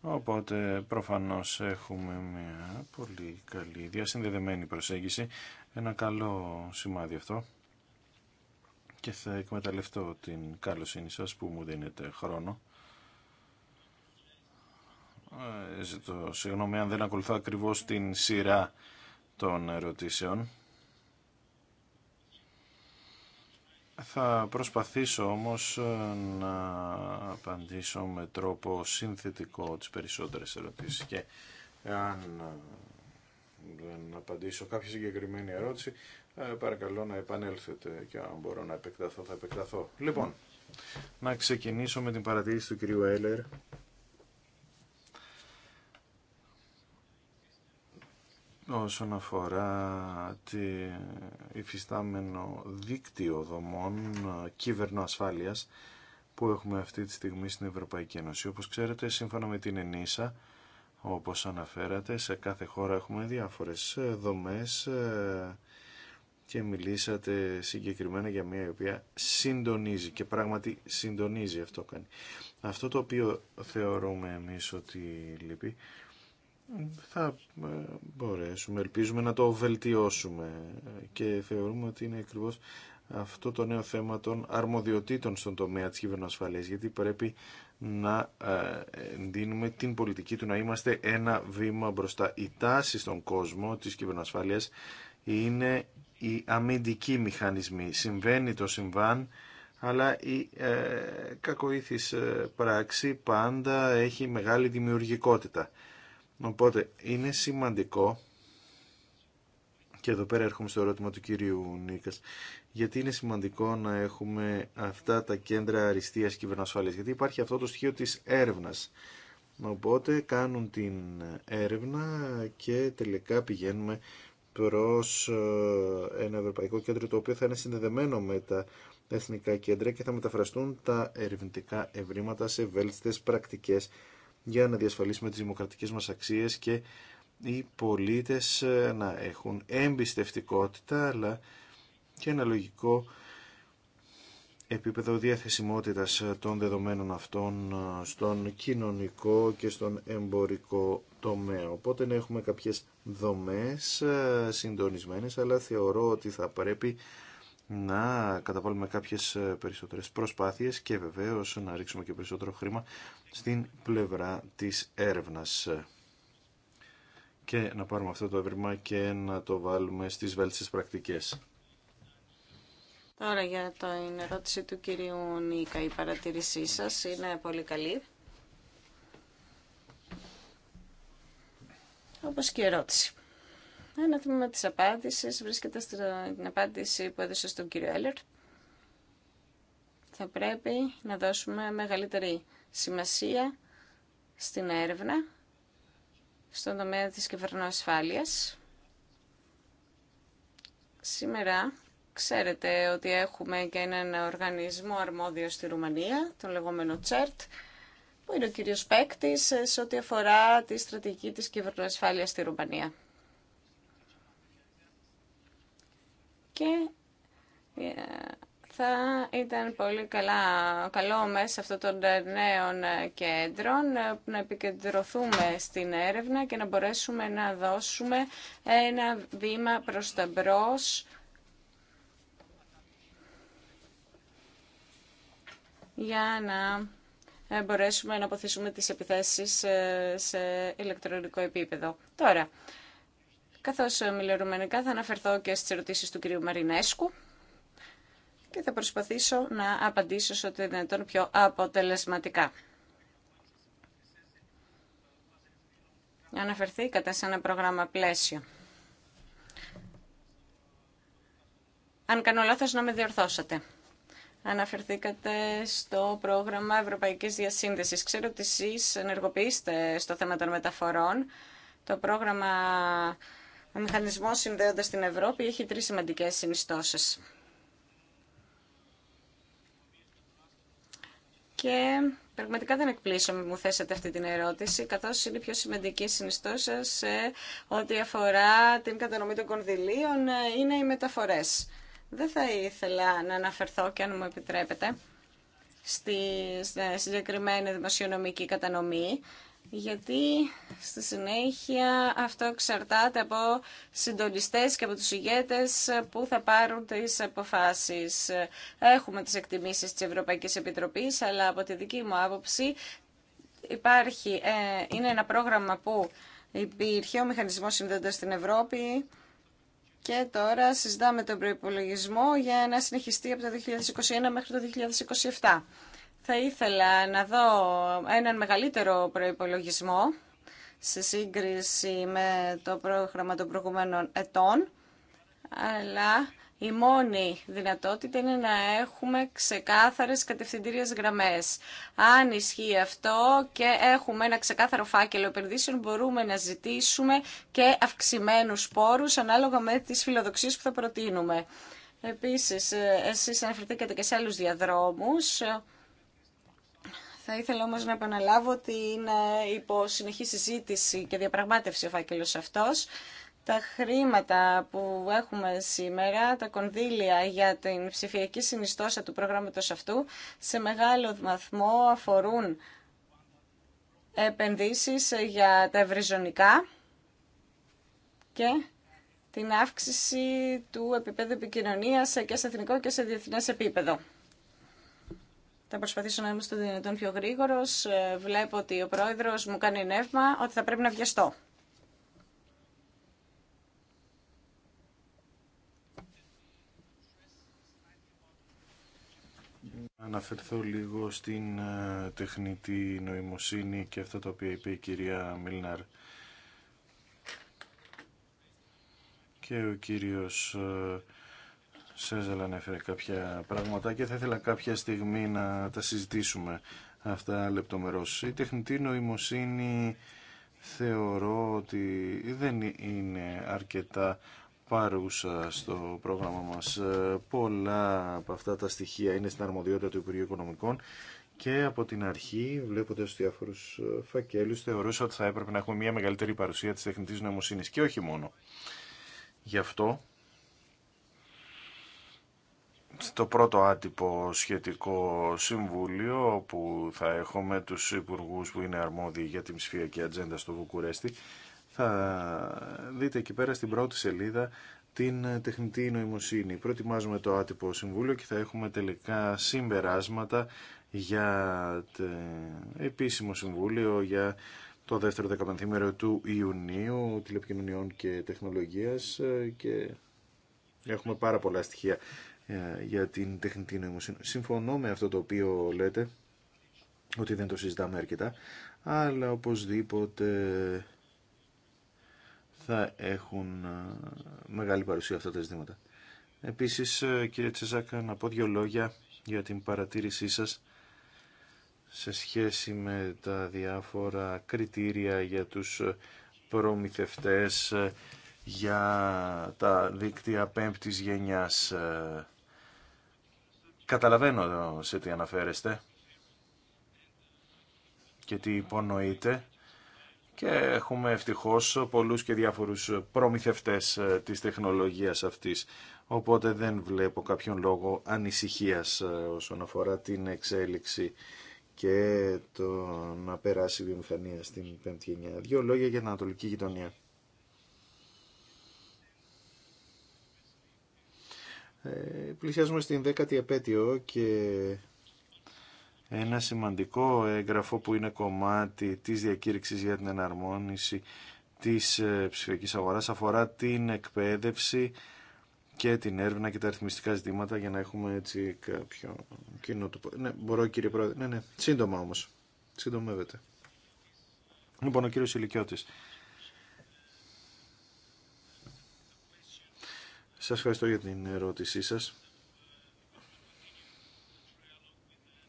S3: Οπότε προφανώς έχουμε μια πολύ καλή διασυνδεδεμένη προσέγγιση. Ένα καλό σημάδι αυτό. Και θα εκμεταλλευτώ την καλοσύνη σα που μου δίνετε χρόνο. Ε, ζητώ συγγνώμη αν δεν ακολουθώ ακριβώς την σειρά των ερωτήσεων. Θα προσπαθήσω όμως ε, να απαντήσω με τρόπο συνθετικό τις περισσότερες ερωτήσεις και αν ε, δεν απαντήσω κάποια συγκεκριμένη ερώτηση ε, παρακαλώ να επανέλθετε και αν μπορώ να επεκταθώ θα επεκταθώ. Λοιπόν, να ξεκινήσω με την παρατήρηση του κυρίου Έλερ όσον αφορά τη υφιστάμενο δίκτυο δομών ε, κυβερνοασφάλειας που έχουμε αυτή τη στιγμή στην Ευρωπαϊκή Ένωση. Όπως ξέρετε, σύμφωνα με την ΕΝΗΣΑ, όπως αναφέρατε, σε κάθε χώρα έχουμε διάφορες ε, δομές ε, και μιλήσατε συγκεκριμένα για μία η οποία συντονίζει και πράγματι συντονίζει αυτό κάνει. Αυτό το οποίο θεωρούμε εμείς ότι λείπει θα ε, μπορέσουμε, ελπίζουμε να το βελτιώσουμε και θεωρούμε ότι είναι ακριβώ αυτό το νέο θέμα των αρμοδιοτήτων στον τομέα της κυβερνοασφαλείας γιατί πρέπει να δίνουμε ε, την πολιτική του να είμαστε ένα βήμα μπροστά. Η τάση στον κόσμο της κυβερνοασφαλείας είναι η αμυντική μηχανισμοί. Συμβαίνει το συμβάν αλλά η ε, κακοήθης ε, πράξη πάντα έχει μεγάλη δημιουργικότητα. Οπότε είναι σημαντικό και εδώ πέρα έρχομαι στο ερώτημα του κυρίου Νίκας γιατί είναι σημαντικό να έχουμε αυτά τα κέντρα αριστείας κυβερνοασφάλειας γιατί υπάρχει αυτό το στοιχείο της έρευνας οπότε κάνουν την έρευνα και τελικά πηγαίνουμε προς ε, ένα ευρωπαϊκό κέντρο το οποίο θα είναι συνδεδεμένο με τα εθνικά κέντρα και θα μεταφραστούν τα ερευνητικά ευρήματα σε βέλτιστες πρακτικές για να διασφαλίσουμε τις δημοκρατικές μας αξίες και οι πολίτες ε, να έχουν εμπιστευτικότητα αλλά και ένα λογικό επίπεδο διαθεσιμότητας ε, των δεδομένων αυτών ε, στον κοινωνικό και στον εμπορικό τομέα. Οπότε να έχουμε κάποιες δομές συντονισμένες, αλλά θεωρώ ότι θα πρέπει να καταβάλουμε κάποιες ε, περισσότερες προσπάθειες και βεβαίως να ρίξουμε και περισσότερο χρήμα στην πλευρά της έρευνας και να πάρουμε αυτό το έβριμα και να το βάλουμε στις βέλτιστες πρακτικές.
S2: Τώρα για την ερώτηση του κυρίου Νίκα, η παρατηρήσή σας είναι πολύ καλή. Όπως και η ερώτηση. Ένα τμήμα της απάντησης βρίσκεται στην απάντηση που έδωσε στον κύριο Έλλερ. Θα πρέπει να δώσουμε μεγαλύτερη σημασία στην έρευνα στον τομέα της κυβερνοασφάλειας. Σήμερα ξέρετε ότι έχουμε και έναν οργανισμό αρμόδιο στη Ρουμανία, τον λεγόμενο CERT, που είναι ο κύριος παίκτη σε ό,τι αφορά τη στρατηγική της κυβερνοασφάλειας στη Ρουμανία. και ε, θα ήταν πολύ καλά, καλό μέσα αυτών των νέων ε, κέντρων ε, να επικεντρωθούμε στην έρευνα και να μπορέσουμε να δώσουμε ένα βήμα προς τα μπρος για να μπορέσουμε να αποθήσουμε τις επιθέσεις σε ηλεκτρονικό επίπεδο. Τώρα, καθώς ε, μιλερουμενικά θα αναφερθώ και στι ερωτήσει του κυρίου Μαρινέσκου και θα προσπαθήσω να απαντήσω σε ό,τι δυνατόν πιο αποτελεσματικά. Αναφερθήκατε σε ένα πρόγραμμα πλαίσιο. Αν κάνω λάθος να με διορθώσατε. Αναφερθήκατε στο πρόγραμμα Ευρωπαϊκής Διασύνδεσης. Ξέρω ότι εσείς ενεργοποιήσετε στο θέμα των μεταφορών. Το πρόγραμμα ο μηχανισμός συνδέοντα την Ευρώπη έχει τρεις σημαντικές συνιστώσει. Και πραγματικά δεν εκπλήσω μου θέσατε αυτή την ερώτηση, καθώ είναι η πιο σημαντική συνιστώσα σε ό,τι αφορά την κατανομή των κονδυλίων, ε, είναι οι μεταφορές. Δεν θα ήθελα να αναφερθώ και αν μου επιτρέπετε στη ε, συγκεκριμένη δημοσιονομική κατανομή, γιατί στη συνέχεια αυτό εξαρτάται από συντονιστές και από τους ηγέτες που θα πάρουν τις αποφάσεις. Έχουμε τις εκτιμήσεις της Ευρωπαϊκής Επιτροπής, αλλά από τη δική μου άποψη υπάρχει, ε, είναι ένα πρόγραμμα που υπήρχε, ο Μηχανισμός Συνδέοντας στην Ευρώπη, και τώρα συζητάμε τον προϋπολογισμό για να συνεχιστεί από το 2021 μέχρι το 2027. Θα ήθελα να δω έναν μεγαλύτερο προϋπολογισμό σε σύγκριση με το πρόγραμμα των προηγουμένων ετών, αλλά η μόνη δυνατότητα είναι να έχουμε ξεκάθαρες κατευθυντήριες γραμμές. Αν ισχύει αυτό και έχουμε ένα ξεκάθαρο φάκελο επενδύσεων, μπορούμε να ζητήσουμε και αυξημένους πόρους ανάλογα με τις φιλοδοξίες που θα προτείνουμε. Επίσης, εσείς αναφερθήκατε και σε άλλους διαδρόμους θα ήθελα όμω να επαναλάβω ότι είναι υπό συνεχή συζήτηση και διαπραγμάτευση ο φάκελο αυτός. Τα χρήματα που έχουμε σήμερα, τα κονδύλια για την ψηφιακή συνιστόσα του προγράμματος αυτού, σε μεγάλο βαθμό αφορούν επενδύσεις για τα ευρυζωνικά και την αύξηση του επίπεδου επικοινωνίας και σε εθνικό και σε διεθνές επίπεδο. Θα προσπαθήσω να είμαι στον δυνατόν πιο γρήγορο. Ε, βλέπω ότι ο πρόεδρο μου κάνει νεύμα ότι θα πρέπει να βιαστώ.
S3: αναφερθώ λίγο στην ε, τεχνητή νοημοσύνη και αυτό το οποίο είπε η κυρία Μιλνάρ και ο κύριος ε, να ανέφερε κάποια πράγματα και θα ήθελα κάποια στιγμή να τα συζητήσουμε αυτά λεπτομερώς. Η τεχνητή νοημοσύνη θεωρώ ότι δεν είναι αρκετά παρούσα στο πρόγραμμα μας. Πολλά από αυτά τα στοιχεία είναι στην αρμοδιότητα του Υπουργείου Οικονομικών και από την αρχή, βλέποντας διάφορους φακέλους, θεωρούσα ότι θα έπρεπε να έχουμε μια μεγαλύτερη παρουσία της τεχνητής νοημοσύνης και όχι μόνο. Γι' αυτό το πρώτο άτυπο σχετικό συμβούλιο που θα έχουμε τους υπουργούς που είναι αρμόδιοι για την ψηφιακή ατζέντα στο Βουκουρέστι θα δείτε εκεί πέρα στην πρώτη σελίδα την τεχνητή νοημοσύνη. Προετοιμάζουμε το άτυπο συμβούλιο και θα έχουμε τελικά συμπεράσματα για το επίσημο συμβούλιο για το δεύτερο δεκαπενθήμερο του Ιουνίου τηλεπικοινωνιών και τεχνολογίας ε, και έχουμε πάρα πολλά στοιχεία ε, για την τεχνητή νοημοσύνη. Συμφωνώ με αυτό το οποίο λέτε, ότι δεν το συζητάμε αρκετά, αλλά οπωσδήποτε θα έχουν ε, μεγάλη παρουσία αυτά τα ζητήματα. Επίσης, ε, κύριε Τσεζάκα, να πω δύο λόγια για την παρατήρησή σας σε σχέση με τα διάφορα κριτήρια για τους προμηθευτές για τα δίκτυα πέμπτης γενιάς. Καταλαβαίνω σε τι αναφέρεστε και τι υπονοείτε και έχουμε ευτυχώς πολλούς και διάφορους προμηθευτές ε, της τεχνολογίας αυτής οπότε δεν βλέπω κάποιον λόγο ανησυχίας ε, όσον αφορά την εξέλιξη και το να περάσει η βιομηχανία στην πέμπτη γενιά. Δύο λόγια για την Ανατολική Γειτονία. Ε, πλησιάζουμε στην δέκατη επέτειο και ένα σημαντικό έγγραφο που είναι κομμάτι της διακήρυξης για την εναρμόνιση της ε, ψηφιακής αγοράς αφορά την εκπαίδευση και την έρευνα και τα αριθμιστικά ζητήματα για να έχουμε έτσι κάποιο κοινό του... Ναι, μπορώ κύριε Πρόεδρε. Ναι, ναι. Σύντομα όμως. Συντομεύεται. Λοιπόν, ο κύριος Ηλικιώτης. Σας ευχαριστώ για την ερώτησή σας.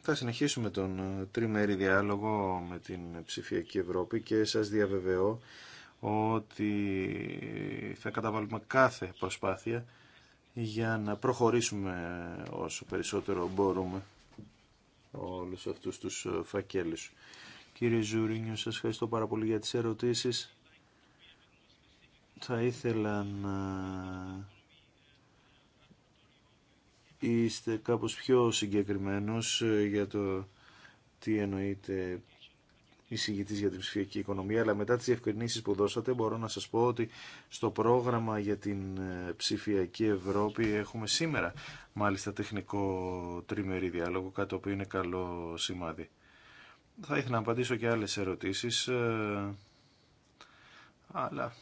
S3: Θα συνεχίσουμε τον ε, τριμερή διάλογο με την ψηφιακή Ευρώπη και σας διαβεβαιώ ότι θα καταβάλουμε κάθε προσπάθεια για να προχωρήσουμε όσο περισσότερο μπορούμε όλους αυτούς τους ε, φακέλους. Κύριε Ζουρίνιο, σας ευχαριστώ πάρα πολύ για τις ερωτήσεις. Θα ήθελα να είστε κάπως πιο συγκεκριμένος ε, για το τι εννοείται εισηγητής για την ψηφιακή οικονομία, αλλά μετά τις διευκρινήσεις που δώσατε μπορώ να σας πω ότι στο πρόγραμμα για την ε, ψηφιακή Ευρώπη έχουμε σήμερα μάλιστα τεχνικό τριμερή διάλογο, κάτι το είναι καλό σημάδι. Θα ήθελα να απαντήσω και άλλες ερωτήσεις, ε, αλλά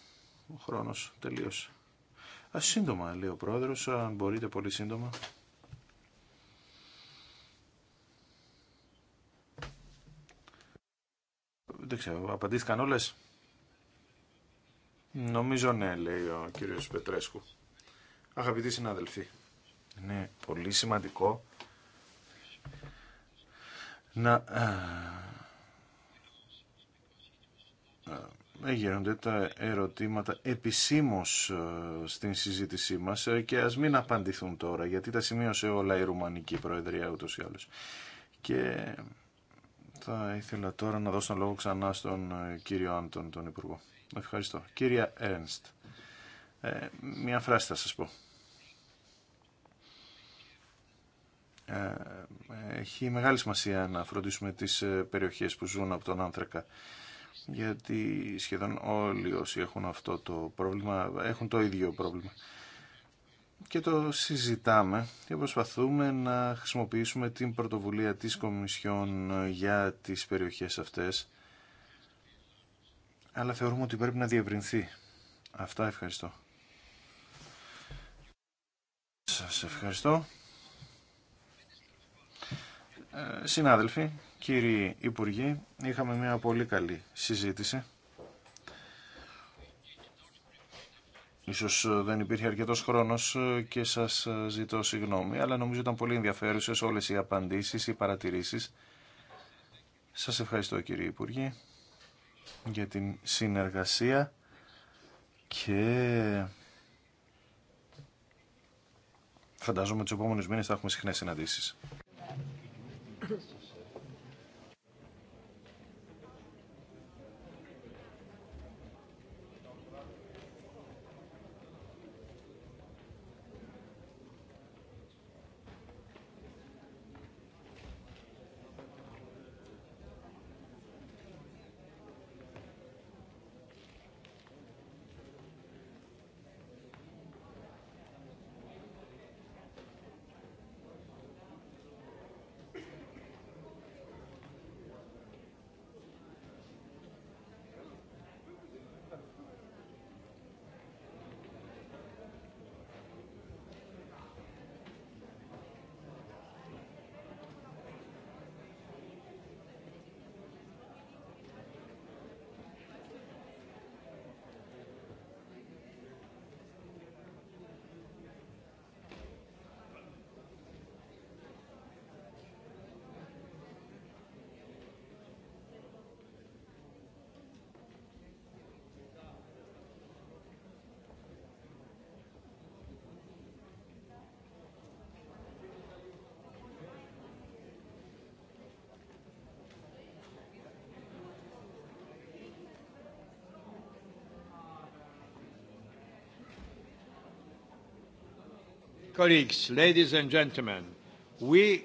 S3: ο χρόνος τελείωσε. Α, σύντομα, λέει ο πρόεδρος, αν μπορείτε πολύ σύντομα. Δεν ξέρω, απαντήθηκαν όλε. Νομίζω ναι, λέει ο κύριος Πετρέσκου. Αγαπητοί συνάδελφοι, είναι πολύ σημαντικό να ε, γίνονται τα ερωτήματα επισήμως στην συζήτησή μας ε, και ας μην απαντηθούν τώρα γιατί τα σημείωσε όλα η Ρουμανική Προεδρία ούτως ή άλλως. Και θα ήθελα τώρα να δώσω λόγο ξανά στον ε, κύριο Άντων, τον Υπουργό. Ευχαριστώ. Κύριε Έρνστ, ε, μία φράση θα σας πω. Ε, έχει μεγάλη σημασία να φροντίσουμε τις περιοχές που ζουν από τον άνθρακα γιατί σχεδόν όλοι όσοι έχουν αυτό το πρόβλημα έχουν το ίδιο πρόβλημα και το συζητάμε και προσπαθούμε να χρησιμοποιήσουμε την πρωτοβουλία της Κομισιόν ε, για τις περιοχές αυτές αλλά θεωρούμε ότι πρέπει να διευρυνθεί. Αυτά ευχαριστώ. Σας ευχαριστώ. Ε, συνάδελφοι, κύριοι Υπουργοί, είχαμε μια πολύ καλή συζήτηση. Ίσως ε, δεν υπήρχε αρκετός χρόνος ε, και σας ε, ζητώ συγγνώμη, αλλά νομίζω ήταν πολύ ενδιαφέρουσες όλες οι απαντήσεις, οι παρατηρήσεις. Σας ευχαριστώ κύριε Υπουργή για την συνεργασία και φαντάζομαι τους επόμενους μήνες θα έχουμε συχνές συναντήσεις.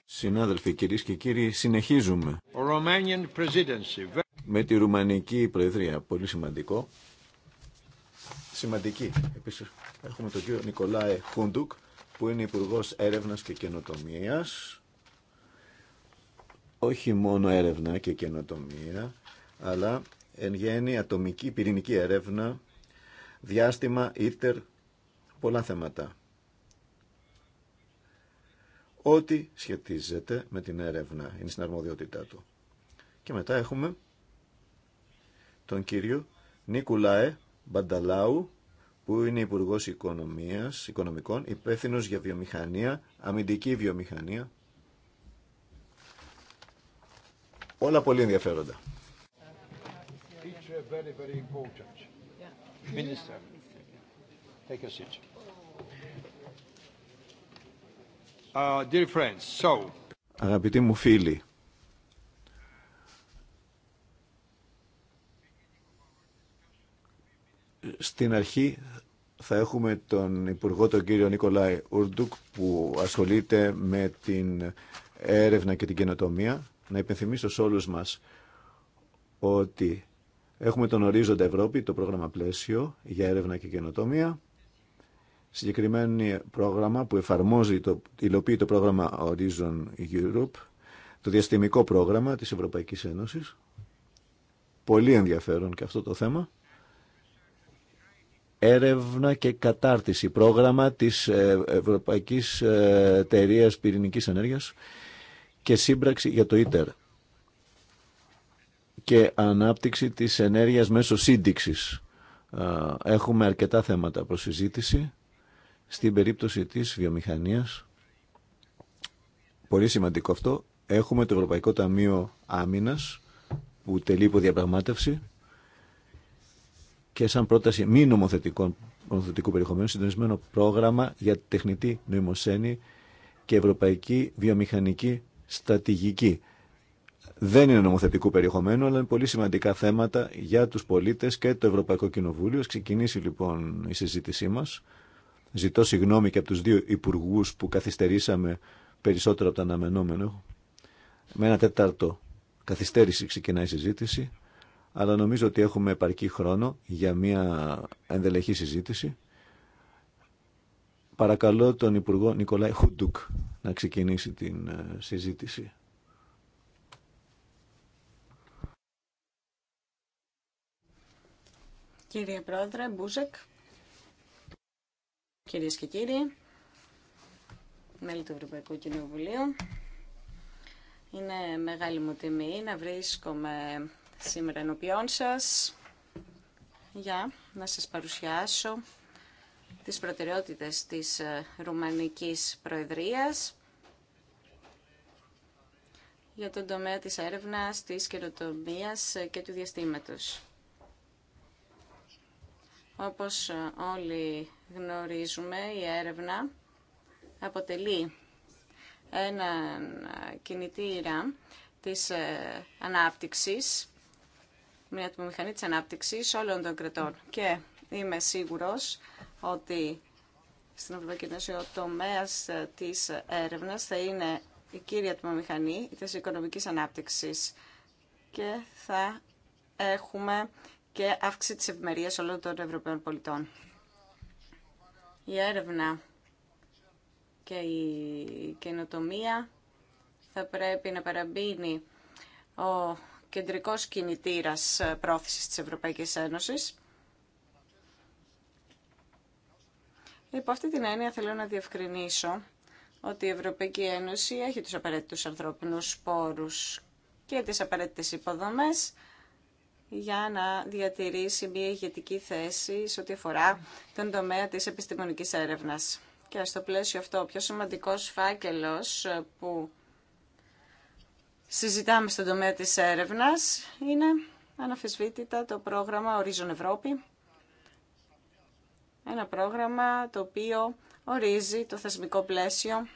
S1: Συνάδελφοι, κυρίες και κύριοι, συνεχίζουμε με τη Ρουμανική Προεδρία. Πολύ σημαντικό. Σημαντική. Επίσης, έχουμε τον κύριο Νικολάε Χούντουκ, που είναι υπουργό Έρευνα και καινοτομία, Όχι μόνο έρευνα και καινοτομία, αλλά εν γέννη ατομική πυρηνική έρευνα, διάστημα, ίτερ, πολλά θέματα ό,τι σχετίζεται με την έρευνα, είναι στην αρμοδιότητά του. Και μετά έχουμε τον κύριο Νίκουλαε Μπανταλάου, που είναι Υπουργό Οικονομίας, Οικονομικών, υπεύθυνο για βιομηχανία, αμυντική βιομηχανία. Όλα πολύ ενδιαφέροντα. Minister, take Uh, Αγαπητοί μου φίλοι, στην αρχή θα έχουμε τον Υπουργό τον κύριο Νικολάη Ουρντουκ που ασχολείται με την έρευνα και την καινοτομία. Να υπενθυμίσω σε όλους μας ότι έχουμε τον ορίζοντα Ευρώπη, το πρόγραμμα πλαίσιο για έρευνα και καινοτομία συγκεκριμένο πρόγραμμα που εφαρμόζει, το, υλοποιεί το πρόγραμμα Horizon Europe, το διαστημικό πρόγραμμα της Ευρωπαϊκής Ένωσης. Πολύ ενδιαφέρον και αυτό το θέμα. Έρευνα και κατάρτιση, πρόγραμμα της ε, Ευρωπαϊκής ε, Εταιρείας Πυρηνικής Ενέργειας και σύμπραξη για το ΙΤΕΡ και ανάπτυξη της ενέργειας μέσω σύνδεξης. Έχουμε αρκετά θέματα προς συζήτηση στην περίπτωση της βιομηχανίας, πολύ σημαντικό αυτό, έχουμε το Ευρωπαϊκό Ταμείο Άμυνας που τελεί υπό διαπραγμάτευση και σαν πρόταση μη νομοθετικών νομοθετικού περιεχομένου, συντονισμένο πρόγραμμα για τεχνητή νοημοσύνη και ευρωπαϊκή βιομηχανική στρατηγική. Δεν είναι νομοθετικού περιεχομένου, αλλά είναι πολύ σημαντικά θέματα για τους πολίτες και το Ευρωπαϊκό Κοινοβούλιο. Ξεκινήσει λοιπόν η συζήτησή μας. Ζητώ συγγνώμη και από τους δύο υπουργούς που καθυστερήσαμε περισσότερο από το αναμενόμενο. Με ένα τέταρτο καθυστέρηση ξεκινάει η συζήτηση, αλλά νομίζω ότι έχουμε επαρκή χρόνο για μια ενδελεχή συζήτηση. Παρακαλώ τον Υπουργό Νικολάη Χουντούκ να ξεκινήσει την ε, συζήτηση.
S2: Κύριε Πρόεδρε Μπούζεκ, Κυρίες και κύριοι, μέλη του Ευρωπαϊκού Κοινοβουλίου, είναι μεγάλη μου τιμή να βρίσκομαι σήμερα ενώπιόν σας για να σας παρουσιάσω τις προτεραιότητες της ε, Ρουμανικής Προεδρίας για τον τομέα της έρευνας, της καινοτομία ε, και του διαστήματος. Όπως ε, όλοι γνωρίζουμε, η έρευνα αποτελεί έναν κινητήρα της ε, ανάπτυξης, μια μηχανή της ανάπτυξης όλων των κρετών. Και είμαι σίγουρος ότι στην Ευρωπαϊκή Ένωση ο τομέας ε, της έρευνας θα είναι η κύρια μηχανή της οικονομικής ανάπτυξης και θα έχουμε και αύξηση της ευημερίας όλων των Ευρωπαίων πολιτών. Η έρευνα και η καινοτομία θα πρέπει να παραμπίνει ο κεντρικός κινητήρας πρόθεσης της Ευρωπαϊκής Ένωσης. Υπό αυτή την έννοια θέλω να διευκρινίσω ότι η Ευρωπαϊκή Ένωση έχει τους απαραίτητους ανθρώπινους πόρους και τις απαραίτητες υποδομές για να διατηρήσει μια ηγετική θέση σε ό,τι αφορά τον τομέα της επιστημονικής έρευνας. Και στο πλαίσιο αυτό, ο πιο σημαντικός φάκελος που συζητάμε στον τομέα της έρευνας είναι αναφεσβήτητα το πρόγραμμα Horizon Ευρώπη. Ένα πρόγραμμα το οποίο ορίζει το θεσμικό πλαίσιο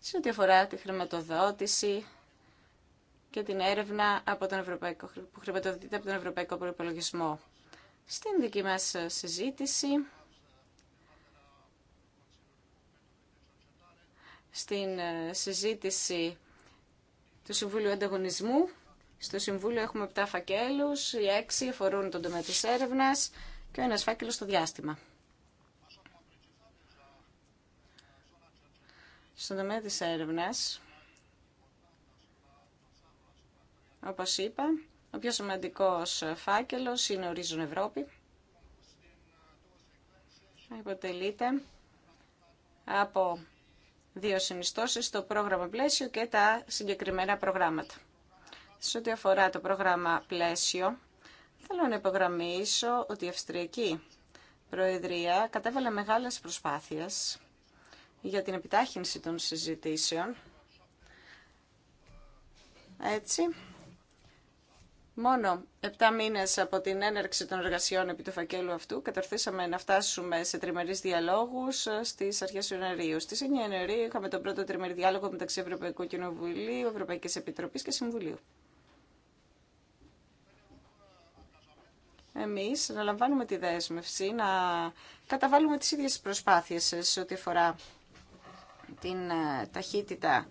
S2: σε ό,τι αφορά τη χρηματοδότηση, και την έρευνα από τον Ευρωπαϊκό, που χρηματοδοτείται από τον Ευρωπαϊκό Προπολογισμό. Στην δική μας ε, συζήτηση, στην ε, συζήτηση του Συμβούλου Ανταγωνισμού, στο Συμβούλιο έχουμε 7 φακέλους, οι 6 αφορούν τον τομέα της έρευνας και ο ένας φάκελος στο διάστημα. Στον τομέα της έρευνας, Όπως είπα, ο πιο σημαντικός φάκελος είναι ορίζον Ευρώπη. Υποτελείται από δύο συνιστώσεις, το πρόγραμμα πλαίσιο και τα συγκεκριμένα προγράμματα. Σε ό,τι αφορά το πρόγραμμα πλαίσιο, θέλω να υπογραμμίσω ότι η Αυστριακή Προεδρία κατέβαλε μεγάλες προσπάθειες για την επιτάχυνση των συζητήσεων. Έτσι, Μόνο 7 μήνε από την έναρξη των εργασιών επί του φακέλου αυτού κατορθήσαμε να φτάσουμε σε τριμερεί διαλόγου ε, στι αρχέ Ιανουαρίου. Στι 9 Ιανουαρίου είχαμε τον πρώτο τριμερή διάλογο μεταξύ Ευρωπαϊκού Κοινοβουλίου, Ευρωπαϊκή Επιτροπή και Συμβουλίου. Εμεί αναλαμβάνουμε τη δέσμευση, να καταβάλουμε τι ίδιε προσπάθειε σε ό,τι αφορά την ε, ταχύτητα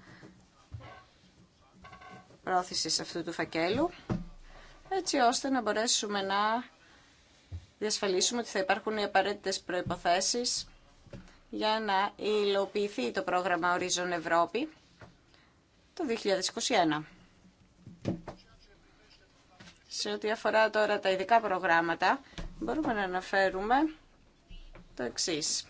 S2: πρόθεση αυτού του φακέλου έτσι ώστε να μπορέσουμε να διασφαλίσουμε ότι θα υπάρχουν οι απαραίτητες προϋποθέσεις για να υλοποιηθεί το πρόγραμμα Horizon Ευρώπη το 2021. Σε ό,τι αφορά τώρα τα ειδικά προγράμματα, μπορούμε να αναφέρουμε το εξής.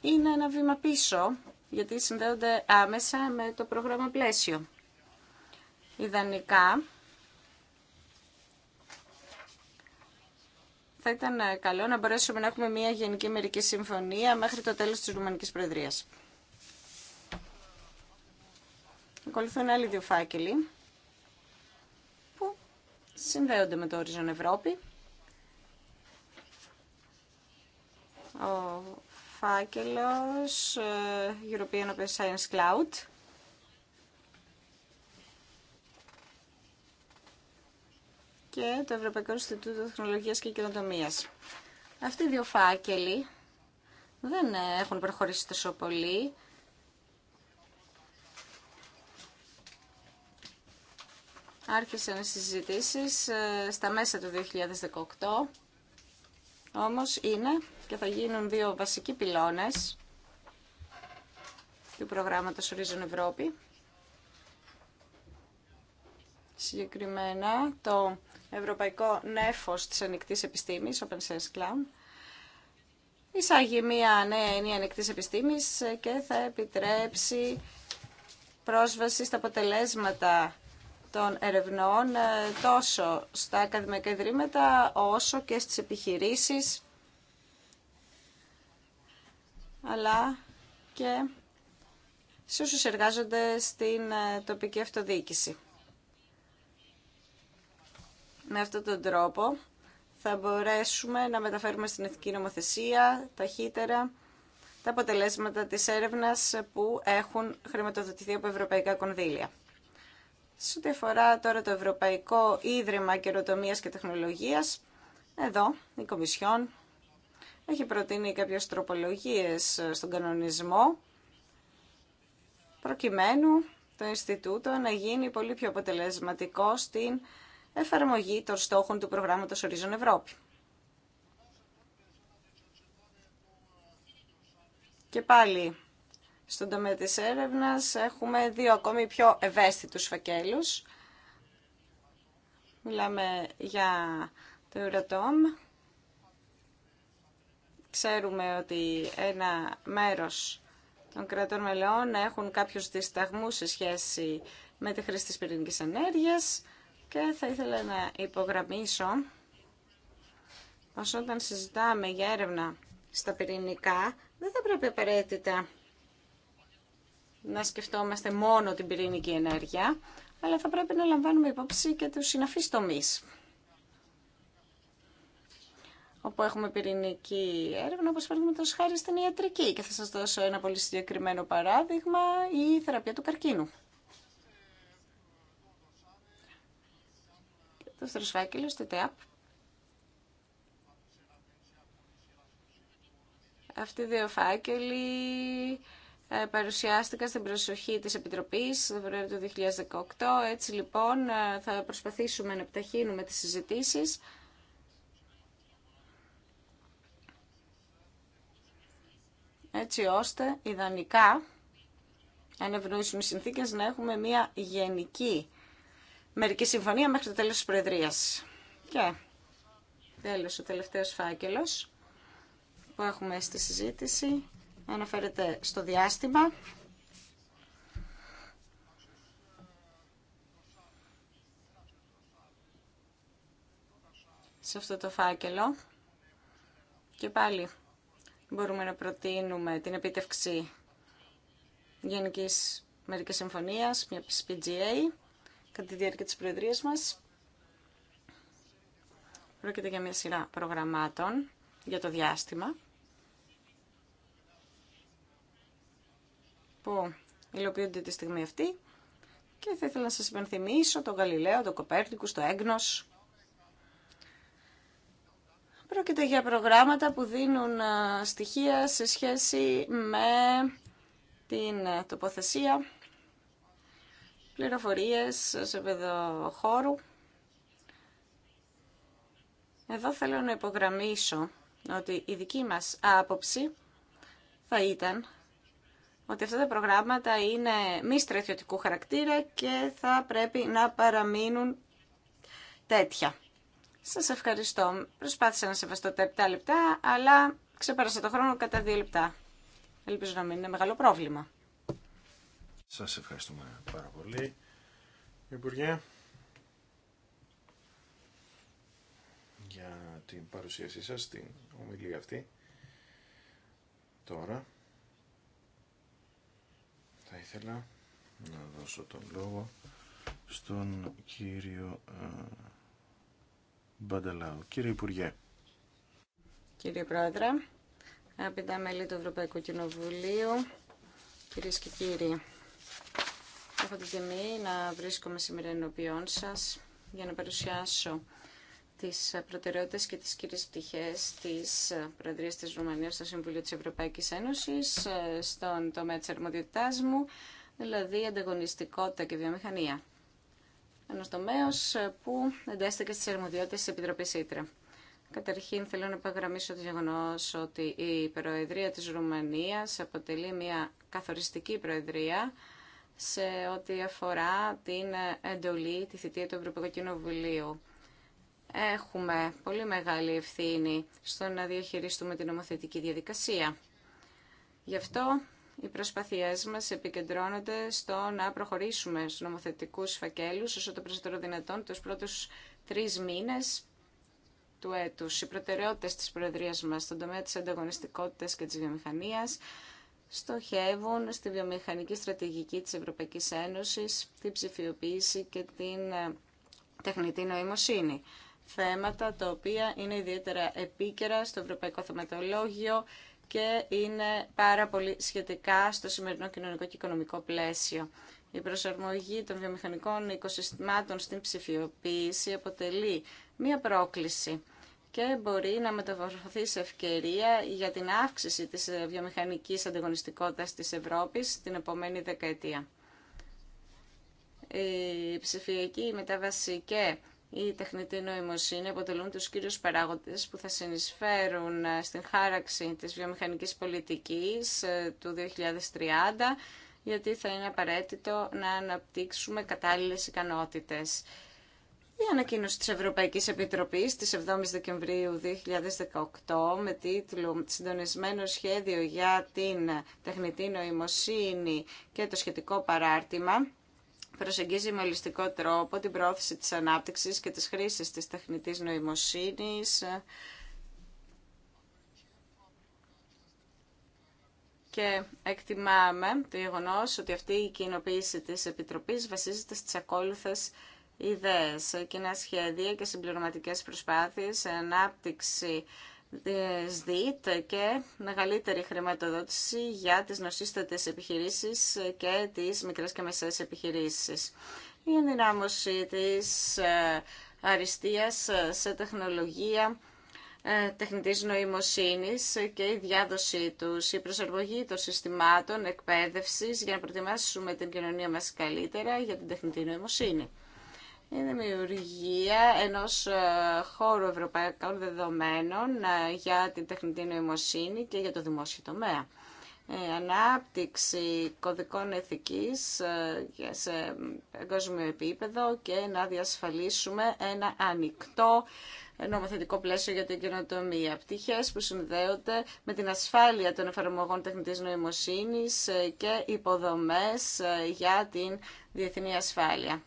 S2: Είναι ένα βήμα πίσω, γιατί συνδέονται άμεσα με το πρόγραμμα πλαίσιο ιδανικά θα ήταν ε, καλό να μπορέσουμε να έχουμε μια γενική μερική συμφωνία μέχρι το τέλος της Ρουμανικής Προεδρίας. Ακολουθούν άλλοι δύο φάκελοι που συνδέονται με το Horizon Ευρώπη. Ο φάκελος ε, European Open Science Cloud και το Ευρωπαϊκό Ινστιτούτο Τεχνολογίας και Κοινοτομίας. Αυτοί οι δύο φάκελοι δεν έχουν προχωρήσει τόσο πολύ. Άρχισαν οι συζητήσεις ε, στα μέσα του 2018, όμως είναι και θα γίνουν δύο βασικοί πυλώνε του προγράμματος Horizon Ευρώπη. Συγκεκριμένα το Ευρωπαϊκό Νέφος της Ανοιχτής Επιστήμης, Open Science Cloud, εισάγει μια νέα ενία ανοιχτής επιστήμης και θα επιτρέψει πρόσβαση στα αποτελέσματα των ερευνών ε, τόσο στα ακαδημαϊκά ιδρύματα όσο και στις επιχειρήσεις αλλά και σε όσους εργάζονται στην ε, τοπική αυτοδιοίκηση. Με αυτόν τον τρόπο θα μπορέσουμε να μεταφέρουμε στην εθνική νομοθεσία ταχύτερα τα αποτελέσματα της έρευνας που έχουν χρηματοδοτηθεί από ευρωπαϊκά κονδύλια. Σε ό,τι αφορά τώρα το Ευρωπαϊκό Ίδρυμα Καιροτομίας και Τεχνολογίας, εδώ η Κομισιόν έχει προτείνει κάποιες τροπολογίες στον κανονισμό προκειμένου το Ινστιτούτο να γίνει πολύ πιο αποτελεσματικό στην εφαρμογή των στόχων του προγράμματος Ορίζων Ευρώπη. Και πάλι, στον τομέα της έρευνας έχουμε δύο ακόμη πιο ευαίσθητους φακέλους. Μιλάμε για το Euratom. Ξέρουμε ότι ένα μέρος των κρατών μελών έχουν κάποιους δισταγμούς σε σχέση με τη χρήση της πυρηνικής και θα ήθελα να υπογραμμίσω πως όταν συζητάμε για έρευνα στα πυρηνικά, δεν θα πρέπει απαραίτητα να σκεφτόμαστε μόνο την πυρηνική ενέργεια, αλλά θα πρέπει να λαμβάνουμε υπόψη και τους συναφείς τομείς όπου έχουμε πυρηνική έρευνα, όπως παραδείγματο χάρη στην ιατρική. Και θα σας δώσω ένα πολύ συγκεκριμένο παράδειγμα, η θεραπεία του καρκίνου. δεύτερο φάκελο, το ΤΕΑΠ. Αυτοί οι δύο φάκελοι ε, παρουσιάστηκαν στην προσοχή της Επιτροπής το του 2018. Έτσι λοιπόν ε, θα προσπαθήσουμε να επιταχύνουμε τις συζητήσεις. έτσι ώστε ιδανικά αν ευνοήσουν οι συνθήκες να έχουμε μια γενική μερική συμφωνία μέχρι το τέλος της Προεδρίας. Και τέλος ο τελευταίος φάκελος που έχουμε στη συζήτηση αναφέρεται στο διάστημα. σε αυτό το φάκελο και πάλι μπορούμε να προτείνουμε την επίτευξη Γενικής Μερικής Συμφωνίας, μια PGA, κατά τη διάρκεια της Προεδρίας μας. Πρόκειται για μια σειρά προγραμμάτων για το διάστημα που υλοποιούνται τη στιγμή αυτή και θα ήθελα να σας υπενθυμίσω τον Γαλιλαίο, τον Κοπέρνικους, το Έγνος. Πρόκειται για προγράμματα που δίνουν ε, στοιχεία σε σχέση με την τοποθεσία πληροφορίες σε επίπεδο χώρου. Εδώ θέλω να υπογραμμίσω ότι η δική μας άποψη θα ήταν ότι αυτά τα προγράμματα είναι μη στρατιωτικού χαρακτήρα και θα πρέπει να παραμείνουν τέτοια. Σας ευχαριστώ. Προσπάθησα να σεβαστώ τα 7 λεπτά, αλλά ξεπέρασα το χρόνο κατά 2 λεπτά. Ελπίζω να μην είναι μεγάλο πρόβλημα.
S3: Σας ευχαριστούμε πάρα πολύ. Υπουργέ, για την παρουσίασή σας, την ομιλία αυτή. Τώρα, θα ήθελα να δώσω τον λόγο στον κύριο ε, Μπανταλάου. Κύριε Υπουργέ.
S2: Κύριε Πρόεδρε, αγαπητά μέλη του Ευρωπαϊκού Κοινοβουλίου, κυρίες και κύριοι. Έχω την τιμή να βρίσκομαι σήμερα ενώπιόν σα για να παρουσιάσω τι προτεραιότητε και τι κύριε πτυχέ τη προεδρία τη Ρουμανία στο Συμβουλίο τη Ευρωπαϊκή Ένωση ε, στον τομέα τη αρμοδιότητά μου, δηλαδή ανταγωνιστικότητα και βιομηχανία. Ένα τομέα ε, που εντάστηκε στι αρμοδιότητε τη επιτροπή Ήτρα. Καταρχήν θέλω να επαγραμμίσω το γεγονό ότι η Προεδρία τη Ρουμανία αποτελεί μια καθοριστική Προεδρία σε ό,τι αφορά την εντολή, τη θητεία του Ευρωπαϊκού Κοινοβουλίου. Έχουμε πολύ μεγάλη ευθύνη στο να διαχειριστούμε την νομοθετική διαδικασία. Γι' αυτό οι προσπαθίες μας επικεντρώνονται στο να προχωρήσουμε στους νομοθετικούς φακέλους όσο το περισσότερο δυνατόν τους πρώτους τρεις μήνες του έτους. Οι προτεραιότητες της Προεδρίας μας στον τομέα της ανταγωνιστικότητας και της βιομηχανίας στοχεύουν στη βιομηχανική στρατηγική της Ευρωπαϊκής Ένωσης, την ψηφιοποίηση και την ε, τεχνητή νοημοσύνη. Θέματα τα οποία είναι ιδιαίτερα επίκαιρα στο Ευρωπαϊκό Θεματολόγιο και είναι πάρα πολύ σχετικά στο σημερινό κοινωνικό και οικονομικό πλαίσιο. Η προσαρμογή των βιομηχανικών οικοσυστημάτων στην ψηφιοποίηση αποτελεί μία πρόκληση και μπορεί να μεταφορθεί σε ευκαιρία για την αύξηση της ε, βιομηχανικής ανταγωνιστικότητας της Ευρώπης την επόμενη δεκαετία. Η ψηφιακή μετάβαση και η τεχνητή νοημοσύνη αποτελούν τους κύριους παράγοντες που θα συνεισφέρουν ε, στην χάραξη της βιομηχανικής πολιτικής ε, του 2030 γιατί θα είναι απαραίτητο να αναπτύξουμε κατάλληλες ικανότητες. Η ανακοίνωση της Ευρωπαϊκής Επιτροπής της 7ης Δεκεμβρίου 2018 με τίτλο «Συντονισμένο σχέδιο για την τεχνητή νοημοσύνη και το σχετικό παράρτημα» προσεγγίζει με ολιστικό τρόπο την πρόθεση της ανάπτυξης και της χρήσης της τεχνητής νοημοσύνης και εκτιμάμε το γεγονό ότι αυτή η κοινοποίηση της Επιτροπής βασίζεται στις ακόλουθες ιδέες, κοινά σχέδια και συμπληρωματικές προσπάθειες, ανάπτυξη της ΔΙΤ και μεγαλύτερη χρηματοδότηση για τις νοσίστατες επιχειρήσεις και τις μικρές και μεσαίες επιχειρήσεις. Η ενδυνάμωση της ε, αριστείας ε, σε τεχνολογία ε, τεχνητής νοημοσύνης και η διάδοσή τους, η προσαρμογή των συστημάτων εκπαίδευσης για να προετοιμάσουμε την κοινωνία μας καλύτερα για την τεχνητή νοημοσύνη είναι δημιουργία ενός ε, χώρου ευρωπαϊκών δεδομένων ε, για την τεχνητή νοημοσύνη και για το δημόσιο τομέα. ανάπτυξη κωδικών ηθικής ε, σε παγκόσμιο επίπεδο και να διασφαλίσουμε ένα ανοιχτό νομοθετικό πλαίσιο για την καινοτομία. Πτυχέ που συνδέονται με την ασφάλεια των εφαρμογών τεχνητή νοημοσύνη και υποδομέ για την διεθνή ασφάλεια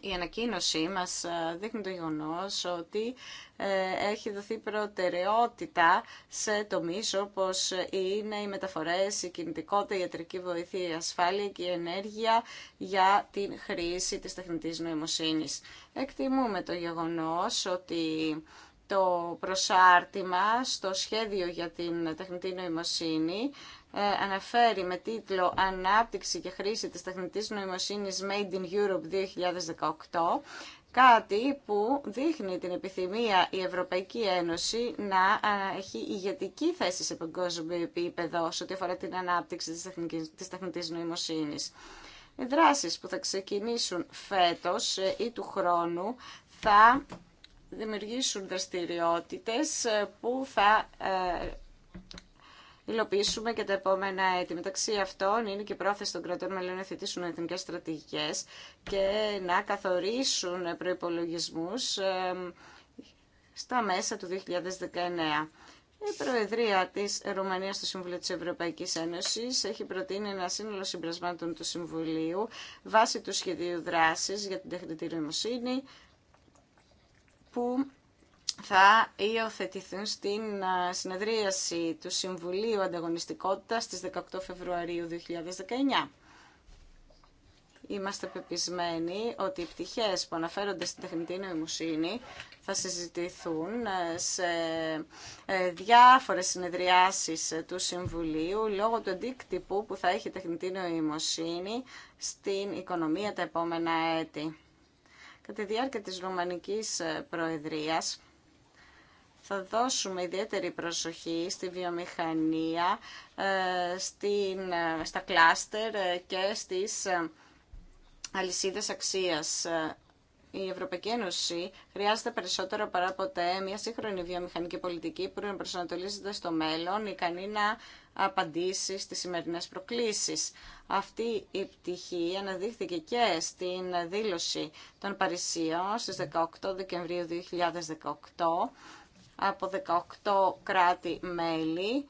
S2: η ανακοίνωση μας ε, δείχνει το γεγονός ότι ε, έχει δοθεί προτεραιότητα σε τομείς όπως είναι οι μεταφορές, η κινητικότητα, η ιατρική βοήθεια, η ασφάλεια και η ενέργεια για την χρήση της τεχνητής νοημοσύνης. Εκτιμούμε το γεγονός ότι το προσάρτημα στο σχέδιο για την τεχνητή νοημοσύνη ε, αναφέρει με τίτλο «Ανάπτυξη και χρήση της τεχνητής νοημοσύνης Made in Europe 2018» κάτι που δείχνει την επιθυμία η Ευρωπαϊκή Ένωση να έχει ηγετική θέση σε παγκόσμιο επίπεδο σε ό,τι αφορά την ανάπτυξη της, της τεχνητής νοημοσύνης. Οι δράσεις που θα ξεκινήσουν φέτος ε, ή του χρόνου θα δημιουργήσουν δραστηριότητες ε, που θα υλοποιήσουμε και τα επόμενα έτη. Μεταξύ αυτών είναι και η πρόθεση των κρατών μελών να θετήσουν εθνικέ στρατηγικέ και να καθορίσουν προπολογισμού στα μέσα του 2019. Η Προεδρία της Ρουμανίας στο Συμβούλιο τη Ευρωπαϊκή Ένωση έχει προτείνει ένα σύνολο συμπρασμάτων του Συμβουλίου βάσει του σχεδίου δράσης για την τεχνητή νοημοσύνη που θα υιοθετηθούν στην συνεδρίαση του Συμβουλίου Ανταγωνιστικότητας στις 18 Φεβρουαρίου 2019. Είμαστε πεπισμένοι ότι οι πτυχές που αναφέρονται στην τεχνητή νοημοσύνη θα συζητηθούν ε, σε ε, διάφορες συνεδριάσεις του Συμβουλίου λόγω του αντίκτυπου που θα έχει η τεχνητή νοημοσύνη στην οικονομία τα επόμενα έτη. Κατά τη διάρκεια της Ρουμανικής ε, Προεδρίας, θα δώσουμε ιδιαίτερη προσοχή στη βιομηχανία, ε, στην, ε, στα κλάστερ ε, και στις αλυσίδες αξίας. Η Ευρωπαϊκή Ένωση χρειάζεται περισσότερο παρά ποτέ μια σύγχρονη βιομηχανική πολιτική που να προσανατολίζεται στο μέλλον, ικανή να απαντήσει στις σημερινές προκλήσεις. Αυτή η πτυχή αναδείχθηκε και στην δήλωση των Παρισίων στις 18 Δεκεμβρίου 2018 από 18 κράτη-μέλη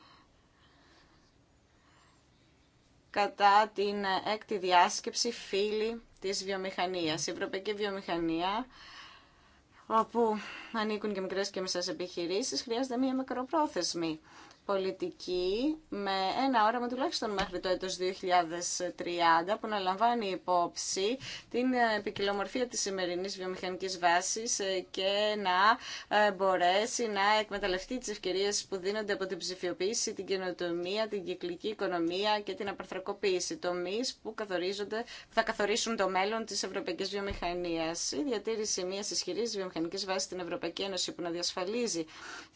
S2: κατά την έκτη διάσκεψη φίλη της βιομηχανίας. Η Ευρωπαϊκή Βιομηχανία, όπου ανήκουν και μικρές και μισές επιχειρήσεις, χρειάζεται μία μικροπρόθεσμη πολιτική με ένα όραμα τουλάχιστον μέχρι το έτος 2030 που να λαμβάνει υπόψη την επικοινομορφία της σημερινής βιομηχανικής βάσης ε, και να ε, μπορέσει να εκμεταλλευτεί τις ευκαιρίες που δίνονται από την ψηφιοποίηση, την καινοτομία, την κυκλική οικονομία και την απαρθρακοποίηση τομείς που, καθορίζονται, θα καθορίσουν το μέλλον της ευρωπαϊκής βιομηχανίας. Η διατήρηση μιας ισχυρής βιομηχανικής βάσης στην Ευρωπαϊκή Ένωση που να διασφαλίζει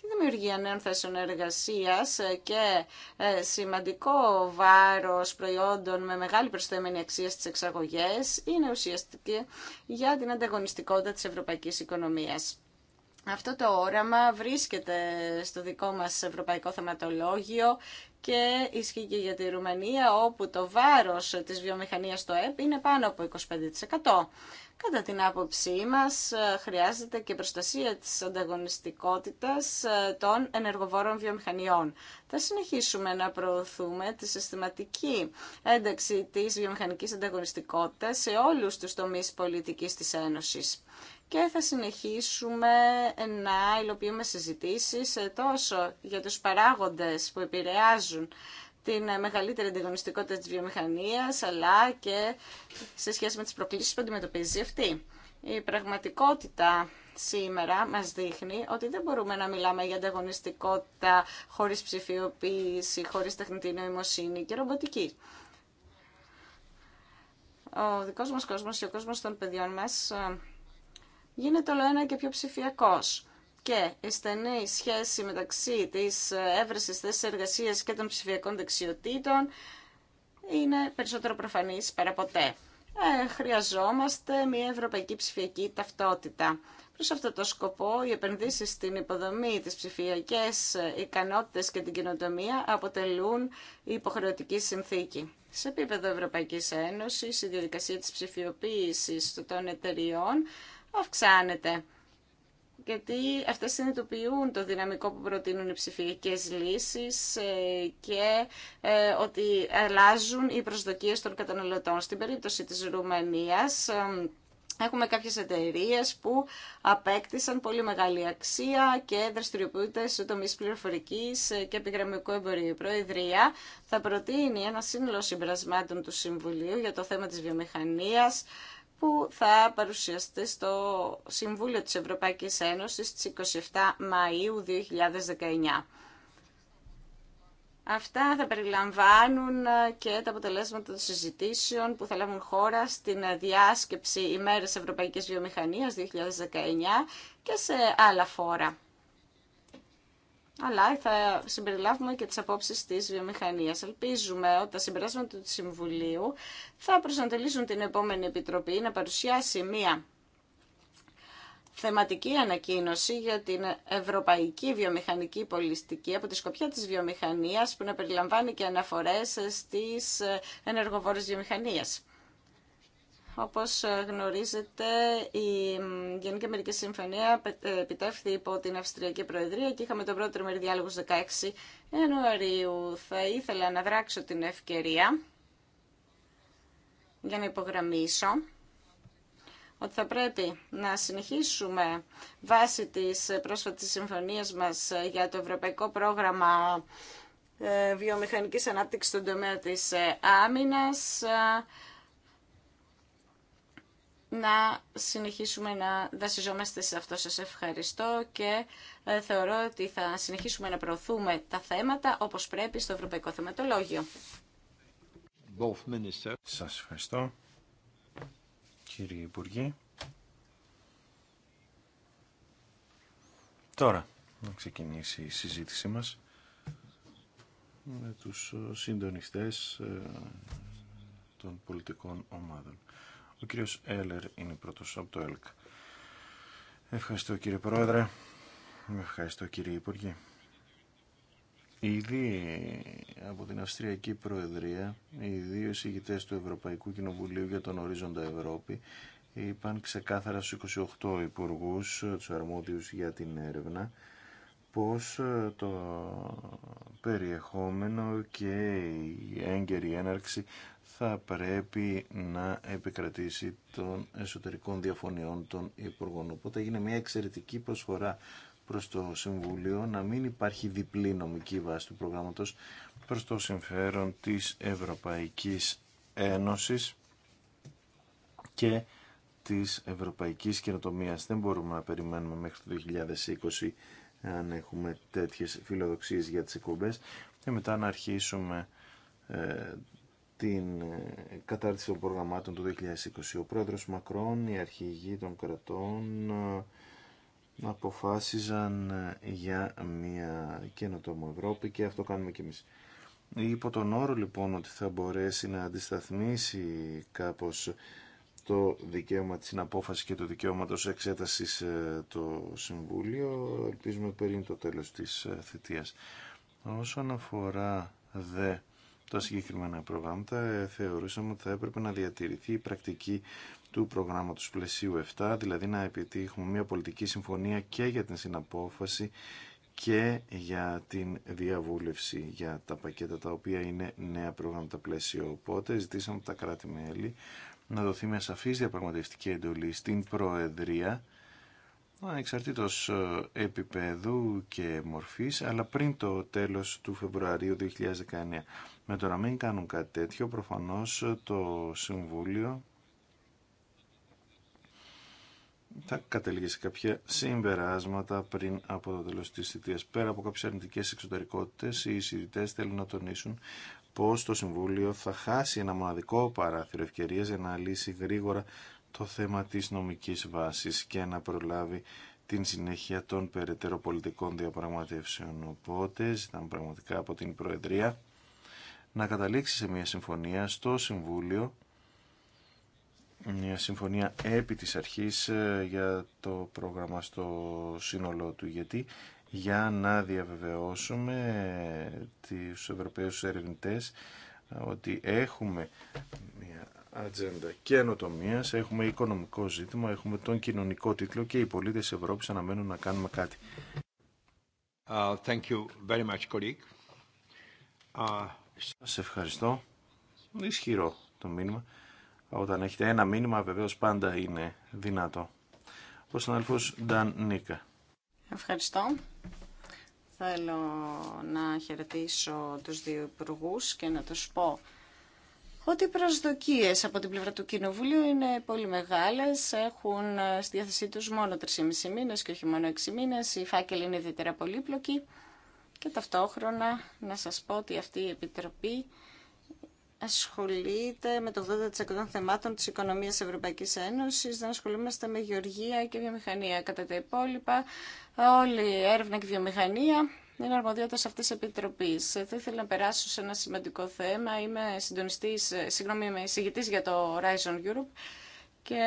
S2: τη δημιουργία νέων θέσεων εργασία ε, και ε, σημαντικό βάρος προϊόντων με μεγάλη προσθέμενη αξία στις εξαγωγές είναι ουσιαστική για την ανταγωνιστικότητα της ευρωπαϊκής οικονομίας. Αυτό το όραμα βρίσκεται στο δικό μας ευρωπαϊκό θεματολόγιο και ισχύει και για τη Ρουμανία όπου το βάρος της βιομηχανίας στο ΕΠ είναι πάνω από 25%. Κατά την άποψή μας ε, χρειάζεται και προστασία της ανταγωνιστικότητας ε, των ενεργοβόρων βιομηχανιών. Θα συνεχίσουμε να προωθούμε τη συστηματική ένταξη της βιομηχανικής ανταγωνιστικότητας σε όλους τους τομείς πολιτικής της Ένωσης και θα συνεχίσουμε να υλοποιούμε συζητήσεις ε, τόσο για τους παράγοντες που επηρεάζουν την μεγαλύτερη ανταγωνιστικότητα της βιομηχανίας, αλλά και σε σχέση με τις προκλήσεις που αντιμετωπίζει αυτή. Η πραγματικότητα σήμερα μας δείχνει ότι δεν μπορούμε να μιλάμε για ανταγωνιστικότητα χωρίς ψηφιοποίηση, χωρίς τεχνητή νοημοσύνη και ρομποτική. Ο δικός μας κόσμος και ο κόσμος των παιδιών μας ε, γίνεται όλο ένα και πιο ψηφιακός και η στενή σχέση μεταξύ της έβρεσης θέσης εργασίας και των ψηφιακών δεξιοτήτων είναι περισσότερο προφανής παραποτέ. Ε, χρειαζόμαστε μια ευρωπαϊκή ψηφιακή ταυτότητα. Προς αυτό το σκοπό, οι επενδύσεις στην υποδομή, της ψηφιακές ικανότητες και την κοινοτομία αποτελούν υποχρεωτική συνθήκη. Σε επίπεδο Ευρωπαϊκής Ένωσης, η διαδικασία της ψηφιοποίησης των εταιριών αυξάνεται γιατί αυτές συνειδητοποιούν το δυναμικό που προτείνουν οι ψηφιακές λύσεις ε, και ε, ότι αλλάζουν οι προσδοκίες των καταναλωτών. Στην περίπτωση της Ρουμανίας, ε, Έχουμε κάποιες εταιρείες που απέκτησαν πολύ μεγάλη αξία και δραστηριοποιούνται σε τομείς πληροφορικής και επιγραμμικού εμπορίου. Η Προεδρία θα προτείνει ένα σύνολο συμπρασμάτων του Συμβουλίου για το θέμα της βιομηχανίας, που θα παρουσιαστεί στο Συμβούλιο της Ευρωπαϊκής Ένωσης στις 27 Μαΐου 2019. Αυτά θα περιλαμβάνουν ε, και τα αποτελέσματα των συζητήσεων που θα λάβουν χώρα στην ε, διάσκεψη ημέρες Ευρωπαϊκής Βιομηχανίας 2019 και σε άλλα φόρα αλλά θα συμπεριλάβουμε και τις απόψεις της βιομηχανίας. Ελπίζουμε ότι τα συμπεράσματα του Συμβουλίου θα προσανατολίσουν την επόμενη Επιτροπή να παρουσιάσει μία θεματική ανακοίνωση για την ευρωπαϊκή βιομηχανική πολιστική από τη σκοπιά της βιομηχανίας που να περιλαμβάνει και αναφορές στις ενεργοβόρες βιομηχανίες. Όπως ε, γνωρίζετε, η Γενική Αμερική Συμφωνία ε, επιτεύχθη υπό την Αυστριακή Προεδρία και είχαμε τον πρώτο τριμερή διάλογο 16 Ιανουαρίου. Θα ήθελα να δράξω την ευκαιρία για να υπογραμμίσω ότι θα πρέπει να συνεχίσουμε βάσει της πρόσφατης συμφωνίας μας για το Ευρωπαϊκό Πρόγραμμα ε, Βιομηχανικής Ανάπτυξης στον τομέα της άμυνας να συνεχίσουμε να δασιζόμαστε σε αυτό. Σας ευχαριστώ και ε, θεωρώ ότι θα συνεχίσουμε να προωθούμε τα θέματα όπως πρέπει στο Ευρωπαϊκό Θεματολόγιο.
S3: Σας ευχαριστώ, κύριε Υπουργέ. Τώρα, να ξεκινήσει η συζήτησή μας με τους ε, συντονιστές ε, των πολιτικών ομάδων. Ο κύριος Έλερ είναι πρώτος από το ΕΛΚ. Ευχαριστώ κύριε Πρόεδρε. Ευχαριστώ κύριε Υπουργέ. Ήδη από την Αυστριακή Προεδρία, οι δύο εισηγητέ του Ευρωπαϊκού Κοινοβουλίου για τον Ορίζοντα Ευρώπη είπαν ξεκάθαρα στους 28 υπουργούς, του αρμόδιους για την έρευνα, πως το περιεχόμενο και η έγκαιρη έναρξη θα πρέπει να επικρατήσει των εσωτερικών διαφωνιών των Υπουργών. Οπότε έγινε μια εξαιρετική προσφορά προς το Συμβούλιο να μην υπάρχει διπλή νομική βάση του προγράμματος προς το συμφέρον της Ευρωπαϊκής Ένωσης και της Ευρωπαϊκής Καινοτομία. Δεν μπορούμε να περιμένουμε μέχρι το 2020 αν έχουμε τέτοιες φιλοδοξίες για τις εκπομπέ και μετά να αρχίσουμε ε, την ε, κατάρτιση των προγραμμάτων του 2020. Ο πρόεδρος Μακρόν, οι αρχηγοί των κρατών ε, αποφάσιζαν ε, για μια καινοτόμο Ευρώπη και αυτό κάνουμε κι εμείς. Υπό τον όρο λοιπόν ότι θα μπορέσει να αντισταθμίσει κάπως το δικαίωμα της συναπόφασης και το δικαίωμα της εξέτασης το Συμβούλιο, ελπίζουμε πριν το τέλος της θητείας. Όσον αφορά δε τα συγκεκριμένα προγράμματα, ε, θεωρούσαμε ότι θα έπρεπε να διατηρηθεί η πρακτική του προγράμματος πλαισίου 7, δηλαδή να επιτύχουμε μια πολιτική συμφωνία και για την συναπόφαση και για την διαβούλευση για τα πακέτα τα οποία είναι νέα προγράμματα πλαίσιο. Οπότε ζητήσαμε από τα κράτη-μέλη να δοθεί μια σαφής διαπραγματευτική εντολή στην Προεδρία ανεξαρτήτως ε, επίπεδου και μορφής, αλλά πριν το τέλος του Φεβρουαρίου 2019. Με το να μην κάνουν κάτι τέτοιο, προφανώς ε, το Συμβούλιο θα καταλήγει σε κάποια συμπεράσματα πριν από το τέλος της θητείας. Πέρα από κάποιες αρνητικές εξωτερικότητες, οι συζητητέ θέλουν να τονίσουν πως το Συμβούλιο θα χάσει ένα μοναδικό παράθυρο ευκαιρία για να λύσει γρήγορα το θέμα της νομικής βάσης και να προλάβει την συνέχεια των περαιτέρω πολιτικών διαπραγματεύσεων. Οπότε ζητάμε πραγματικά από την Προεδρία να καταλήξει σε μια συμφωνία στο Συμβούλιο, μια συμφωνία επί της αρχής ε, για το πρόγραμμα στο σύνολό του, γιατί για να διαβεβαιώσουμε τους Ευρωπαίους ερευνητές ε, ότι έχουμε μια ατζέντα καινοτομία, έχουμε οικονομικό ζήτημα, έχουμε τον κοινωνικό τίτλο και οι πολίτε τη Ευρώπη αναμένουν να κάνουμε κάτι.
S4: Uh, thank you very much, Uh...
S3: Σας ευχαριστώ. Ισχυρό το μήνυμα. Όταν έχετε ένα μήνυμα βεβαίω πάντα είναι δυνατό. Ο συναδελφό Νταν Νίκα.
S2: Ευχαριστώ. Θέλω να χαιρετήσω τους δύο υπουργού και να τους πω ότι οι προσδοκίε από την πλευρά του Κοινοβουλίου είναι πολύ μεγάλε. Έχουν ε, στη διάθεσή του μόνο 3,5 μήνες και όχι μόνο έξι μήνε. Οι φάκελοι είναι ιδιαίτερα πολύπλοκοι. Και ταυτόχρονα να σα πω ότι αυτή η Επιτροπή ασχολείται με το 80% των θεμάτων της οικονομίας Ευρωπαϊκής Ένωσης, δεν ασχολούμαστε με γεωργία και βιομηχανία. Κατά τα υπόλοιπα, όλη η έρευνα και η βιομηχανία είναι αρμοδιότητα αυτή τη Επιτροπή. Ε, θα ήθελα να περάσω σε ένα σημαντικό θέμα. Είμαι συντονιστή, ε, συγγνώμη, είμαι για το Horizon Europe και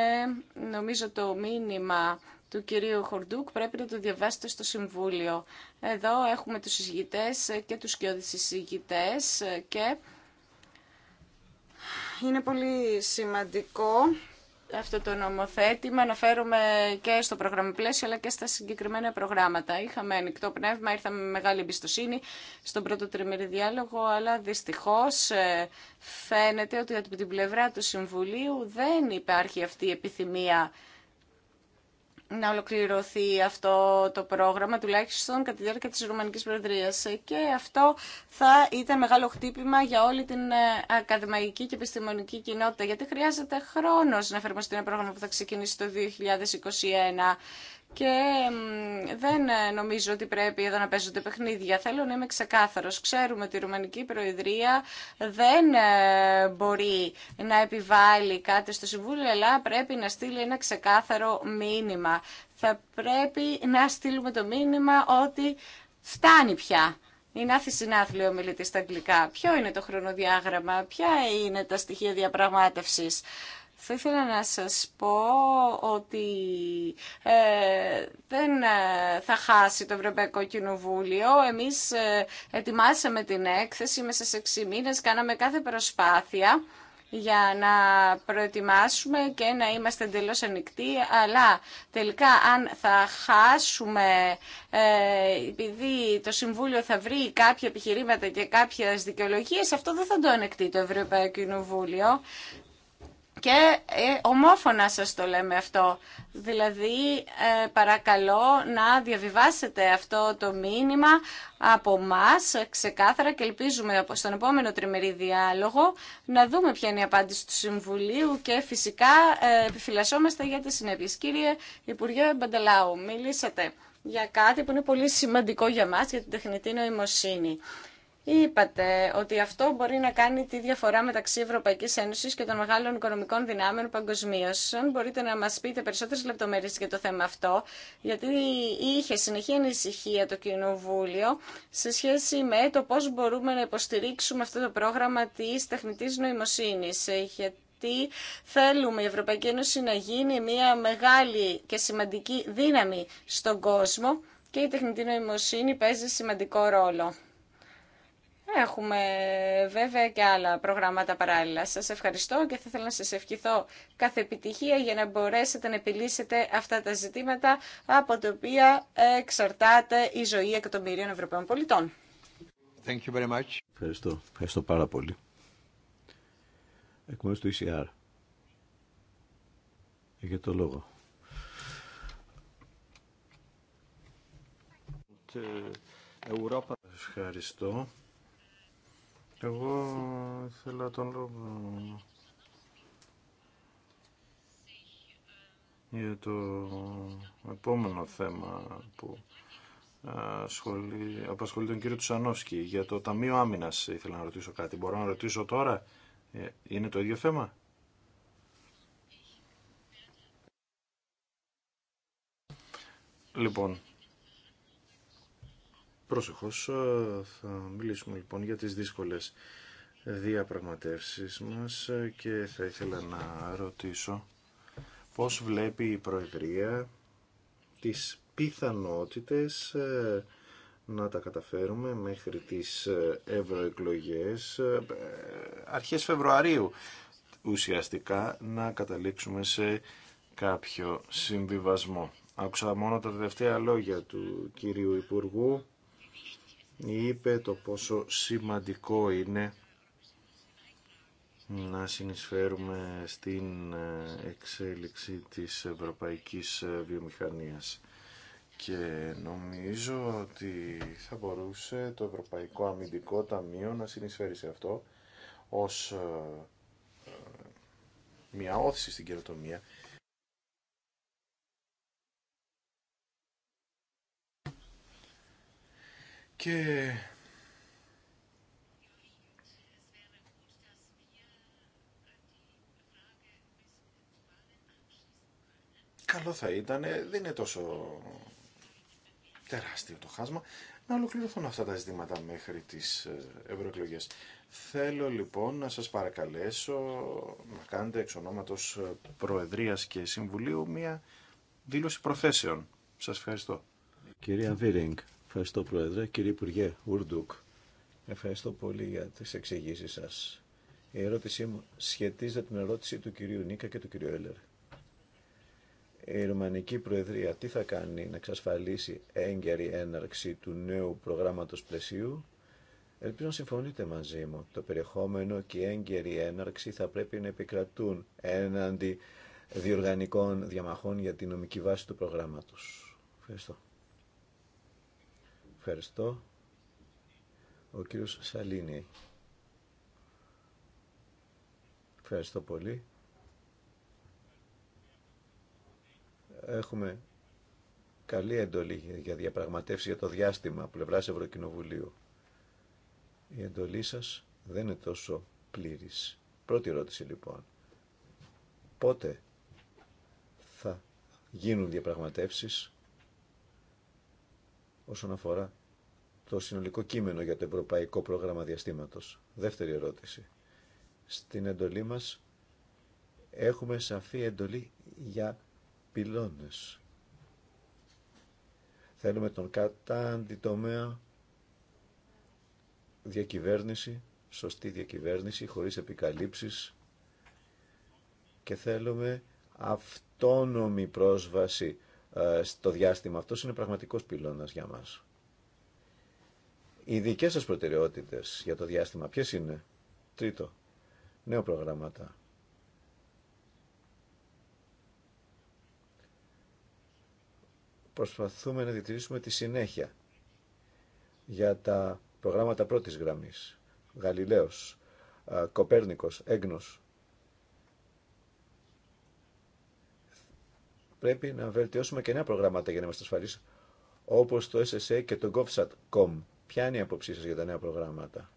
S2: νομίζω το μήνυμα του κυρίου Χορντούκ πρέπει να το διαβάσετε στο Συμβούλιο. Εδώ έχουμε τους εισηγητές ε, και τους κοιόδης εισηγητές και είναι πολύ σημαντικό αυτό το νομοθέτημα αναφέρομαι και στο πρόγραμμα πλαίσιο αλλά και στα συγκεκριμένα προγράμματα. Είχαμε ανοιχτό πνεύμα, ήρθαμε με μεγάλη εμπιστοσύνη στον πρώτο τριμήρη διάλογο, αλλά δυστυχώς ε, φαίνεται ότι από την πλευρά του Συμβουλίου δεν υπάρχει αυτή η επιθυμία να ολοκληρωθεί αυτό το πρόγραμμα, τουλάχιστον κατά τη διάρκεια της Ρουμανικής Προεδρίας. Και αυτό θα ήταν μεγάλο χτύπημα για όλη την ε, ακαδημαϊκή και επιστημονική κοινότητα, γιατί χρειάζεται χρόνος να εφαρμοστεί ένα πρόγραμμα που θα ξεκινήσει το 2021 και δεν ε, νομίζω ότι πρέπει εδώ να παίζονται παιχνίδια. Θέλω να είμαι ξεκάθαρο. Ξέρουμε ότι η Ρουμανική Προεδρία δεν ε, μπορεί να επιβάλλει κάτι στο Συμβούλιο, αλλά πρέπει να στείλει ένα ξεκάθαρο μήνυμα. Θα πρέπει να στείλουμε το μήνυμα ότι φτάνει πια. Είναι άθη συνάθλη ο μιλητή στα αγγλικά. Ποιο είναι το χρονοδιάγραμμα, ποια είναι τα στοιχεία διαπραγμάτευσης. Θα ήθελα να σας πω ότι ε, δεν ε, θα χάσει το Ευρωπαϊκό Κοινοβούλιο. Εμείς ε, ετοιμάσαμε την έκθεση μέσα σε 6 μήνες, κάναμε κάθε προσπάθεια για να προετοιμάσουμε και να είμαστε εντελώ ανοιχτοί, αλλά τελικά αν θα χάσουμε, επειδή το Συμβούλιο θα βρει κάποια επιχειρήματα και κάποιες δικαιολογίες, αυτό δεν θα το ανεκτεί το Ευρωπαϊκό Κοινοβούλιο και ε, ομόφωνα σας το λέμε αυτό. Δηλαδή ε, παρακαλώ να διαβιβάσετε αυτό το μήνυμα από μας ξεκάθαρα και ελπίζουμε στον επόμενο τριμερή διάλογο να δούμε ποια είναι η απάντηση του Συμβουλίου και φυσικά ε, επιφυλασσόμαστε για τις συνέπειες. Κύριε Υπουργέ Μπαντελάου, μιλήσατε για κάτι που είναι πολύ σημαντικό για μας, για την τεχνητή νοημοσύνη. Είπατε ότι αυτό μπορεί να κάνει τη διαφορά μεταξύ Ευρωπαϊκή Ένωση και των μεγάλων οικονομικών δυνάμεων παγκοσμίω. μπορείτε να μα πείτε περισσότερε λεπτομέρειε για το θέμα αυτό, γιατί είχε συνεχή ανησυχία το Κοινοβούλιο σε σχέση με το πώ μπορούμε να υποστηρίξουμε αυτό το πρόγραμμα τη τεχνητή νοημοσύνη γιατί θέλουμε η Ευρωπαϊκή Ένωση να γίνει μια μεγάλη και σημαντική δύναμη στον κόσμο και η τεχνητή νοημοσύνη παίζει σημαντικό ρόλο. Έχουμε βέβαια και άλλα προγράμματα παράλληλα. Σας ευχαριστώ και θα ήθελα να σας ευχηθώ κάθε επιτυχία για να μπορέσετε να επιλύσετε αυτά τα ζητήματα από τα οποία εξαρτάται η ζωή εκατομμυρίων Ευρωπαίων πολιτών.
S1: Thank you very much. Ευχαριστώ. Ευχαριστώ πάρα πολύ. Εκ μέρους του ECR. Για το λόγο. Ε,
S3: ευχαριστώ. Εγώ ήθελα τον λόγο για το επόμενο θέμα που ε, ασχολεί, απασχολεί τον κύριο Τουσανόφσκι για το Ταμείο Άμυνας ήθελα να ρωτήσω κάτι. Μπορώ να ρωτήσω τώρα, ε, είναι το ίδιο θέμα? Λοιπόν, Προσεχώς ε, θα μιλήσουμε λοιπόν για τις δύσκολες διαπραγματεύσεις μας ε, και θα ήθελα να ρωτήσω πώς βλέπει η Προεδρία τις πιθανότητες ε, να τα καταφέρουμε μέχρι τις ευρωεκλογές αρχές Φεβρουαρίου ουσιαστικά να καταλήξουμε σε κάποιο συμβιβασμό. Άκουσα μόνο τα τελευταία λόγια του κυρίου Υπουργού είπε το πόσο σημαντικό είναι να συνεισφέρουμε στην ε, εξέλιξη της ευρωπαϊκής ε, βιομηχανίας και νομίζω ότι θα μπορούσε το Ευρωπαϊκό Αμυντικό Ταμείο να συνεισφέρει σε αυτό ως ε, μια όθηση στην καινοτομία Και καλό θα ήταν, δεν είναι τόσο τεράστιο το χάσμα, να ολοκληρωθούν αυτά τα ζητήματα μέχρι τις ε, ευρωεκλογέ. Θέλω λοιπόν να σας παρακαλέσω να κάνετε εξ ονόματος ε, Προεδρίας και Συμβουλίου μία
S1: δήλωση προθέσεων. Σας ευχαριστώ. Κυρία Βίρινγκ, Ευχαριστώ Πρόεδρε. Κύριε Υπουργέ Ουρντουκ, ευχαριστώ πολύ για τις εξηγήσεις σας. Η ερώτησή μου σχετίζεται με την ερώτηση του κυρίου Νίκα και του κυρίου Έλερ. Η Ρουμανική Προεδρία τι θα κάνει να εξασφαλίσει έγκαιρη έναρξη του νέου προγράμματος πλαισίου. Ελπίζω να συμφωνείτε μαζί μου. Το περιεχόμενο και η έγκαιρη έναρξη θα πρέπει να επικρατούν έναντι διοργανικών διαμαχών για τη νομική βάση του προγράμματος. Ευχαριστώ. Ευχαριστώ. Ο κύριος Σαλίνη. Ευχαριστώ πολύ. Έχουμε καλή εντολή για διαπραγματεύσει για το διάστημα πλευράς Ευρωκοινοβουλίου. Η εντολή σας δεν είναι τόσο πλήρης. Πρώτη ερώτηση λοιπόν. Πότε θα γίνουν διαπραγματεύσεις όσον αφορά το συνολικό κείμενο για το Ευρωπαϊκό Πρόγραμμα Διαστήματος. Δεύτερη ερώτηση. Στην εντολή μας έχουμε σαφή εντολή για πυλώνες. Θέλουμε τον κατάντη τομέα διακυβέρνηση, σωστή διακυβέρνηση, χωρίς επικαλύψεις και θέλουμε αυτόνομη πρόσβαση ε, στο διάστημα. Αυτός είναι πραγματικός πυλώνας για μας. Οι δικές σας προτεραιότητες για το διάστημα ποιες είναι. Τρίτο, νέο προγράμματα. Προσπαθούμε να διατηρήσουμε τη συνέχεια για τα προγράμματα πρώτης γραμμής. Γαλιλαίος, ε, Κοπέρνικος, Έγνος, πρέπει να βελτιώσουμε και νέα προγράμματα για να είμαστε ασφαλεί, Όπω το SSA και το GovSat.com. Ποια είναι η άποψή σα για τα νέα προγράμματα.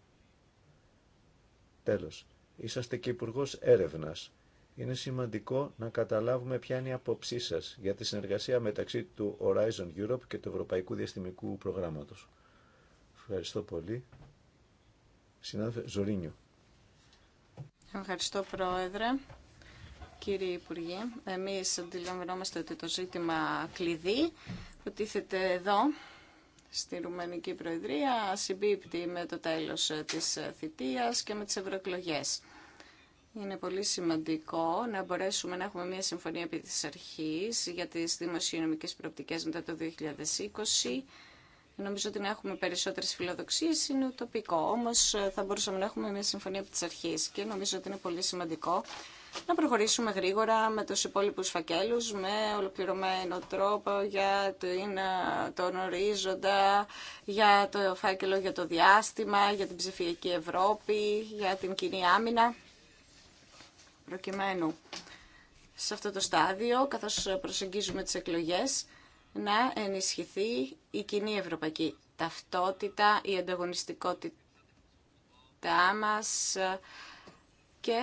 S1: Τέλο, είσαστε και υπουργό Έρευνα. Είναι σημαντικό να καταλάβουμε ποια είναι η άποψή σα για τη συνεργασία μεταξύ του Horizon Europe και του Ευρωπαϊκού Διαστημικού Προγράμματο. Ευχαριστώ πολύ. Συνάδελφε Ζωρίνιο.
S2: Ευχαριστώ Πρόεδρε. Κύριε Υπουργέ, εμείς αντιλαμβανόμαστε ότι το ζήτημα κλειδί που τίθεται εδώ στη Ρουμανική Προεδρία συμπίπτει με το τέλος της θητείας και με τις ευρωεκλογέ. Είναι πολύ σημαντικό να μπορέσουμε να έχουμε μια συμφωνία επί της αρχής για τις δημοσιονομικές προοπτικές μετά το 2020. Νομίζω ότι να έχουμε περισσότερε φιλοδοξίε είναι ουτοπικό. Όμω θα μπορούσαμε να έχουμε μια συμφωνία από τι αρχέ και νομίζω ότι είναι πολύ σημαντικό να προχωρήσουμε γρήγορα με τους υπόλοιπους φακέλους με ολοκληρωμένο τρόπο για το τον ορίζοντα, για το φάκελο για το διάστημα, για την ψηφιακή Ευρώπη, για την κοινή άμυνα προκειμένου σε αυτό το στάδιο, καθώς προσεγγίζουμε τις εκλογές, να ενισχυθεί η κοινή ευρωπαϊκή ταυτότητα, η ανταγωνιστικότητά μας και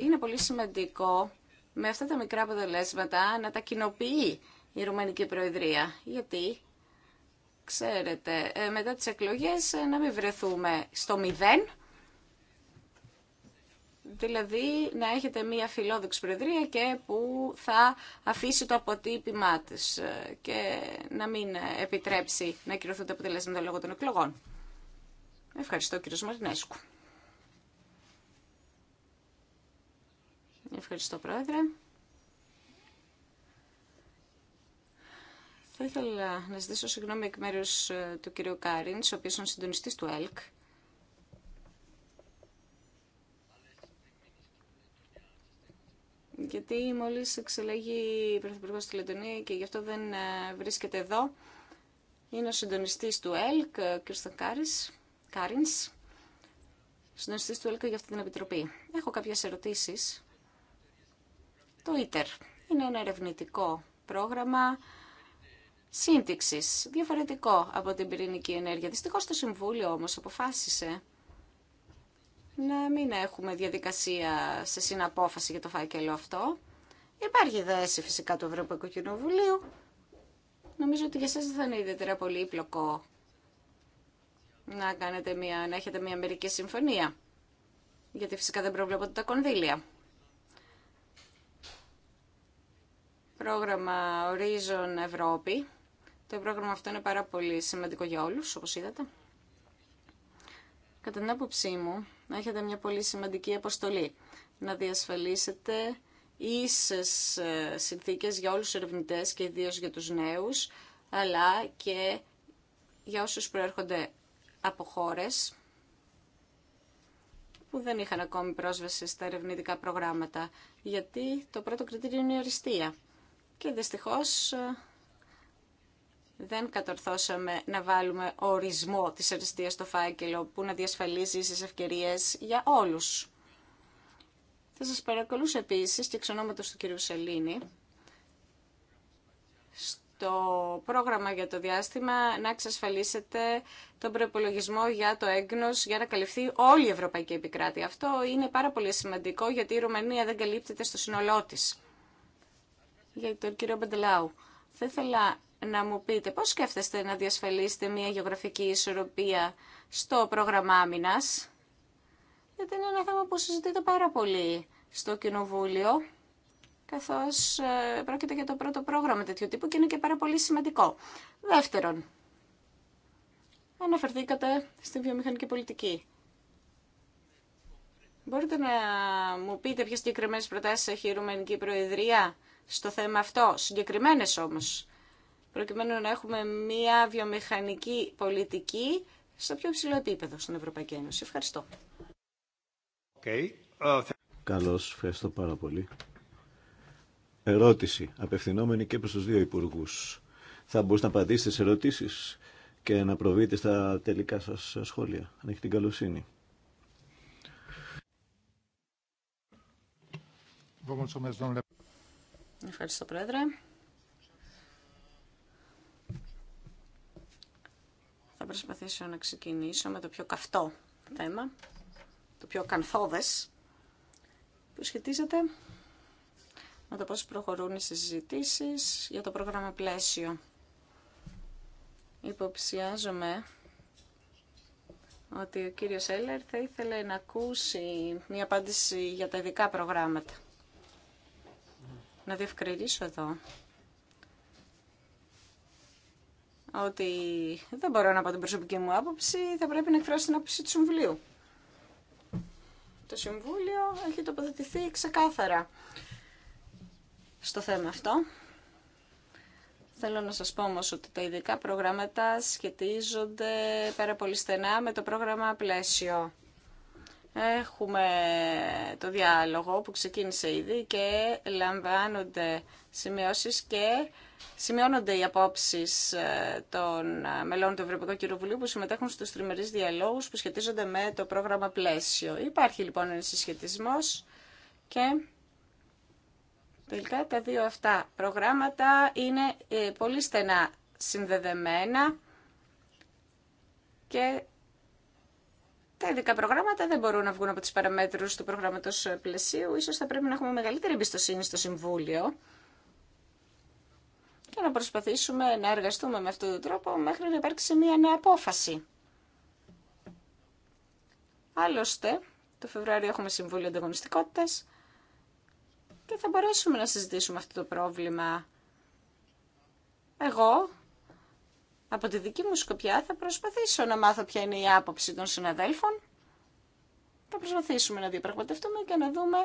S2: είναι πολύ σημαντικό με αυτά τα μικρά αποτελέσματα να τα κοινοποιεί η Ρουμανική Προεδρία. Γιατί, ξέρετε, ε, μετά τις εκλογές ε, να μην βρεθούμε στο μηδέν, δηλαδή να έχετε μία φιλόδοξη Προεδρία και που θα αφήσει το αποτύπημά της ε, και να μην επιτρέψει να κυρωθούν τα αποτελέσματα λόγω των εκλογών. Ευχαριστώ κύριο Μαρινέσκου. Ευχαριστώ, Πρόεδρε. Θα ήθελα να ζητήσω συγγνώμη εκ μέρου ε, του κύριου Κάριν, ο οποίο είναι συντονιστή του ΕΛΚ. Γιατί μόλι εξελέγει η πρωθυπουργό στη Λετωνία και γι' αυτό δεν ε, βρίσκεται εδώ. Είναι ο συντονιστή του ΕΛΚ, ο ε, κ. Κάριν, συντονιστή του ΕΛΚ για αυτή την επιτροπή. Έχω κάποιε ερωτήσει το ITER είναι ένα ερευνητικό πρόγραμμα σύντηξης, διαφορετικό από την πυρηνική ενέργεια. Δυστυχώς το Συμβούλιο όμως αποφάσισε να μην έχουμε διαδικασία σε συναπόφαση για το φάκελο αυτό. Υπάρχει δέση φυσικά του Ευρωπαϊκού Κοινοβουλίου. Νομίζω ότι για εσάς δεν θα είναι ιδιαίτερα πολύ να, κάνετε μια, να έχετε μια μερική συμφωνία. Γιατί φυσικά δεν προβλέπονται τα κονδύλια. πρόγραμμα Horizon Ευρώπη. Το πρόγραμμα αυτό είναι πάρα πολύ σημαντικό για όλους, όπως είδατε. Κατά την άποψή μου, έχετε μια πολύ σημαντική αποστολή. Να διασφαλίσετε ίσες ε, συνθήκες για όλους τους ερευνητές και ιδίως για τους νέους, αλλά και για όσους προέρχονται από χώρες που δεν είχαν ακόμη πρόσβαση στα ερευνητικά προγράμματα, γιατί το πρώτο κριτήριο είναι η οριστεία και δυστυχώς ε, δεν κατορθώσαμε να βάλουμε ορισμό της αριστείας στο φάκελο που να διασφαλίζει τις ευκαιρίες για όλους. Θα σας παρακολούσω επίσης και εξ του κυρίου Σελήνη στο πρόγραμμα για το διάστημα να εξασφαλίσετε τον προπολογισμό για το έγκνος για να καλυφθεί όλη η Ευρωπαϊκή Επικράτεια. Αυτό είναι πάρα πολύ σημαντικό γιατί η Ρουμανία δεν καλύπτεται στο σύνολό της για τον κύριο Μπεντελάου. Θα ήθελα να μου πείτε πώς σκέφτεστε να διασφαλίσετε μια γεωγραφική ισορροπία στο πρόγραμμα άμυνας, γιατί είναι ένα θέμα που συζητείται πάρα πολύ στο Κοινοβούλιο, καθώς ε, πρόκειται για το πρώτο πρόγραμμα τέτοιου τύπου και είναι και πάρα πολύ σημαντικό. Δεύτερον, αναφερθήκατε στην βιομηχανική πολιτική. Μπορείτε να μου πείτε ποιες συγκεκριμένε προτάσεις έχει η Ρουμανική Προεδρία στο θέμα αυτό, συγκεκριμένες όμως, προκειμένου να έχουμε μια βιομηχανική πολιτική στο πιο ψηλό επίπεδο στην Ευρωπαϊκή Ένωση. Ευχαριστώ.
S4: Okay. Uh,
S1: Καλώς, ευχαριστώ πάρα πολύ. Ερώτηση, απευθυνόμενη και προς τους δύο υπουργούς. Θα μπορούσατε να απαντήσετε σε ερωτήσεις και να προβείτε στα τελικά σας σχόλια, αν έχει την καλοσύνη.
S2: Ευχαριστώ, Πρόεδρε. Θα προσπαθήσω να ξεκινήσω με το πιο καυτό θέμα, το πιο κανθόδες, που σχετίζεται με το πώς προχωρούν οι συζητήσεις για το πρόγραμμα πλαίσιο. Υποψιάζομαι ότι ο κύριος Έλλερ θα ήθελε να ακούσει μια απάντηση για τα ειδικά προγράμματα να διευκρινίσω εδώ ότι δεν μπορώ να πω την προσωπική μου άποψη, θα πρέπει να εκφράσω την άποψη του Συμβουλίου. Το Συμβούλιο έχει τοποθετηθεί ξεκάθαρα στο θέμα αυτό. Θέλω να σας πω όμως ότι τα ειδικά προγράμματα σχετίζονται πάρα πολύ στενά με το πρόγραμμα πλαίσιο. Έχουμε το διάλογο που ξεκίνησε ήδη και λαμβάνονται σημειώσεις και σημειώνονται οι απόψεις ε, των ε, μελών του Ευρωπαϊκού Κοινοβουλίου που συμμετέχουν στους τριμερείς διαλόγους που σχετίζονται με το πρόγραμμα πλαίσιο. Υπάρχει λοιπόν ένα συσχετισμός και τελικά τα δύο αυτά προγράμματα είναι ε, πολύ στενά συνδεδεμένα και τα ειδικά προγράμματα δεν μπορούν να βγουν από τις παραμέτρους του προγράμματος πλαισίου. Ίσως θα πρέπει να έχουμε μεγαλύτερη εμπιστοσύνη στο Συμβούλιο και να προσπαθήσουμε να εργαστούμε με αυτόν τον τρόπο μέχρι να υπάρξει μια νέα απόφαση. Άλλωστε, το Φεβρουάριο έχουμε Συμβούλιο Ανταγωνιστικότητας και θα μπορέσουμε να συζητήσουμε αυτό το πρόβλημα. Εγώ από τη δική μου σκοπιά θα προσπαθήσω να μάθω ποια είναι η άποψη των συναδέλφων. Θα προσπαθήσουμε να διαπραγματευτούμε και να δούμε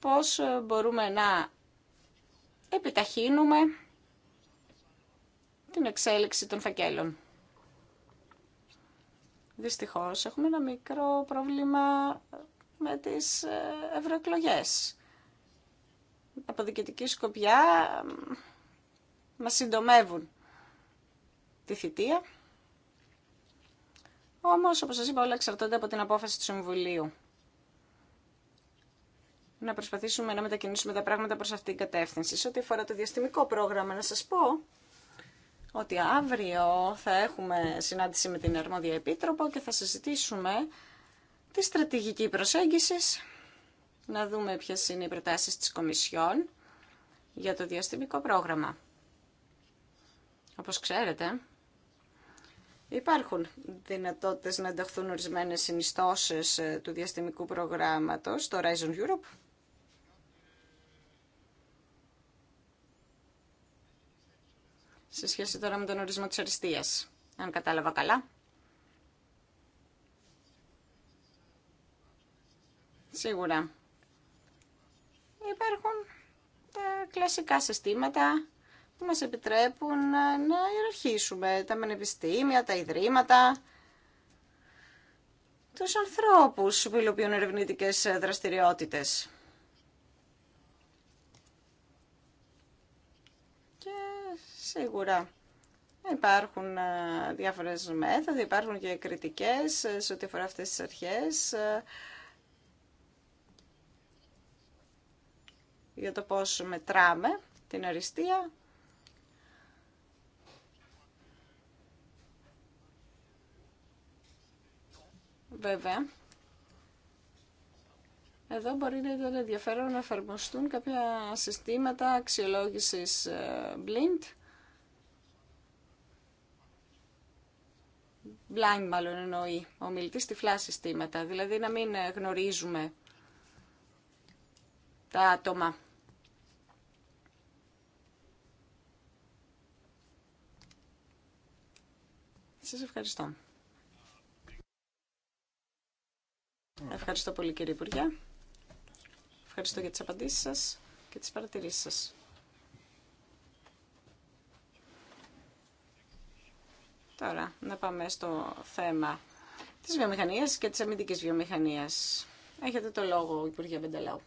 S2: πώς ε, μπορούμε να επιταχύνουμε την εξέλιξη των φακέλων. Δυστυχώς έχουμε ένα μικρό πρόβλημα με τις ε, ευρωεκλογέ. Από διοικητική σκοπιά μας συντομεύουν τη θητεία. Όμως, όπως σας είπα, όλα εξαρτώνται από την απόφαση του Συμβουλίου. Να προσπαθήσουμε να μετακινήσουμε τα πράγματα προς αυτήν την κατεύθυνση. Σε ό,τι αφορά το διαστημικό πρόγραμμα, να σας πω ότι αύριο θα έχουμε συνάντηση με την Ερμόδια Επίτροπο και θα συζητήσουμε τη στρατηγική προσέγγιση, να δούμε ποιε είναι οι προτάσει της Κομισιόν για το διαστημικό πρόγραμμα. Όπως ξέρετε, Υπάρχουν δυνατότητες να ενταχθούν ορισμένες συνιστώσεις ε, του διαστημικού προγράμματος στο Horizon Europe. Σε σχέση τώρα με τον ορισμό της αριστείας, αν κατάλαβα καλά. Σίγουρα. Υπάρχουν ε, κλασικά συστήματα που μας επιτρέπουν να ιεραρχήσουμε τα μενεπιστήμια, τα ιδρύματα, τους ανθρώπους που υλοποιούν ερευνητικέ δραστηριότητες. Και σίγουρα υπάρχουν ε, διάφορες μέθοδοι, υπάρχουν και κριτικές ε, σε ό,τι αφορά αυτές τις αρχές. Ε, για το πώς μετράμε την αριστεία Βέβαια, εδώ μπορεί να ήταν ενδιαφέρον να εφαρμοστούν κάποια συστήματα αξιολόγησης ε, blind, blind μάλλον εννοεί ο μιλητής τυφλά συστήματα, δηλαδή να μην ε, γνωρίζουμε τα άτομα. Σας ευχαριστώ. Ευχαριστώ πολύ κύριε Υπουργέ. Ευχαριστώ για τις απαντήσεις σας και τις παρατηρήσεις σας. Τώρα, να πάμε στο θέμα της βιομηχανίας και της αμυντικής βιομηχανίας. Έχετε το λόγο, Υπουργέ Μπεντελάου.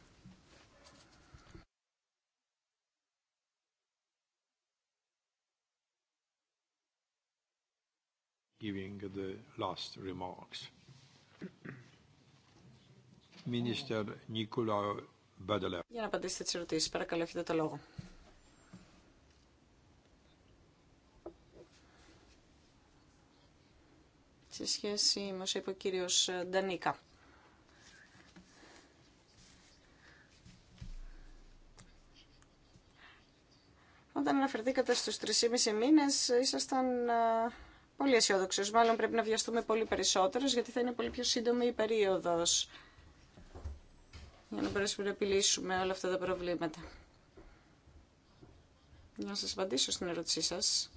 S3: Giving the last
S4: remarks. Για
S2: να απαντήσετε τι ερωτήσει. Παρακαλώ, έχετε το λόγο. Σε σχέση με όσο είπε ο κύριο Ντανίκα. Όταν αναφερθήκατε στους 3,5 μήνε, ήσασταν ε, πολύ αισιόδοξο. Μάλλον πρέπει να βιαστούμε πολύ περισσότερο, γιατί θα είναι πολύ πιο σύντομη η περίοδος για να μπορέσουμε να επιλύσουμε όλα αυτά τα προβλήματα. Να σας απαντήσω στην ερώτησή σας.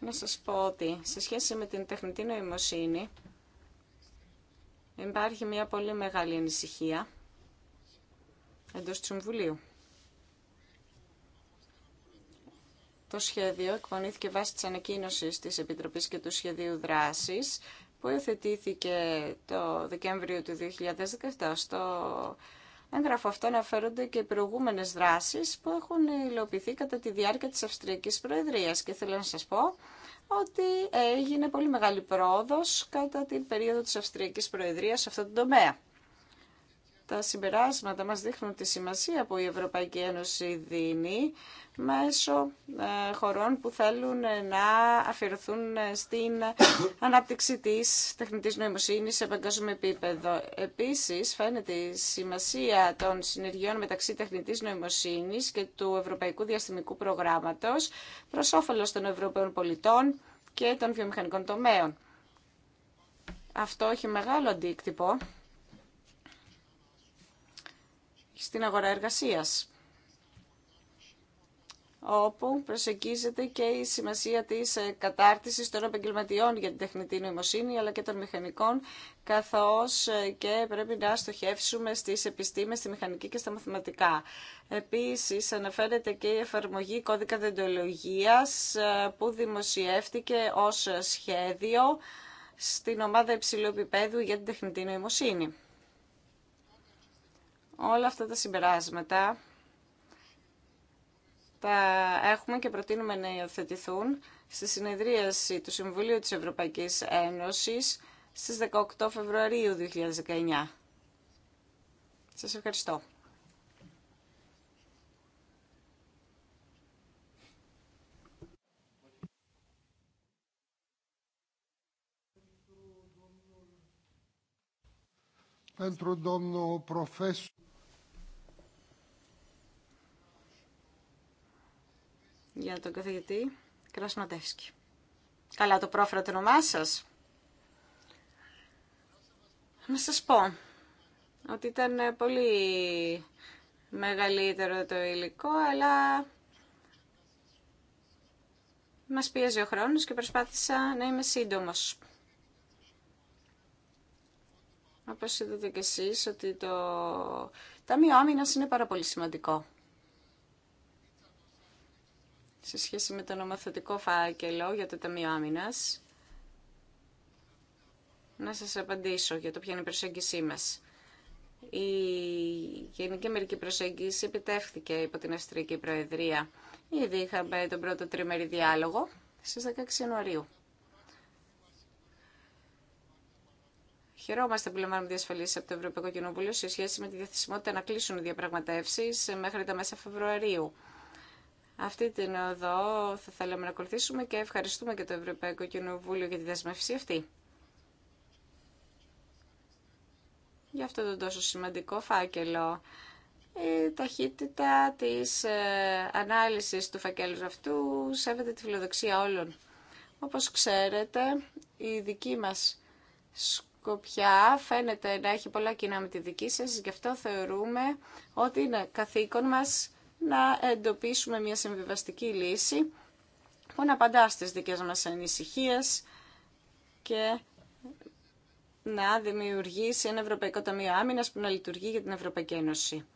S2: Να σας πω ότι σε σχέση με την τεχνητή νοημοσύνη υπάρχει μια πολύ μεγάλη ανησυχία εντός του Συμβουλίου. Το σχέδιο εκπονήθηκε βάσει της ανακοίνωσης της Επιτροπής και του Σχεδίου Δράσης που υιοθετήθηκε το Δεκέμβριο του 2017. Στο έγγραφο αυτό αναφέρονται και οι προηγούμενες δράσεις που έχουν υλοποιηθεί κατά τη διάρκεια της Αυστριακής Προεδρίας και θέλω να σας πω ότι έγινε πολύ μεγάλη πρόοδος κατά την περίοδο της Αυστριακής Προεδρίας σε αυτό το τομέα. Τα συμπεράσματα μας δείχνουν τη σημασία που η Ευρωπαϊκή Ένωση δίνει μέσω ε, χωρών που θέλουν να αφιερωθούν στην ανάπτυξη της τεχνητής νοημοσύνης σε παγκόσμιο επίπεδο. Επίσης, φαίνεται η σημασία των συνεργειών μεταξύ τεχνητής νοημοσύνης και του Ευρωπαϊκού Διαστημικού Προγράμματος προς όφελος των Ευρωπαίων πολιτών και των βιομηχανικών τομέων. Αυτό έχει μεγάλο αντίκτυπο στην αγορά εργασίας όπου προσεγγίζεται και η σημασία της ε, κατάρτισης των επαγγελματιών για την τεχνητή νοημοσύνη αλλά και των μηχανικών καθώς ε, και πρέπει να στοχεύσουμε στις επιστήμες, στη μηχανική και στα μαθηματικά. Επίσης αναφέρεται και η εφαρμογή κώδικα δεντολογίας ε, που δημοσιεύτηκε ως σχέδιο στην ομάδα υψηλού επίπεδου για την τεχνητή νοημοσύνη. Όλα αυτά τα συμπεράσματα τα έχουμε και προτείνουμε να υιοθετηθούν στη συνεδρίαση του Συμβουλίου της Ευρωπαϊκής Ένωσης στις 18 Φεβρουαρίου 2019. Σας ευχαριστώ.
S4: Pentru domnul profesor.
S2: για τον καθηγητή Κρασνοτεύσκη. Καλά το πρόφερα το όνομά σα. Να σας πω ότι ήταν πολύ μεγαλύτερο το υλικό, αλλά μας πίεζε ο χρόνος και προσπάθησα να είμαι σύντομος. Όπως είδατε και εσείς ότι το Ταμείο Άμυνας είναι πάρα πολύ σημαντικό σε σχέση με το νομοθετικό φάκελο για το Ταμείο Άμυνα. να σας απαντήσω για το ποια είναι η προσέγγισή μα. Η Γενική Αμερική Προσέγγιση επιτεύχθηκε υπό την Αστρική Προεδρία. Ήδη είχαμε τον πρώτο τριμερή διάλογο στι 16 Ιανουαρίου. Χαιρόμαστε που λαμβάνουμε διασφαλίσει από το Ευρωπαϊκό Κοινοβούλιο σε σχέση με τη διαθεσιμότητα να κλείσουν οι διαπραγματεύσει μέχρι τα μέσα Φεβρουαρίου. Αυτή την οδό θα θέλαμε να ακολουθήσουμε και ευχαριστούμε και το Ευρωπαϊκό Κοινοβούλιο για τη δεσμευσή αυτή. Για αυτό τον τόσο σημαντικό φάκελο. Η ταχύτητα της ε, ανάλυσης του φακέλου αυτού σέβεται τη φιλοδοξία όλων. Όπως ξέρετε, η δική μας σκοπιά φαίνεται να έχει πολλά κοινά με τη δική σας, γι' αυτό θεωρούμε ότι είναι καθήκον μας να εντοπίσουμε μια συμβιβαστική λύση που να απαντά στις δικές μας ανησυχίες και να δημιουργήσει ένα Ευρωπαϊκό Ταμείο Άμυνας που να λειτουργεί για την Ευρωπαϊκή Ένωση.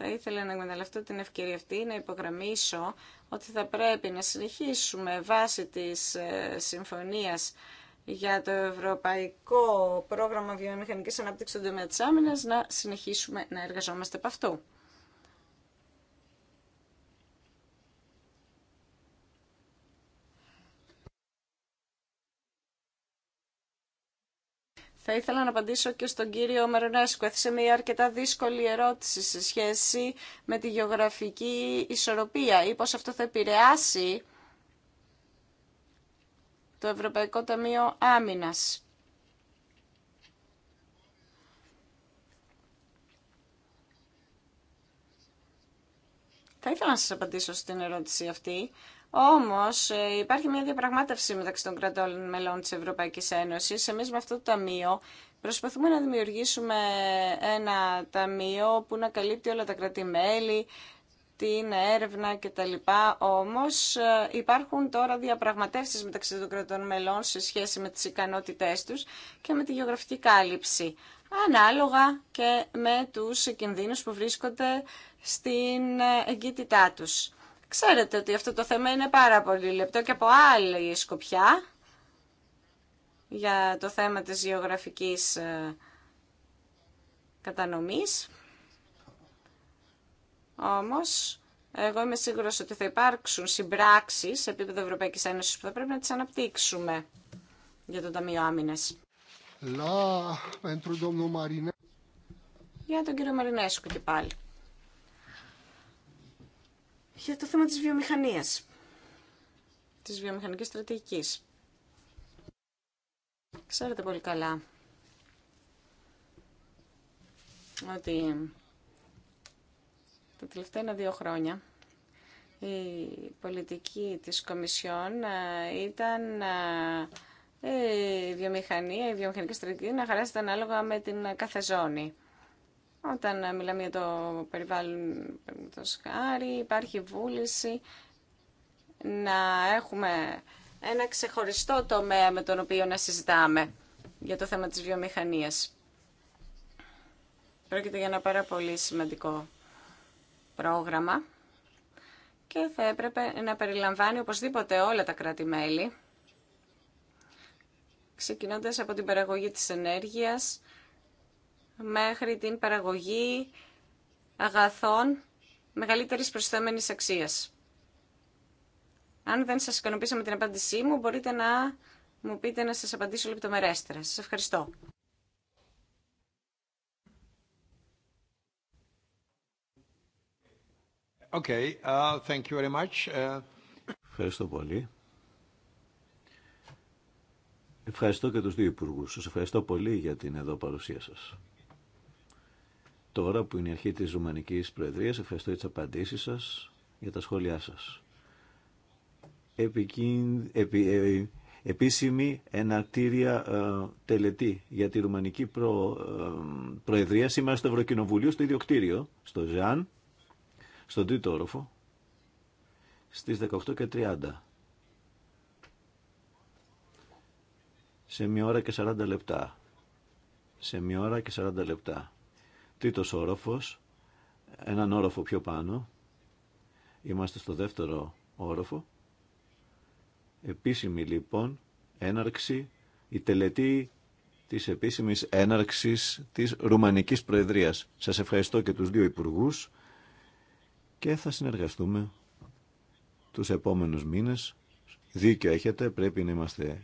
S2: Θα ήθελα να εκμεταλλευτώ την ευκαιρία αυτή να υπογραμμίσω ότι θα πρέπει να συνεχίσουμε βάσει της ε, συμφωνίας για το Ευρωπαϊκό Πρόγραμμα Βιομηχανικής Ανάπτυξης του Τομέα να συνεχίσουμε να εργαζόμαστε από αυτού. Θα ήθελα να απαντήσω και στον κύριο Μαρονέσκο. Έθεσε μια αρκετά δύσκολη ερώτηση σε σχέση με τη γεωγραφική ισορροπία ή πώς αυτό θα επηρεάσει το Ευρωπαϊκό Ταμείο Άμυνας. Θα ήθελα να σας απαντήσω στην ερώτηση αυτή, Όμω, ε, υπάρχει μια διαπραγμάτευση μεταξύ των κρατών μελών τη Ευρωπαϊκή Ένωση. Εμεί με αυτό το ταμείο προσπαθούμε να δημιουργήσουμε ένα ταμείο που να καλύπτει όλα τα κρατημέλη, την έρευνα κτλ. Όμω, ε, υπάρχουν τώρα διαπραγματεύσει μεταξύ των κρατών μελών σε σχέση με τι ικανότητέ του και με τη γεωγραφική κάλυψη. Ανάλογα και με τους κινδύνους που βρίσκονται στην ε, εγκύτητά τους. Ξέρετε ότι αυτό το θέμα είναι πάρα πολύ λεπτό και από άλλη σκοπιά για το θέμα της γεωγραφικής ε, κατανομής. Όμως, εγώ είμαι σίγουρος ότι θα υπάρξουν συμπράξεις σε επίπεδο Ευρωπαϊκής Ένωσης που θα πρέπει να τις αναπτύξουμε για το Ταμείο Άμυνας. Για τον κύριο Μαρινέσκο και πάλι για το θέμα της βιομηχανίας, της βιομηχανικής στρατηγικής. Ξέρετε πολύ καλά ότι τα τελευταία ένα-δύο χρόνια η πολιτική της Κομισιόν ε, ήταν ε, η βιομηχανία, η βιομηχανική στρατηγική να χαράζεται ανάλογα με την κάθε ζώνη. Όταν μιλάμε για το περιβάλλον, το σκάρι, υπάρχει βούληση να έχουμε ένα ξεχωριστό τομέα με τον οποίο να συζητάμε για το θέμα της βιομηχανίας. Πρόκειται για ένα πάρα πολύ σημαντικό πρόγραμμα και θα έπρεπε να περιλαμβάνει οπωσδήποτε όλα τα κράτη-μέλη, ξεκινώντας από την παραγωγή της ενέργειας, μέχρι την παραγωγή αγαθών μεγαλύτερης προσθέμενης αξίας. Αν δεν σας ικανοποίησαμε την απάντησή μου, μπορείτε να μου πείτε να σας απαντήσω λεπτομερέστερα. Σας ευχαριστώ.
S1: Okay, uh, thank
S4: you very much. Uh...
S1: Ευχαριστώ πολύ. Ευχαριστώ και τους δύο υπουργούς. Σας ευχαριστώ πολύ για την εδώ παρουσία σας τώρα που είναι η αρχή της Ρουμανικής Προεδρίας. Ευχαριστώ για τις απαντήσεις σας, για τα σχόλιά σας. Ε, επίσημη εναρτήρια ε, τελετή για τη Ρουμανική ε, Προεδρία σήμερα στο Ευρωκοινοβουλίο, στο ίδιο κτίριο, στο ΖΑΝ, στον τρίτο όροφο, στις 18.30. Σε μία ώρα και 40 λεπτά. Σε μία ώρα και 40 λεπτά τρίτος όροφος, έναν όροφο πιο πάνω. Είμαστε στο δεύτερο όροφο. Επίσημη λοιπόν έναρξη, η τελετή της επίσημης έναρξης της Ρουμανικής Προεδρίας. Σας ευχαριστώ και τους δύο υπουργούς και θα συνεργαστούμε τους επόμενους μήνες. Δίκιο έχετε, πρέπει να είμαστε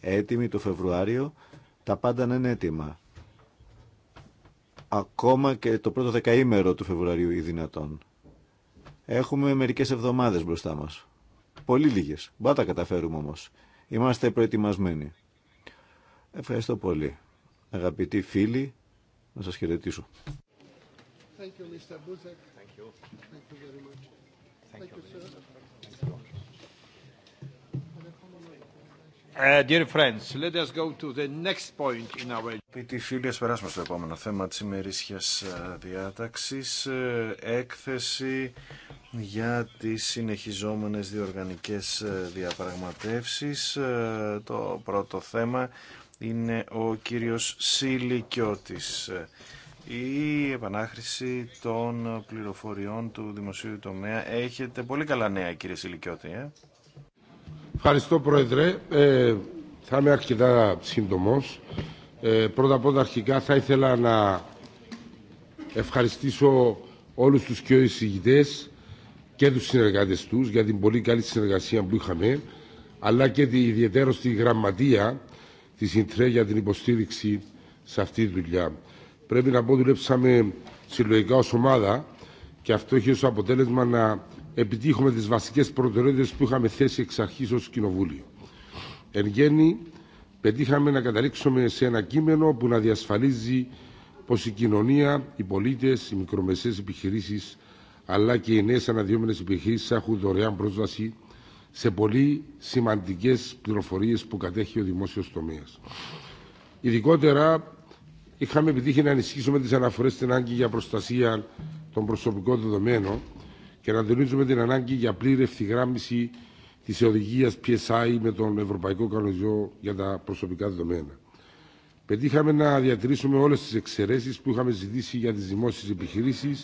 S1: έτοιμοι το Φεβρουάριο. Τα πάντα είναι έτοιμα ακόμα και το πρώτο δεκαήμερο του Φεβρουαρίου ή δυνατόν. Έχουμε μερικές εβδομάδες μπροστά μας. Πολύ λίγες. Μπα τα καταφέρουμε όμως. Είμαστε προετοιμασμένοι. Ευχαριστώ πολύ. Αγαπητοί φίλοι, να σας χαιρετήσω.
S4: Thank
S3: you, Mr. Buzek. Thank you. Thank you very much. Dear φίλοι, ας περάσουμε στο επόμενο θέμα της ημερήσιας ε, διάταξης. Ε, έκθεση για τις συνεχιζόμενες διοργανικές ε, διαπραγματεύσεις. Το πρώτο θέμα είναι ο κύριος Σιλικιώτης. Η επανάχρηση των πληροφοριών του δημοσίου τομέα. Έχετε πολύ καλά νέα κύριε Σιλικιώτη,
S4: Ευχαριστώ, Πρόεδρε. Ε, θα είμαι αρκετά σύντομο. Ε, πρώτα απ' όλα, αρχικά θα ήθελα να ευχαριστήσω όλους τους και εισηγητές και τους συνεργάτες τους για την πολύ καλή συνεργασία που είχαμε αλλά και ιδιαίτερα στη γραμματεία τη ΙΝΤΡΕ για την υποστήριξη σε αυτή τη δουλειά. Πρέπει να πω δουλέψαμε συλλογικά ως ομάδα και αυτό έχει ως αποτέλεσμα να επιτύχουμε τις βασικές προτεραιότητες που είχαμε θέσει εξ αρχής ως Κοινοβούλιο. Εν γέννη, πετύχαμε να καταλήξουμε σε ένα κείμενο που να διασφαλίζει πως η κοινωνία, οι πολίτες, οι μικρομεσαίες επιχειρήσεις αλλά και οι νέες αναδυόμενες επιχειρήσεις έχουν δωρεάν πρόσβαση σε πολύ σημαντικές πληροφορίες που κατέχει ο δημόσιος τομέας. Ειδικότερα, είχαμε επιτύχει να ενισχύσουμε τις αναφορές στην άγκη για προστασία των προσωπικών δεδομένων και να τονίζουμε την ανάγκη για πλήρη ευθυγράμμιση τη οδηγία PSI με τον Ευρωπαϊκό Κανονισμό για τα προσωπικά δεδομένα. Πετύχαμε να διατηρήσουμε όλε τι εξαιρέσει που είχαμε ζητήσει για τι δημόσιε επιχειρήσει,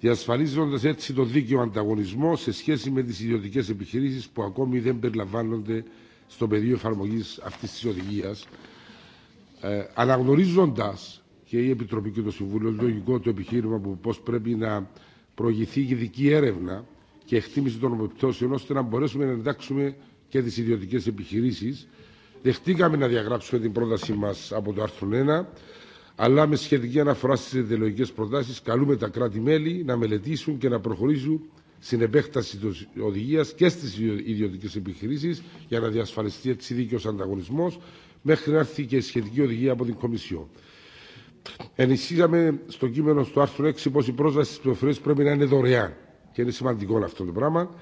S4: διασφαλίζοντα έτσι το δίκαιο ανταγωνισμό σε σχέση με τι ιδιωτικέ επιχειρήσει που ακόμη δεν περιλαμβάνονται στο πεδίο εφαρμογή αυτή τη οδηγία, ε, αναγνωρίζοντα και η Επιτροπή και το Συμβούλιο λογικό το επιχείρημα που πώ πρέπει να προηγηθεί ειδική έρευνα και εκτίμηση των επιπτώσεων ώστε να μπορέσουμε να εντάξουμε και τι ιδιωτικέ επιχειρήσει. Δεχτήκαμε να διαγράψουμε την πρότασή μα από το άρθρο 1, αλλά με σχετική αναφορά στι ιδεολογικέ προτάσει, καλούμε τα κράτη-μέλη να μελετήσουν και να προχωρήσουν στην επέκταση τη οδηγία και στι ιδιωτικέ επιχειρήσει για να διασφαλιστεί έτσι δίκαιο ανταγωνισμό μέχρι να έρθει και η σχετική οδηγία από την Κομισιόν. Ενισχύσαμε στο κείμενο στο άρθρο 6 πω η πρόσβαση στι πληροφορίε πρέπει να είναι δωρεάν. Και είναι σημαντικό αυτό το πράγμα.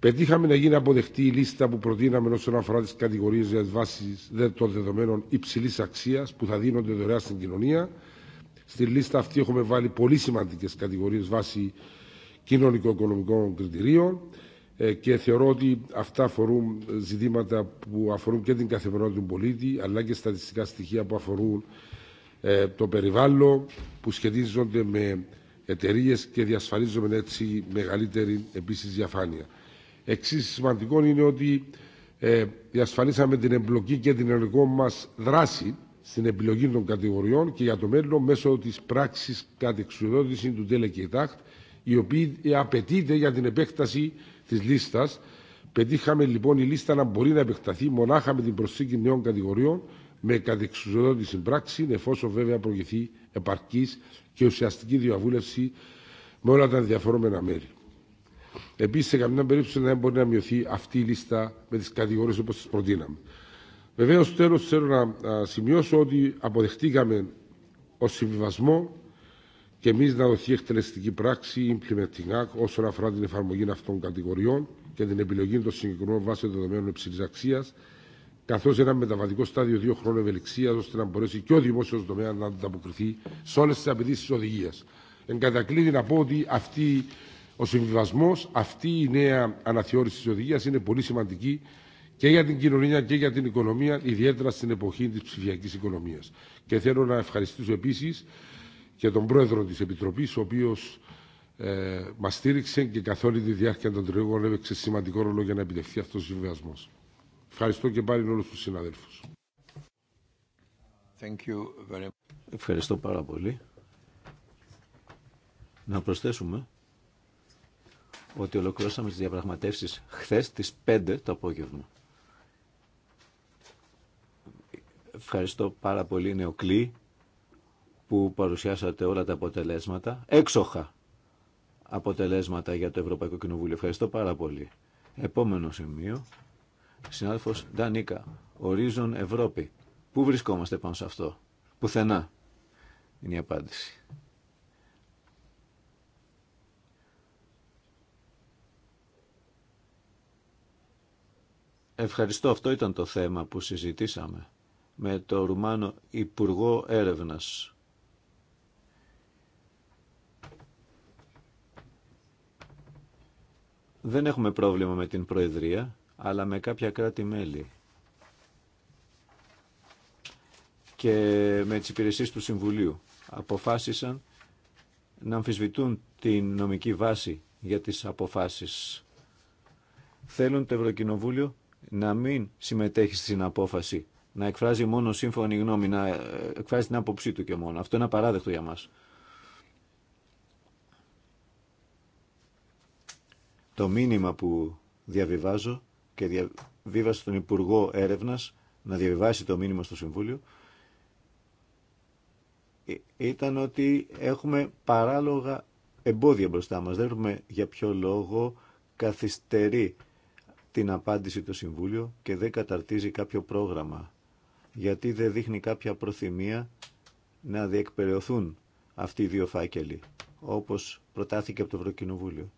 S4: Πετύχαμε να γίνει αποδεκτή η λίστα που προτείναμε όσον αφορά τι κατηγορίε για βάσει των δεδομένων υψηλή αξία που θα δίνονται δωρεάν στην κοινωνία. Στη λίστα αυτή έχουμε βάλει πολύ σημαντικέ κατηγορίε βάσει κοινωνικο-οικονομικών κριτηρίων ε, και θεωρώ ότι αυτά αφορούν ε, ζητήματα που αφορούν και την καθημερινότητα του πολίτη αλλά και στατιστικά στοιχεία που αφορούν ε, το περιβάλλον που σχετίζονται με εταιρείε και διασφαλίζουμε έτσι μεγαλύτερη επίσης διαφάνεια. Εξής σημαντικό είναι ότι ε, διασφαλίσαμε την εμπλοκή και την ενεργό μας δράση στην επιλογή των κατηγοριών και για το μέλλον μέσω της πράξης κατεξουδότησης του Τελεκεϊτάχτ η οποία απαιτείται για την επέκταση της λίστας. Πετύχαμε λοιπόν η λίστα να μπορεί να επεκταθεί μονάχα με την προσθήκη νέων κατηγοριών με κατεξουσιοδότηση πράξη, εφόσον βέβαια προηγηθεί επαρκή και ουσιαστική διαβούλευση με όλα τα ενδιαφερόμενα μέρη. Επίση, σε καμία περίπτωση δεν μπορεί να μειωθεί αυτή η λίστα με τι κατηγορίε όπω τι προτείναμε. Βεβαίω, τέλο, θέλω να σημειώσω ότι αποδεχτήκαμε ω συμβιβασμό και εμεί να δοθεί εκτελεστική πράξη, implementing act, όσον αφορά την εφαρμογή αυτών κατηγοριών και την επιλογή των συγκεκριμένων βάσεων δεδομένων υψηλή αξία καθώ ένα μεταβατικό στάδιο δύο χρόνων ευελιξία, ώστε να μπορέσει και ο δημόσιο τομέα να ανταποκριθεί σε όλε τι απαιτήσει τη οδηγία. Εν κατακλείδη να πω ότι αυτή, ο συμβιβασμό, αυτή η νέα αναθεώρηση τη οδηγία είναι πολύ σημαντική και για την κοινωνία και για την οικονομία, ιδιαίτερα στην εποχή τη ψηφιακή οικονομία. Και θέλω να ευχαριστήσω επίση και τον πρόεδρο τη Επιτροπή, ο οποίο ε, μα στήριξε και καθ' όλη τη διάρκεια των τριών έπαιξε σημαντικό ρόλο για να επιτευχθεί αυτό ο συμβιβασμό. Ευχαριστώ και πάλι όλους τους συναδέλφους.
S1: Thank you very
S4: Ευχαριστώ πάρα πολύ.
S1: Να προσθέσουμε ότι ολοκληρώσαμε τις διαπραγματεύσεις χθες τις 5 το απόγευμα. Ευχαριστώ πάρα πολύ Νεοκλή που παρουσιάσατε όλα τα αποτελέσματα, έξοχα αποτελέσματα για το Ευρωπαϊκό Κοινοβούλιο. Ευχαριστώ πάρα πολύ. Επόμενο σημείο συνάδελφο Ντανίκα, ορίζον Ευρώπη. Πού βρισκόμαστε πάνω σε αυτό. Πουθενά είναι η απάντηση. Ευχαριστώ. Αυτό ήταν το θέμα που συζητήσαμε με το Ρουμάνο Υπουργό Έρευνας. Δεν έχουμε πρόβλημα με την Προεδρία αλλά με κάποια κράτη-μέλη. και με τις υπηρεσίες του Συμβουλίου αποφάσισαν να αμφισβητούν την νομική βάση για τις αποφάσεις. Θέλουν το Ευρωκοινοβούλιο να μην συμμετέχει στην απόφαση, να εκφράζει μόνο σύμφωνη γνώμη, να ε, εκφράζει την άποψή του και μόνο. Αυτό είναι απαράδεκτο για μας. Το μήνυμα που διαβιβάζω και διαβίβασε τον Υπουργό Έρευνας να διαβιβάσει το μήνυμα στο Συμβούλιο ε, ήταν ότι έχουμε παράλογα εμπόδια μπροστά μας. Δεν έχουμε για ποιο λόγο καθυστερεί την απάντηση το Συμβούλιο και δεν καταρτίζει κάποιο πρόγραμμα. Γιατί δεν δείχνει κάποια προθυμία να διεκπαιρεωθούν αυτοί οι δύο φάκελοι, όπως προτάθηκε από το Ευρωκοινοβούλιο.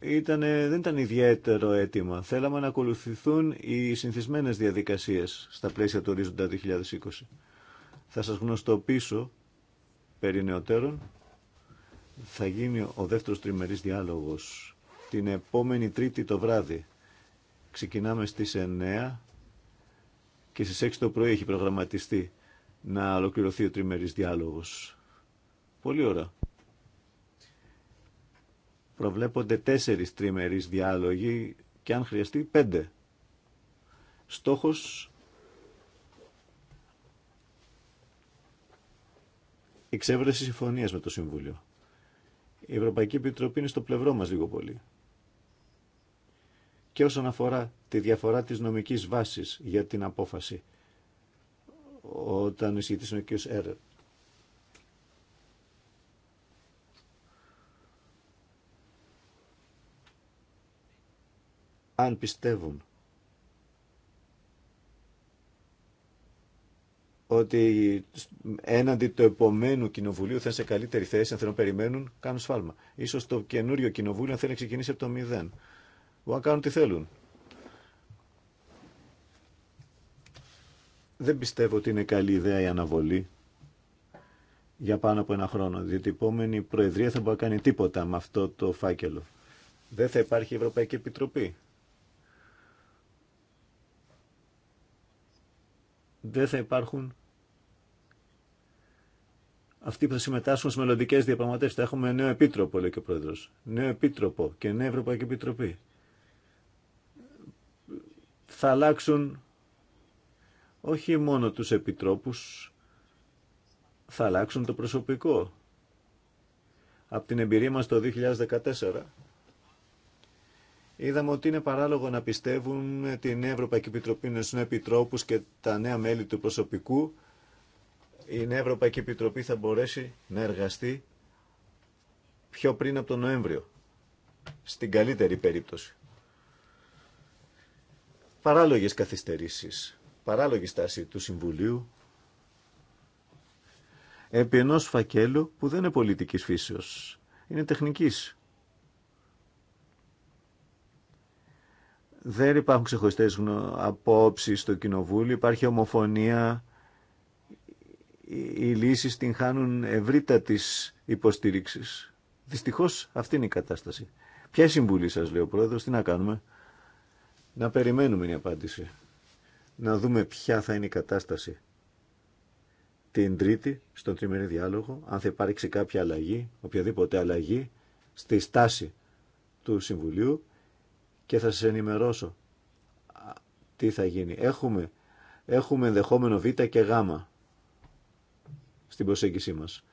S1: δεν ήταν ιδιαίτερο αίτημα. Θέλαμε να ακολουθηθούν οι συνηθισμένες διαδικασίες στα πλαίσια του ορίζοντα 2020. Θα σας γνωστοποιήσω περί νεωτέρων. Θα γίνει ο δεύτερος τριμερής διάλογος την επόμενη τρίτη το βράδυ. Ξεκινάμε στις 9 και στις 6 το πρωί έχει προγραμματιστεί να ολοκληρωθεί ο τριμερής διάλογος. Πολύ ωραία προβλέπονται τέσσερις τριμερείς διάλογοι και αν χρειαστεί πέντε. Στόχος εξέβρεση συμφωνίας με το Συμβούλιο. Η Ευρωπαϊκή Επιτροπή είναι στο πλευρό μας λίγο πολύ. Και όσον αφορά τη διαφορά της νομικής βάσης για την απόφαση, όταν εισηγητής είναι ο κ. Έρετ, αν πιστεύουν ότι έναντι του επομένου κοινοβουλίου θα είναι σε καλύτερη θέση, αν θέλουν να περιμένουν, κάνουν σφάλμα. Ίσως το καινούριο κοινοβούλιο, θέλει να ξεκινήσει από το μηδέν. Μπορεί να κάνουν τι θέλουν. Δεν πιστεύω ότι είναι καλή ιδέα η αναβολή για πάνω από ένα χρόνο, διότι η επόμενη Προεδρία θα μπορεί να κάνει τίποτα με αυτό το φάκελο. Δεν θα υπάρχει Ευρωπαϊκή Επιτροπή. δεν θα υπάρχουν αυτοί που θα συμμετάσχουν στι μελλοντικέ διαπραγματεύσει. Θα έχουμε νέο επίτροπο, λέει και ο πρόεδρο. Νέο επίτροπο και νέα Ευρωπαϊκή Επιτροπή. Θα αλλάξουν όχι μόνο τους επιτρόπους, θα αλλάξουν το προσωπικό. Από την εμπειρία μας το 2014 είδαμε ότι είναι παράλογο να πιστεύουν την Νέα Ευρωπαϊκή Επιτροπή νέους επιτρόπους και τα νέα μέλη του προσωπικού. Η Νέα Ευρωπαϊκή Επιτροπή θα μπορέσει να εργαστεί πιο πριν από τον Νοέμβριο, στην καλύτερη περίπτωση. Παράλογες καθυστερήσεις, παράλογη στάση του Συμβουλίου, επί ενός φακέλου που δεν είναι πολιτικής φύσεως, είναι τεχνικής Δεν υπάρχουν ξεχωριστές απόψεις στο Κοινοβούλιο, υπάρχει ομοφωνία. Οι λύσεις την χάνουν ευρύτατης υποστήριξης. Δυστυχώς αυτή είναι η κατάσταση. Ποια συμβουλή σας, λέει ο Πρόεδρος, τι να κάνουμε. Να περιμένουμε μια απάντηση. Να δούμε ποια θα είναι η κατάσταση. Την Τρίτη, στον τριμερή διάλογο, αν θα υπάρξει κάποια αλλαγή, οποιαδήποτε αλλαγή, στη στάση του Συμβουλίου και θα σας ενημερώσω τι θα γίνει. Έχουμε, έχουμε ενδεχόμενο Β και Γ στην προσέγγιση μας.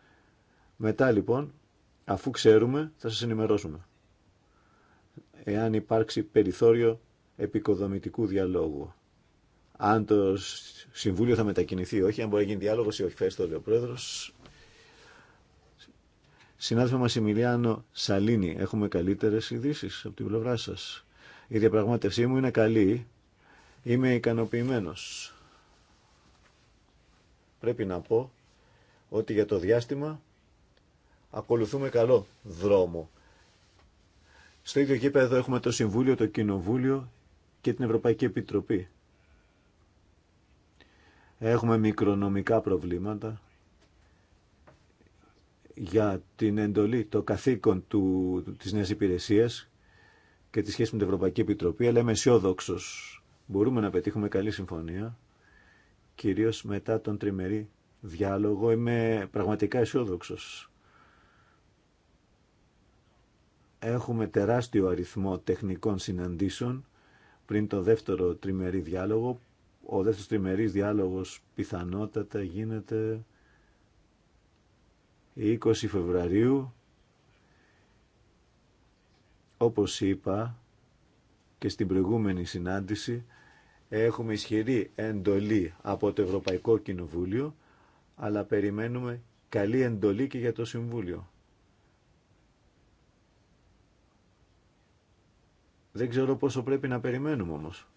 S1: Μετά λοιπόν, αφού ξέρουμε, θα σας ενημερώσουμε. Εάν υπάρξει περιθώριο επικοδομητικού διαλόγου. Αν το Συμβούλιο θα μετακινηθεί όχι, αν μπορεί να γίνει διάλογος ή όχι. Ευχαριστώ, λέει ο Πρόεδρος. Συνάδελφε μας Σαλίνη, έχουμε καλύτερες ειδήσει από την πλευρά σας. Η διαπραγμάτευσή μου είναι καλή. Είμαι ικανοποιημένος. Πρέπει να πω ότι για το διάστημα ακολουθούμε καλό δρόμο. Στο ίδιο γήπεδο έχουμε το Συμβούλιο, το Κοινοβούλιο και την Ευρωπαϊκή Επιτροπή. Έχουμε μικρονομικά προβλήματα για την εντολή, το καθήκον του, της νέας υπηρεσίας και τη σχέση με την Ευρωπαϊκή Επιτροπή, αλλά είμαι αισιόδοξο. Μπορούμε να πετύχουμε καλή συμφωνία, κυρίω μετά τον τριμερή διάλογο. Είμαι πραγματικά αισιόδοξο. Έχουμε τεράστιο αριθμό τεχνικών συναντήσεων πριν το δεύτερο τριμερή διάλογο. Ο δεύτερος τριμερής διάλογος πιθανότατα γίνεται 20 Φεβρουαρίου όπως είπα και στην προηγούμενη συνάντηση, έχουμε ισχυρή εντολή από το Ευρωπαϊκό Κοινοβούλιο, αλλά περιμένουμε καλή εντολή και για το Συμβούλιο. Δεν ξέρω πόσο πρέπει να περιμένουμε όμως.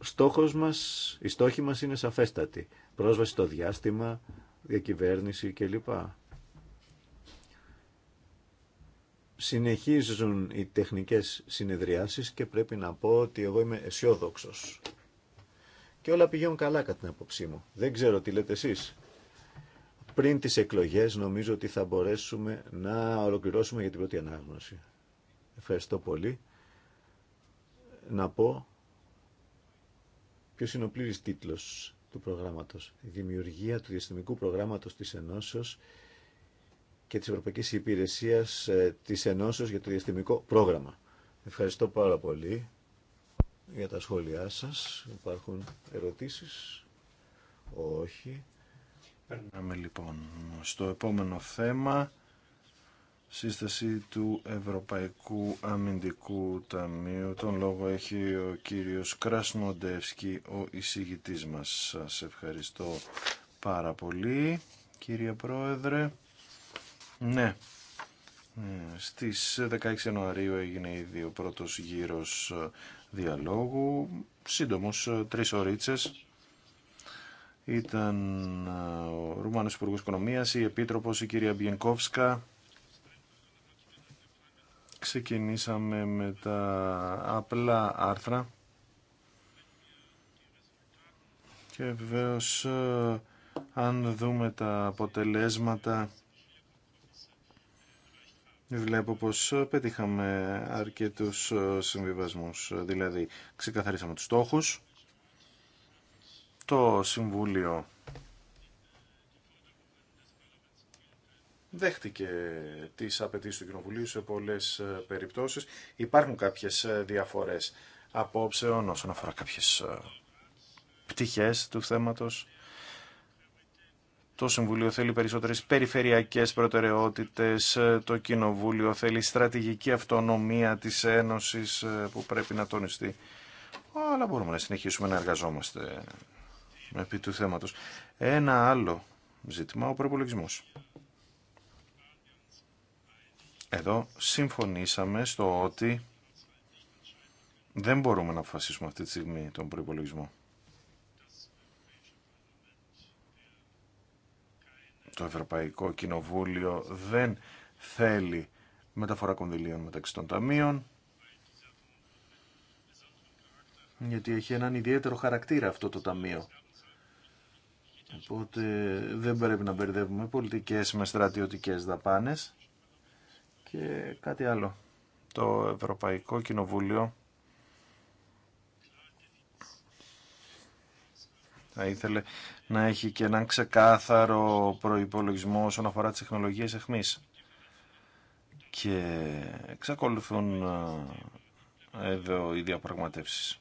S1: Στόχος μας, οι στόχοι μας είναι σαφέστατοι. Πρόσβαση στο διάστημα, διακυβέρνηση κλπ. συνεχίζουν οι τεχνικές συνεδριάσεις και πρέπει να πω ότι εγώ είμαι αισιόδοξο. Και όλα πηγαίνουν καλά κατά την απόψή μου. Δεν ξέρω τι λέτε εσείς. Πριν τις εκλογές νομίζω ότι θα μπορέσουμε να ολοκληρώσουμε για την πρώτη ανάγνωση. Ευχαριστώ πολύ. Να πω ποιος είναι ο πλήρης τίτλος του προγράμματος. Η δημιουργία του διαστημικού προγράμματος της Ενώσεως και της Ευρωπαϊκής Υπηρεσίας ε, της Ενώσεως για το Διαστημικό Πρόγραμμα. Ευχαριστώ πάρα πολύ για τα σχόλιά σας. Υπάρχουν ερωτήσεις. Όχι. Περνάμε
S3: λοιπόν στο επόμενο θέμα. Σύσταση του Ευρωπαϊκού Αμυντικού Ταμείου. Τον λόγο έχει ο κύριος Κρασνοντεύσκη, ο εισηγητής μας. Σας ευχαριστώ πάρα πολύ, κύριε Πρόεδρε. Ναι. Ε, στις 16 Ιανουαρίου έγινε ήδη ο πρώτος γύρος ε, διαλόγου, σύντομος, ε, τρεις ώριτσες. Ήταν ο Ρουμάνος Υπουργός Οικονομίας, η Επίτροπος, η κυρία Μπιενκόφσκα. Ξεκινήσαμε με τα απλά άρθρα. Και βεβαίως, αν δούμε τα αποτελέσματα Βλέπω πως ε, πετύχαμε αρκετούς ε, συμβιβασμούς, ε, δηλαδή ξεκαθαρίσαμε τους στόχους, το Συμβούλιο δέχτηκε τις απαιτήσεις του Κοινοβουλίου σε πολλές περιπτώσεις. Υπάρχουν κάποιες διαφορές απόψεων όσον αφορά κάποιες πτυχές του θέματος. Το Συμβούλιο θέλει περισσότερες περιφερειακές προτεραιότητες, το Κοινοβούλιο θέλει στρατηγική αυτονομία της Ένωσης ε, που πρέπει να τονιστεί. Αλλά μπορούμε να συνεχίσουμε να εργαζόμαστε επί του θέματος. Ένα άλλο ζήτημα, ο προπολογισμό. Εδώ συμφωνήσαμε στο ότι δεν μπορούμε να αποφασίσουμε αυτή τη στιγμή τον προπολογισμό. το Ευρωπαϊκό Κοινοβούλιο δεν θέλει μεταφορά κονδυλίων μεταξύ των ταμείων γιατί έχει έναν ιδιαίτερο χαρακτήρα αυτό το ταμείο. Οπότε δεν πρέπει να μπερδεύουμε πολιτικές με στρατιωτικές δαπάνες και κάτι άλλο. Το Ευρωπαϊκό Κοινοβούλιο θα ήθελε να έχει και έναν ξεκάθαρο προϋπολογισμό όσον αφορά τις τεχνολογίες εχμής. Και εξακολουθούν ε, εδώ οι διαπραγματεύσεις.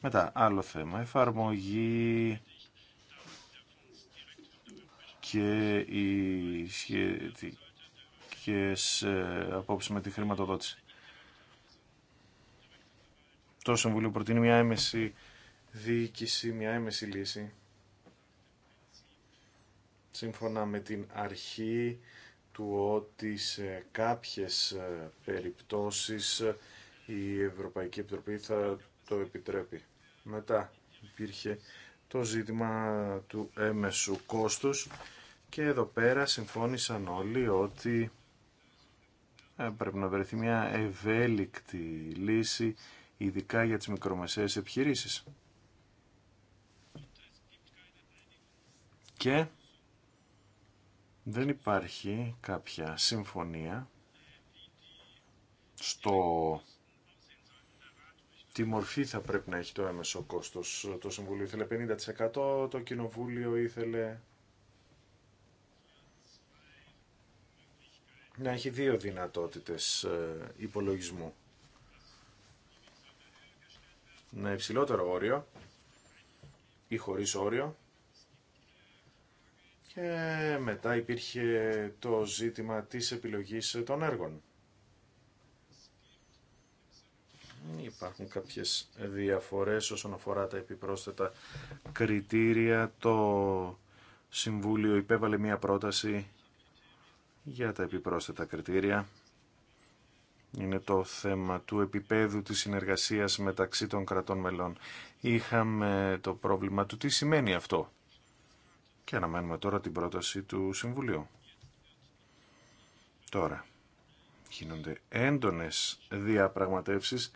S3: Μετά, άλλο θέμα, εφαρμογή και οι σχετικές ε, απόψεις με τη χρηματοδότηση. Το Συμβούλιο προτείνει μια έμεση διοίκηση, μια έμεση λύση. Σύμφωνα με την αρχή του ότι σε κάποιες ε, περιπτώσεις η Ευρωπαϊκή Επιτροπή θα το επιτρέπει. Μετά υπήρχε το ζήτημα του έμεσου κόστους και εδώ πέρα συμφώνησαν όλοι ότι ε, πρέπει να βρεθεί μια ευέλικτη λύση ειδικά για τις μικρομεσαίες επιχειρήσεις. και δεν υπάρχει κάποια συμφωνία στο τι μορφή θα πρέπει να έχει το έμεσο κόστος. Το Συμβούλιο ήθελε 50%, το Κοινοβούλιο ήθελε να έχει δύο δυνατότητες ε, υπολογισμού. να υψηλότερο όριο ή χωρίς όριο και μετά υπήρχε το ζήτημα της επιλογής των έργων. Υπάρχουν κάποιες διαφορές όσον αφορά τα επιπρόσθετα κριτήρια. Το Συμβούλιο υπέβαλε μία πρόταση για τα επιπρόσθετα κριτήρια. Είναι το θέμα του επίπεδου της συνεργασίας μεταξύ των κρατών μελών. Είχαμε το πρόβλημα του τι σημαίνει αυτό και αναμένουμε τώρα την πρόταση του Συμβουλίου. Τώρα γίνονται έντονες διαπραγματεύσεις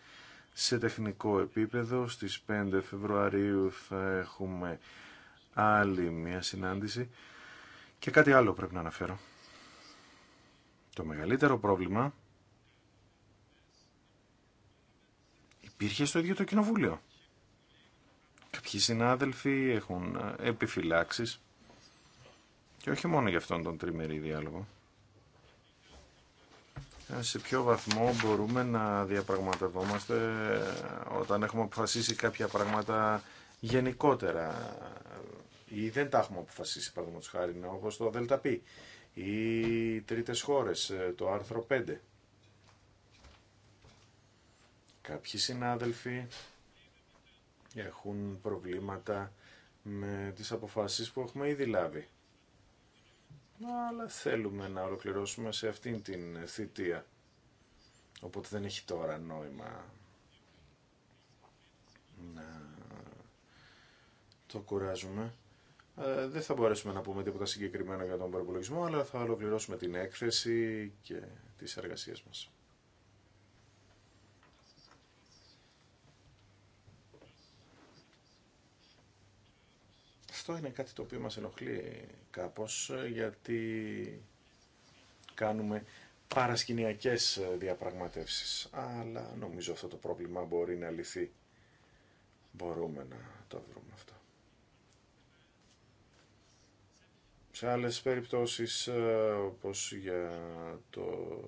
S3: σε τεχνικό επίπεδο. Στις 5 Φεβρουαρίου θα έχουμε άλλη μια συνάντηση. Και κάτι άλλο πρέπει να αναφέρω. Το μεγαλύτερο πρόβλημα υπήρχε στο ίδιο το κοινοβούλιο. Κάποιοι συνάδελφοι έχουν επιφυλάξεις και όχι μόνο για αυτόν τον τριμερή διάλογο. Ε, σε ποιο βαθμό μπορούμε να διαπραγματευόμαστε όταν έχουμε αποφασίσει κάποια πράγματα γενικότερα ή δεν τα έχουμε αποφασίσει, παραδείγματος χάρη, όπως το ΔΕΛΤΑΠΗ ή τρίτες χώρες, ε, το άρθρο 5. Κάποιοι συνάδελφοι έχουν προβλήματα με τις αποφάσεις που έχουμε ήδη λάβει αλλά θέλουμε να ολοκληρώσουμε σε αυτήν την θητεία. Οπότε δεν έχει τώρα νόημα να το κουράζουμε. Ε, δεν θα μπορέσουμε να πούμε τίποτα συγκεκριμένα για τον προπολογισμό, αλλά θα ολοκληρώσουμε την έκθεση και τις εργασίες μας. Αυτό είναι κάτι το οποίο μας ενοχλεί κάπως γιατί κάνουμε παρασκηνιακές διαπραγματεύσεις. Αλλά νομίζω αυτό το πρόβλημα μπορεί να λυθεί. Μπορούμε να το βρούμε αυτό. Σε άλλες περιπτώσεις, ε, όπως για το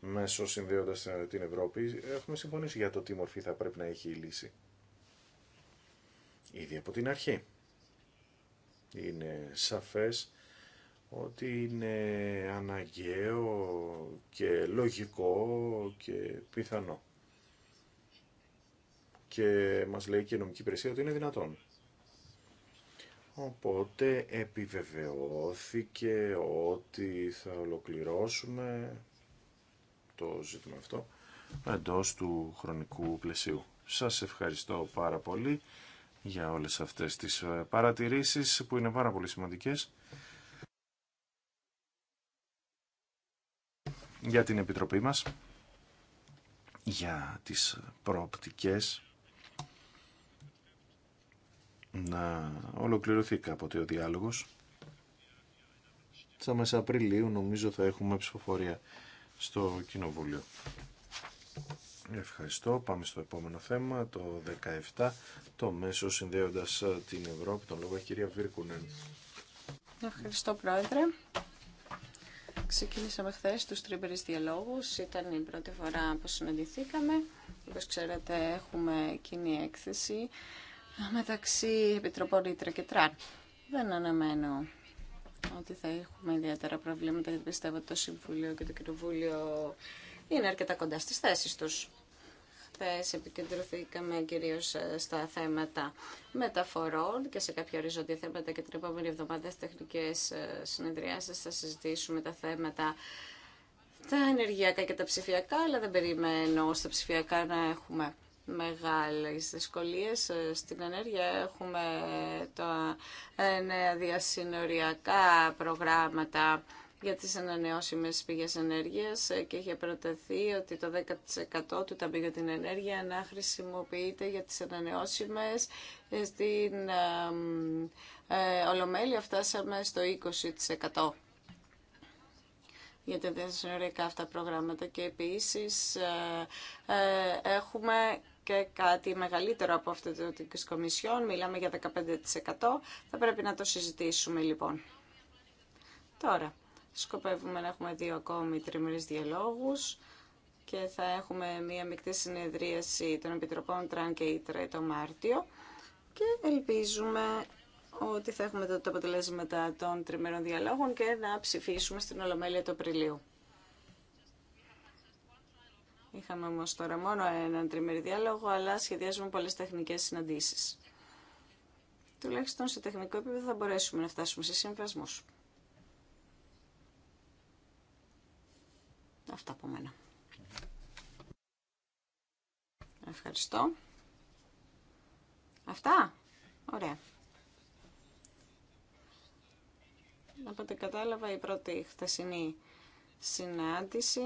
S3: μέσο συνδέοντας την Ευρώπη, έχουμε συμφωνήσει για το τι μορφή θα πρέπει να έχει η λύση ήδη από την αρχή. Είναι σαφές ότι είναι αναγκαίο και λογικό και πιθανό. Και μας λέει και η νομική υπηρεσία ότι είναι δυνατόν. Οπότε επιβεβαιώθηκε ότι θα ολοκληρώσουμε το ζήτημα αυτό εντός του χρονικού πλαισίου. Σας ευχαριστώ πάρα πολύ για όλες αυτές τις ε, παρατηρήσεις που είναι πάρα πολύ σημαντικές για την Επιτροπή μας, για τις προοπτικές να ολοκληρωθεί κάποτε ο διάλογος. Στα μέσα Απριλίου νομίζω θα έχουμε ψηφοφορία στο Κοινοβούλιο. Ευχαριστώ. Πάμε στο επόμενο θέμα, το 17, το μέσο συνδέοντα ε, την Ευρώπη. Τον λόγο κυρία Βίρκουνεν.
S2: Ευχαριστώ, Πρόεδρε. Ξεκινήσαμε χθε του τρίμπερι διαλόγου. Ήταν η πρώτη φορά που συναντηθήκαμε. Όπω ξέρετε, έχουμε κοινή έκθεση μεταξύ Επιτροπών Ρήτρα και Τραν. Δεν αναμένω ότι θα έχουμε ιδιαίτερα προβλήματα γιατί πιστεύω ότι το Συμβούλιο και το Κοινοβούλιο είναι αρκετά κοντά στι θέσει τους χθες επικεντρωθήκαμε κυρίως ε, στα θέματα μεταφορών και σε κάποια οριζόντια θέματα και την επόμενη εβδομάδα στις τεχνικές ε, συνεδριάσεις θα συζητήσουμε τα θέματα τα ενεργειακά και τα ψηφιακά, αλλά δεν περιμένω στα ψηφιακά να έχουμε μεγάλες δυσκολίες ε, στην ενέργεια. Έχουμε τα νέα διασυνοριακά προγράμματα για τις ανανεώσιμες πηγές ενέργειας ε, και είχε προτεθεί ότι το 10% του Ταμείου για την Ενέργεια να χρησιμοποιείται για τις ανανεώσιμες ε, στην ε, Ολομέλεια φτάσαμε στο 20% για τα διασυνοριακά αυτά τα προγράμματα και επίσης ε, έχουμε και κάτι μεγαλύτερο από αυτό το της Κομισιόν, μιλάμε για 15%. Θα πρέπει να το συζητήσουμε λοιπόν. Τώρα, Σκοπεύουμε να έχουμε δύο ακόμη τριμερείς διαλόγους και θα έχουμε μία μεικτή συνεδρίαση των Επιτροπών Τραν και Ήτρε το Μάρτιο και ελπίζουμε ότι θα έχουμε τότε αποτελέσματα των τριμερών διαλόγων και να ψηφίσουμε στην Ολομέλεια του Απριλίου. Είχαμε όμω τώρα μόνο έναν τριμερή διάλογο, αλλά σχεδιάζουμε πολλέ τεχνικέ συναντήσει. Τουλάχιστον σε τεχνικό επίπεδο θα μπορέσουμε να φτάσουμε σε συμβασμού. Αυτά από μένα. Ευχαριστώ. Αυτά. Ωραία. Να ό,τι κατάλαβα η πρώτη χτεσινή συνάντηση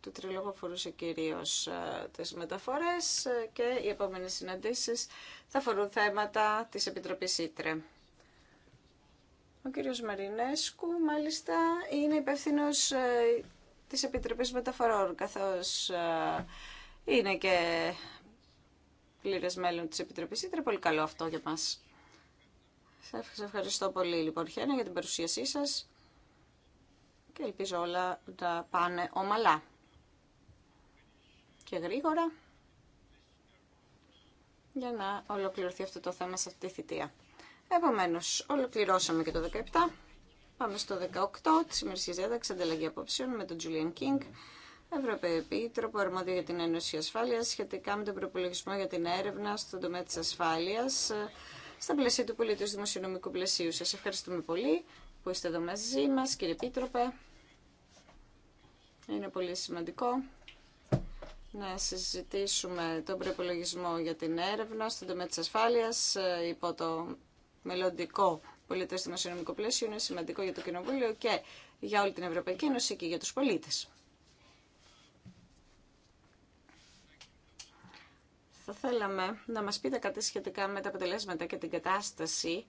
S2: του τριλόγου αφορούσε κυρίως ε, τις μεταφορές ε, και οι επόμενες συναντήσεις θα αφορούν θέματα της Επιτροπής Ήτρε. Ο κύριος Μαρινέσκου μάλιστα είναι υπεύθυνο ε, της Επιτροπής Μεταφορών, καθώς ε, είναι και πλήρες μέλλον της Επιτροπής. Ήταν πολύ καλό αυτό για μας. Σας ευχαριστώ πολύ λοιπόν Χένα για την παρουσίασή σας και ελπίζω όλα να πάνε ομαλά και γρήγορα για να ολοκληρωθεί αυτό το θέμα σε αυτή τη θητεία. Επομένως, ολοκληρώσαμε και το 17. Πάμε στο 18 τη σημερινή διάταξη ανταλλαγή απόψεων με τον Τζουλιάν Κίνγκ Ευρωπαϊκό Επίτροπο Αρμόδιο για την Ένωση ασφάλεια σχετικά με τον προπολογισμό για την έρευνα στον τομέα τη ασφάλεια στα πλαίσια του πολιτικού δημοσιονομικού πλαισίου. Σα ευχαριστούμε πολύ που είστε εδώ μαζί μα, κύριε Επίτροπε. Είναι πολύ σημαντικό να συζητήσουμε τον προπολογισμό για την έρευνα στον τομέα τη ασφάλεια, ε, υπό το μελλοντικό πολιτές δημοσιονομικό πλαίσιο είναι σημαντικό για το Κοινοβούλιο και για όλη την Ευρωπαϊκή Ένωση και για τους πολίτες. Θα θέλαμε να μας πείτε κάτι σχετικά με τα αποτελέσματα και την κατάσταση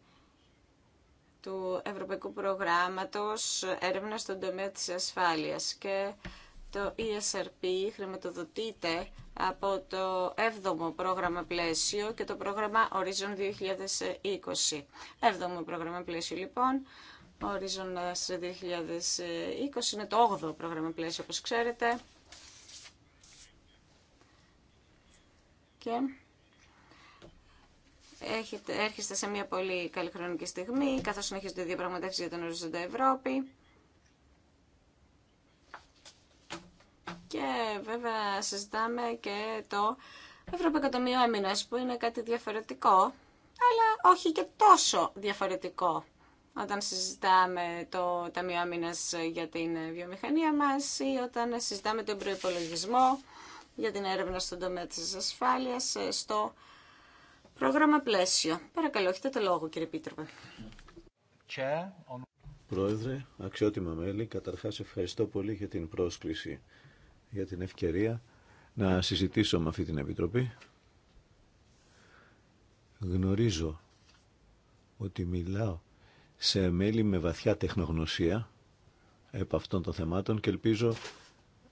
S2: του Ευρωπαϊκού Προγράμματος Έρευνα στον τομέα της ασφάλειας και το ESRP χρηματοδοτείται από το 7ο πρόγραμμα πλαίσιο και το πρόγραμμα Horizon 2020. 7ο πρόγραμμα πλαίσιο λοιπόν, Horizon 2020 είναι το 8ο πρόγραμμα πλαίσιο όπως ξέρετε. Και έχετε, έρχεστε σε μια πολύ καλή χρονική στιγμή, καθώς συνεχίζονται οι διαπραγματεύσεις για τον οριζόντα Ευρώπη. Και βέβαια συζητάμε και το Ευρωπαϊκό Ταμείο που είναι κάτι διαφορετικό, αλλά όχι και τόσο διαφορετικό όταν συζητάμε το Ταμείο Άμυνας για την βιομηχανία μας ή όταν συζητάμε τον προϋπολογισμό για την έρευνα στον τομέα της ασφάλειας στο πρόγραμμα πλαίσιο. Παρακαλώ, έχετε το λόγο κύριε Πίτροπε.
S1: Πρόεδρε, αξιότιμα μέλη, καταρχάς ευχαριστώ πολύ για την πρόσκληση για την ευκαιρία να συζητήσω με αυτή την Επιτροπή. Γνωρίζω ότι μιλάω σε μέλη με βαθιά τεχνογνωσία επ' αυτών των θεμάτων και ελπίζω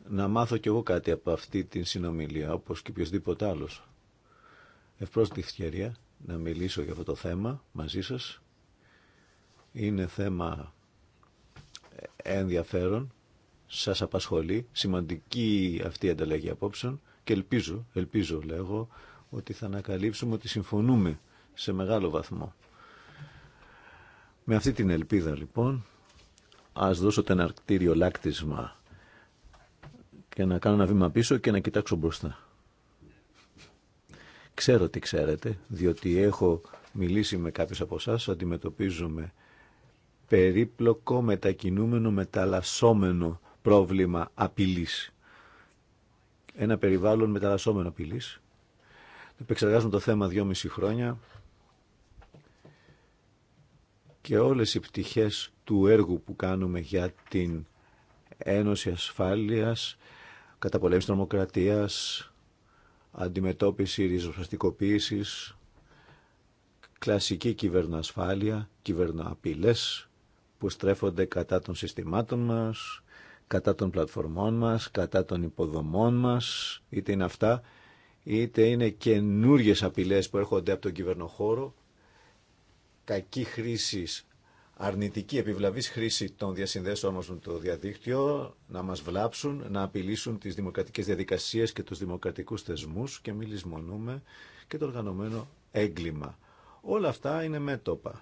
S1: να μάθω κι εγώ κάτι από αυτή την συνομιλία, όπως και οποιοδήποτε άλλος. Ευπρόσδεκτη ευκαιρία να μιλήσω για αυτό το θέμα μαζί σας. Είναι θέμα ενδιαφέρον σας απασχολεί. Σημαντική αυτή η ανταλλαγή απόψεων και ελπίζω, ελπίζω λέγω, ότι θα ανακαλύψουμε ότι συμφωνούμε σε μεγάλο βαθμό. Με αυτή την ελπίδα λοιπόν, ας δώσω το εναρκτήριο λάκτισμα και να κάνω ένα βήμα πίσω και να κοιτάξω μπροστά. Ξέρω τι ξέρετε, διότι έχω μιλήσει με κάποιους από εσά, αντιμετωπίζουμε περίπλοκο, μετακινούμενο, μεταλλασσόμενο πρόβλημα απειλής. Ένα περιβάλλον μεταλλασσόμενο απειλής. Επεξεργάζουμε το θέμα δυόμιση χρόνια και όλες οι πτυχές του έργου που κάνουμε για την Ένωση Ασφάλειας, καταπολέμηση τρομοκρατίας, αντιμετώπιση ριζοσπαστικοποίησης, κλασική κυβερνοασφάλεια, κυβερνοαπειλές που στρέφονται κατά των συστημάτων μας, κατά των πλατφορμών μας, κατά των υποδομών μας, είτε είναι αυτά, είτε είναι καινούριες απειλές που έρχονται από τον κυβερνοχώρο, κακή χρήση, αρνητική επιβλαβής χρήση των διασυνδέσεων μας με το διαδίκτυο, να μας βλάψουν, να απειλήσουν τις δημοκρατικές διαδικασίες και τους δημοκρατικούς θεσμούς και μη λησμονούμε και το οργανωμένο έγκλημα. Όλα αυτά είναι μέτωπα.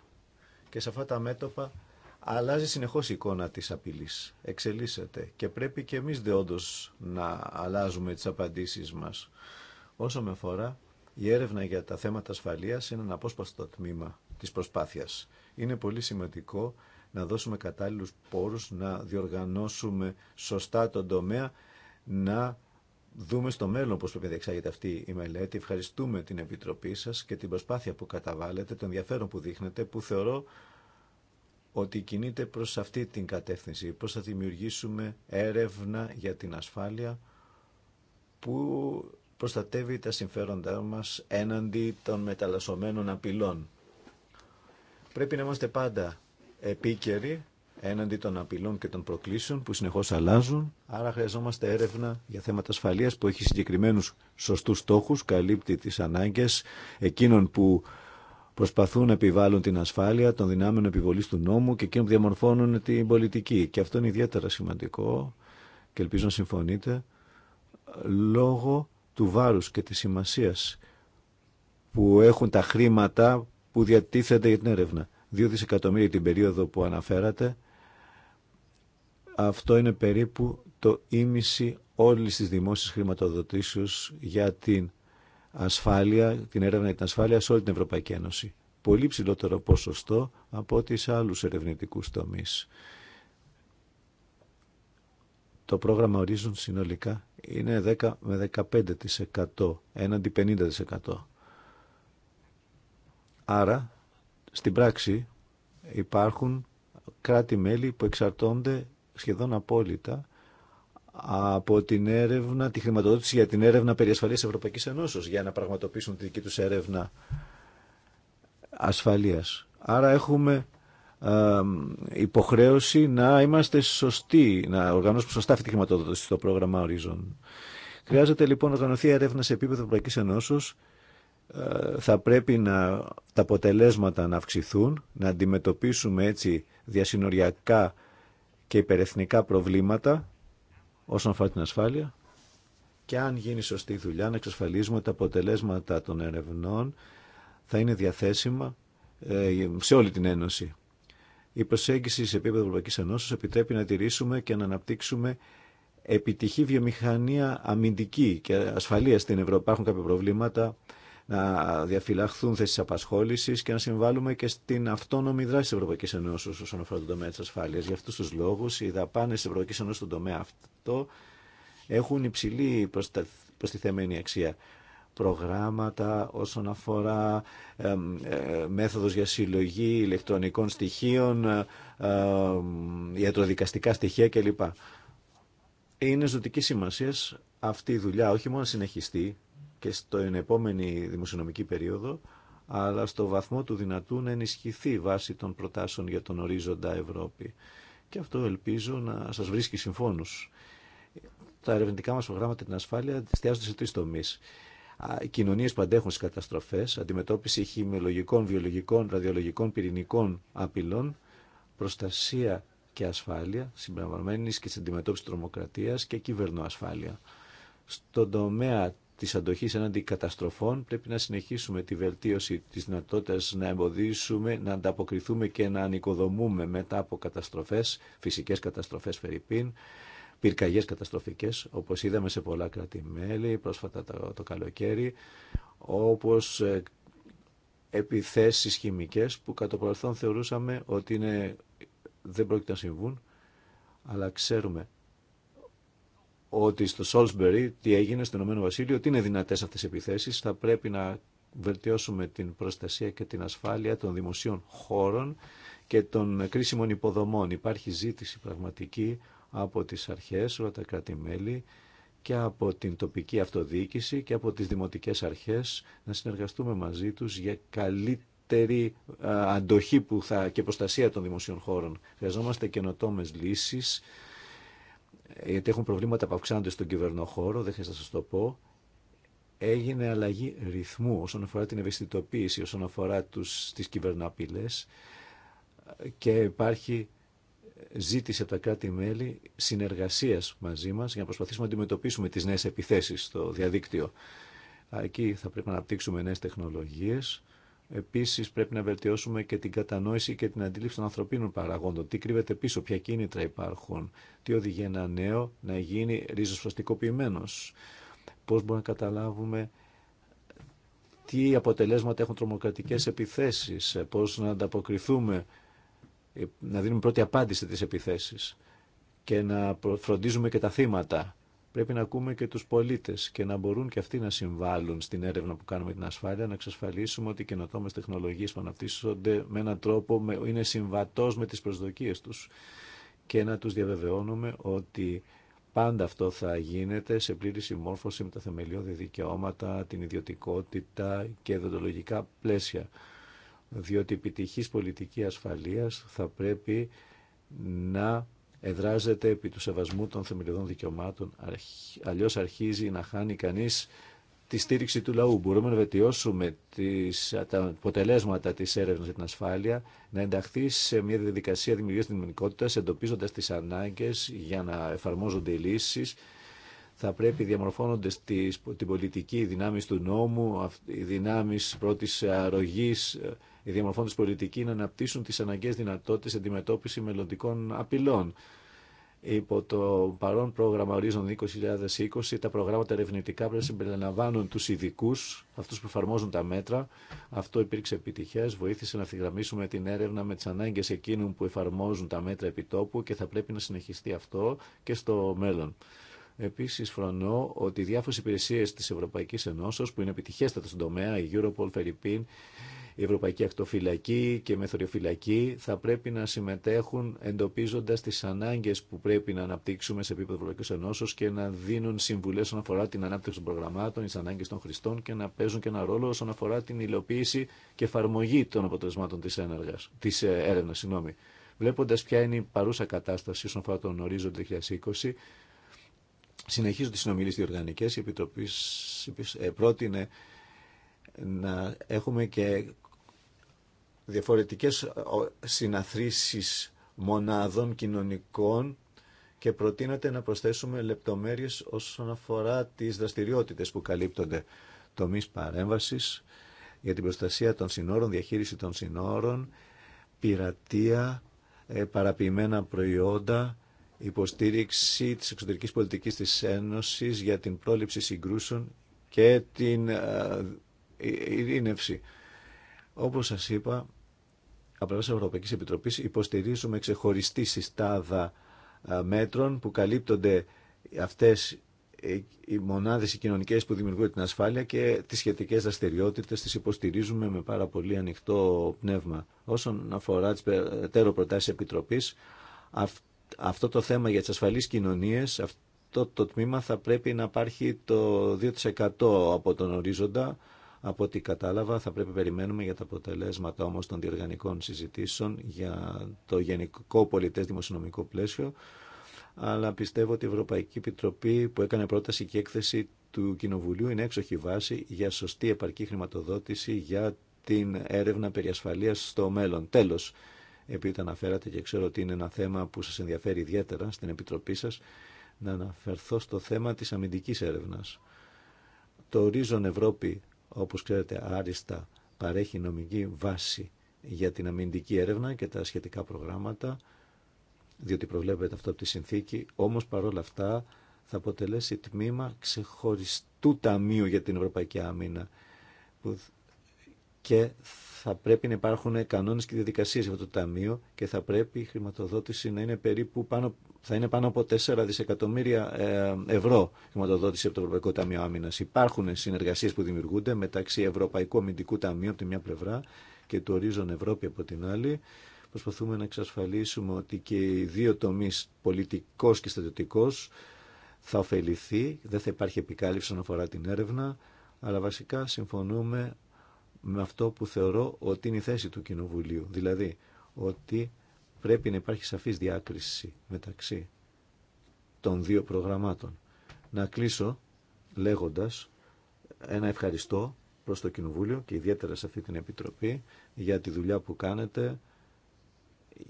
S1: Και σε αυτά τα μέτωπα αλλάζει συνεχώς η εικόνα της απειλής, εξελίσσεται και πρέπει και εμείς δεόντως να αλλάζουμε τις απαντήσεις μας. Όσο με αφορά, η έρευνα για τα θέματα ασφαλείας είναι ένα απόσπαστο τμήμα της προσπάθειας. Είναι πολύ σημαντικό να δώσουμε κατάλληλους πόρους, να διοργανώσουμε σωστά τον τομέα, να δούμε στο μέλλον πώς πρέπει να διεξάγεται αυτή η μελέτη. Ευχαριστούμε την Επιτροπή σας και την προσπάθεια που καταβάλλετε, τον ενδιαφέρον που δείχνετε, που θεωρώ ότι κινείται προς αυτή την κατεύθυνση, πώς θα δημιουργήσουμε έρευνα για την ασφάλεια που προστατεύει τα συμφέροντά μας έναντι των μεταλλασσομένων απειλών. Πρέπει να είμαστε πάντα επίκαιροι έναντι των απειλών και των προκλήσεων που συνεχώς αλλάζουν, άρα χρειαζόμαστε έρευνα για θέματα ασφαλείας που έχει συγκεκριμένους σωστούς στόχους, καλύπτει τις ανάγκες εκείνων που προσπαθούν να επιβάλλουν την ασφάλεια των δυνάμεων επιβολής του νόμου και εκείνων που διαμορφώνουν την πολιτική. Και αυτό είναι ιδιαίτερα σημαντικό και ελπίζω να συμφωνείτε λόγω του βάρους και της σημασίας που έχουν τα χρήματα που διατίθεται για την έρευνα. Δύο δισεκατομμύρια την περίοδο που αναφέρατε, αυτό είναι περίπου το ίμιση όλης της δημόσιας χρηματοδοτήσεως για την ασφάλεια, την έρευνα για την ασφάλεια σε όλη την Ευρωπαϊκή Ένωση. Πολύ ψηλότερο ποσοστό από ό,τι σε άλλου ερευνητικού τομεί. Το πρόγραμμα ορίζουν συνολικά είναι 10 με 15% έναντι 50%. Άρα, στην πράξη υπάρχουν κράτη-μέλη που εξαρτώνται σχεδόν απόλυτα από την έρευνα, τη χρηματοδότηση για την έρευνα περί ασφαλείας Ευρωπαϊκής Ενώσεως για να πραγματοποιήσουν τη δική τους έρευνα ασφαλείας. Άρα έχουμε ε, υποχρέωση να είμαστε σωστοί, να οργανώσουμε σωστά αυτή τη χρηματοδότηση στο πρόγραμμα Horizon. Χρειάζεται λοιπόν να οργανωθεί έρευνα σε επίπεδο Ευρωπαϊκής Ενώσεως ε, θα πρέπει να, τα αποτελέσματα να αυξηθούν, να αντιμετωπίσουμε έτσι διασυνοριακά και υπερεθνικά προβλήματα όσον αφορά την ασφάλεια και αν γίνει σωστή δουλειά να εξασφαλίζουμε ότι τα αποτελέσματα των ερευνών θα είναι διαθέσιμα ε, σε όλη την Ένωση. Η προσέγγιση σε επίπεδο Ευρωπαϊκή Ενώσης επιτρέπει να τηρήσουμε και να αναπτύξουμε επιτυχή βιομηχανία αμυντική και ασφαλεία στην Ευρώπη. Υπάρχουν κάποια προβλήματα να διαφυλαχθούν θέσει απασχόληση και να συμβάλλουμε και στην αυτόνομη δράση τη Ευρωπαϊκή Ενώσεω όσον αφορά τον τομέα τη ασφάλεια. Για αυτού του λόγου, οι δαπάνε τη Ευρωπαϊκή Ένωση στον τομέα αυτό έχουν υψηλή προστιθέμενη αξία. Προγράμματα όσον αφορά ε, μέθοδος για συλλογή ηλεκτρονικών στοιχείων, ε, ιατροδικαστικά στοιχεία κλπ. Είναι ζωτική σημασία αυτή η δουλειά όχι μόνο να συνεχιστεί και στην επόμενη δημοσιονομική περίοδο, αλλά στο βαθμό του δυνατού να ενισχυθεί βάσει των προτάσεων για τον ορίζοντα Ευρώπη. Και αυτό ελπίζω να σας βρίσκει συμφώνους. Τα ερευνητικά μας προγράμματα την ασφάλεια εστιάζονται σε τρεις τομείς. Κοινωνίε που αντέχουν στι καταστροφέ, αντιμετώπιση χημιολογικών, βιολογικών, ραδιολογικών, πυρηνικών απειλών, προστασία και ασφάλεια, συμπεριλαμβανομένη και στην αντιμετώπιση τρομοκρατία και κυβερνοασφάλεια. Στον τομέα Τη αντοχή έναντι καταστροφών πρέπει να συνεχίσουμε τη βελτίωση της δυνατότητα να εμποδίσουμε, να ανταποκριθούμε και να ανοικοδομούμε μετά από καταστροφές, φυσικές καταστροφές φερρυπίν, πυρκαγιές καταστροφικέ, όπω είδαμε σε πολλά κράτη-μέλη πρόσφατα το, καλοκαίρι, όπως ε, επιθέσεις χημικές που κατά παρελθόν θεωρούσαμε ότι δεν πρόκειται να συμβούν, αλλά ξέρουμε ότι στο Σόλσμπερι τι έγινε στο Ηνωμένο Βασίλειο, ότι είναι δυνατές αυτές οι επιθέσεις, θα πρέπει να βελτιώσουμε την προστασία και την ασφάλεια των δημοσίων χώρων και των κρίσιμων υποδομών. Υπάρχει ζήτηση πραγματική από τις αρχές, όλα τα κράτη-μέλη και από την τοπική αυτοδιοίκηση και από τις δημοτικές αρχές να συνεργαστούμε μαζί τους για καλύτερη ε, αντοχή που θα, και προστασία των δημοσίων χώρων. Χρειαζόμαστε καινοτόμε λύσεις γιατί έχουν προβλήματα που αυξάνονται στον κυβερνοχώρο, δεν χρειάζεται να σα το πω, έγινε αλλαγή ρυθμού όσον αφορά την ευαισθητοποίηση, όσον αφορά τους, τις και υπάρχει ζήτηση από τα κράτη-μέλη συνεργασίας μαζί μας για να προσπαθήσουμε να αντιμετωπίσουμε τις νέες επιθέσεις στο διαδίκτυο. Εκεί θα πρέπει να αναπτύξουμε νέες τεχνολογίες Επίσης πρέπει να βελτιώσουμε και την κατανόηση και την αντίληψη των ανθρωπίνων παραγόντων. Τι κρύβεται πίσω, ποια κίνητρα υπάρχουν, τι οδηγεί ένα νέο να γίνει ριζοσφαστικοποιημένος. Πώς μπορούμε να καταλάβουμε τι αποτελέσματα έχουν τρομοκρατικές επιθέσεις, πώς να ανταποκριθούμε, να δίνουμε πρώτη απάντηση στις επιθέσεις και να φροντίζουμε και τα θύματα. Πρέπει να ακούμε και τους πολίτες και να μπορούν και αυτοί να συμβάλλουν στην έρευνα που κάνουμε την ασφάλεια, να εξασφαλίσουμε ότι οι καινοτόμες τεχνολογίες που αναπτύσσονται με έναν τρόπο είναι συμβατός με τις προσδοκίες τους και να τους διαβεβαιώνουμε ότι πάντα αυτό θα γίνεται σε πλήρη συμμόρφωση με τα θεμελιώδη δικαιώματα, την ιδιωτικότητα και δοντολογικά πλαίσια. Διότι επιτυχής πολιτική ασφαλείας θα πρέπει να εδράζεται επί του σεβασμού των θεμελιωδών δικαιωμάτων. Αλλιώ αρχίζει να χάνει κανείς τη στήριξη του λαού. Μπορούμε να βελτιώσουμε τις, τα αποτελέσματα τη έρευνα για την ασφάλεια, να ενταχθεί σε μια διαδικασία δημιουργία δημιουργικότητα, εντοπίζοντα τι ανάγκε για να εφαρμόζονται οι λύσει. Θα πρέπει διαμορφώνοντα την πολιτική, οι δυνάμει του νόμου, οι δυνάμει πρώτη αρρωγή, οι τη πολιτική να αναπτύσσουν τι αναγκαίε δυνατότητε, αντιμετώπιση μελλοντικών απειλών. Υπό το παρόν πρόγραμμα Horizon 2020, τα προγράμματα ερευνητικά πρέπει να συμπεριλαμβάνουν του ειδικού, αυτού που εφαρμόζουν τα μέτρα. Αυτό υπήρξε επιτυχέ, βοήθησε να ευθυγραμμίσουμε την έρευνα με τι ανάγκε εκείνων που εφαρμόζουν τα μέτρα επιτόπου και θα πρέπει να συνεχιστεί αυτό και στο μέλλον. Επίση, φρονώ ότι οι διάφορε υπηρεσίε τη Ευρωπαϊκή Ενώσεω, που είναι επιτυχέστατε στον τομέα, η Europol, Φερρυπίν, η Ευρωπαϊκή Ακτοφυλακή και η Μεθοριοφυλακή θα πρέπει να συμμετέχουν εντοπίζοντα τι ανάγκε που πρέπει να αναπτύξουμε σε επίπεδο Ευρωπαϊκή Ενώσεω και να δίνουν συμβουλέ όσον αφορά την ανάπτυξη των προγραμμάτων, τι ανάγκε των χρηστών και να παίζουν και ένα ρόλο όσον αφορά την υλοποίηση και εφαρμογή των αποτελεσμάτων τη ε, έρευνα. Βλέποντα ποια είναι η παρούσα κατάσταση όσον αφορά τον ορίζοντα 2020, συνεχίζονται οι συνομιλίε διοργανικέ. Η Επιτροπή ε, πρότεινε να έχουμε και διαφορετικές συναθρήσεις μονάδων κοινωνικών και προτείνεται να προσθέσουμε λεπτομέρειες όσον αφορά τις δραστηριότητες που καλύπτονται τομείς παρέμβασης για την προστασία των συνόρων, διαχείριση των συνόρων, πειρατεία, ε, παραποιημένα προϊόντα, υποστήριξη της εξωτερικής πολιτικής της Ένωσης για την πρόληψη συγκρούσεων και την ε, ε, ε, ειρήνευση. Όπως σας είπα, από πλευρά Ευρωπαϊκή Επιτροπή υποστηρίζουμε ξεχωριστή συστάδα μέτρων που καλύπτονται αυτές ε, οι μονάδες οι κοινωνικές που δημιουργούν την ασφάλεια και τις σχετικές δραστηριότητε τις υποστηρίζουμε με πάρα πολύ ανοιχτό πνεύμα. Όσον αφορά τις περαιτέρω προτάσεις Επιτροπής, αυτό το θέμα για τις ασφαλείς κοινωνίες, αυτό το τμήμα θα πρέπει να υπάρχει το 2% από τον ορίζοντα από ό,τι κατάλαβα θα πρέπει να περιμένουμε για τα αποτελέσματα όμως των διοργανικών συζητήσεων για το γενικό πολιτές δημοσιονομικό πλαίσιο αλλά πιστεύω ότι η Ευρωπαϊκή Επιτροπή που έκανε πρόταση και έκθεση του Κοινοβουλίου είναι έξοχη βάση για σωστή επαρκή χρηματοδότηση για την έρευνα περί ασφαλείας στο μέλλον. Τέλος, επειδή τα αναφέρατε και ξέρω ότι είναι ένα θέμα που σας ενδιαφέρει ιδιαίτερα στην Επιτροπή σας, να αναφερθώ στο θέμα της αμυντικής έρευνας. Το ορίζον Ευρώπη όπως ξέρετε άριστα παρέχει νομική βάση για την αμυντική έρευνα και τα σχετικά προγράμματα, διότι προβλέπεται αυτό από τη συνθήκη, όμως παρόλα αυτά θα αποτελέσει τμήμα ξεχωριστού ταμείου για την Ευρωπαϊκή Άμυνα, και θα πρέπει να υπάρχουν κανόνες και διαδικασίες για αυτό το ταμείο και θα πρέπει η χρηματοδότηση να είναι περίπου πάνω, θα είναι πάνω από 4 δισεκατομμύρια ε, ευρώ χρηματοδότηση από το Ευρωπαϊκό Ταμείο Άμυνας. Υπάρχουν συνεργασίες που δημιουργούνται μεταξύ Ευρωπαϊκού Αμυντικού Ταμείου από τη μια πλευρά και του Ορίζον Ευρώπη από την άλλη. Προσπαθούμε να εξασφαλίσουμε ότι και οι δύο τομείς, πολιτικός και στρατιωτικός, θα ωφεληθεί, δεν θα υπάρχει επικάλυψη όσον αφορά την έρευνα, αλλά βασικά συμφωνούμε με αυτό που θεωρώ ότι είναι η θέση του Κοινοβουλίου. Δηλαδή, ότι πρέπει να υπάρχει σαφής διάκριση μεταξύ των δύο προγραμμάτων. Να κλείσω λέγοντας ένα ευχαριστώ προς το Κοινοβούλιο και ιδιαίτερα σε αυτή την Επιτροπή για τη δουλειά που κάνετε,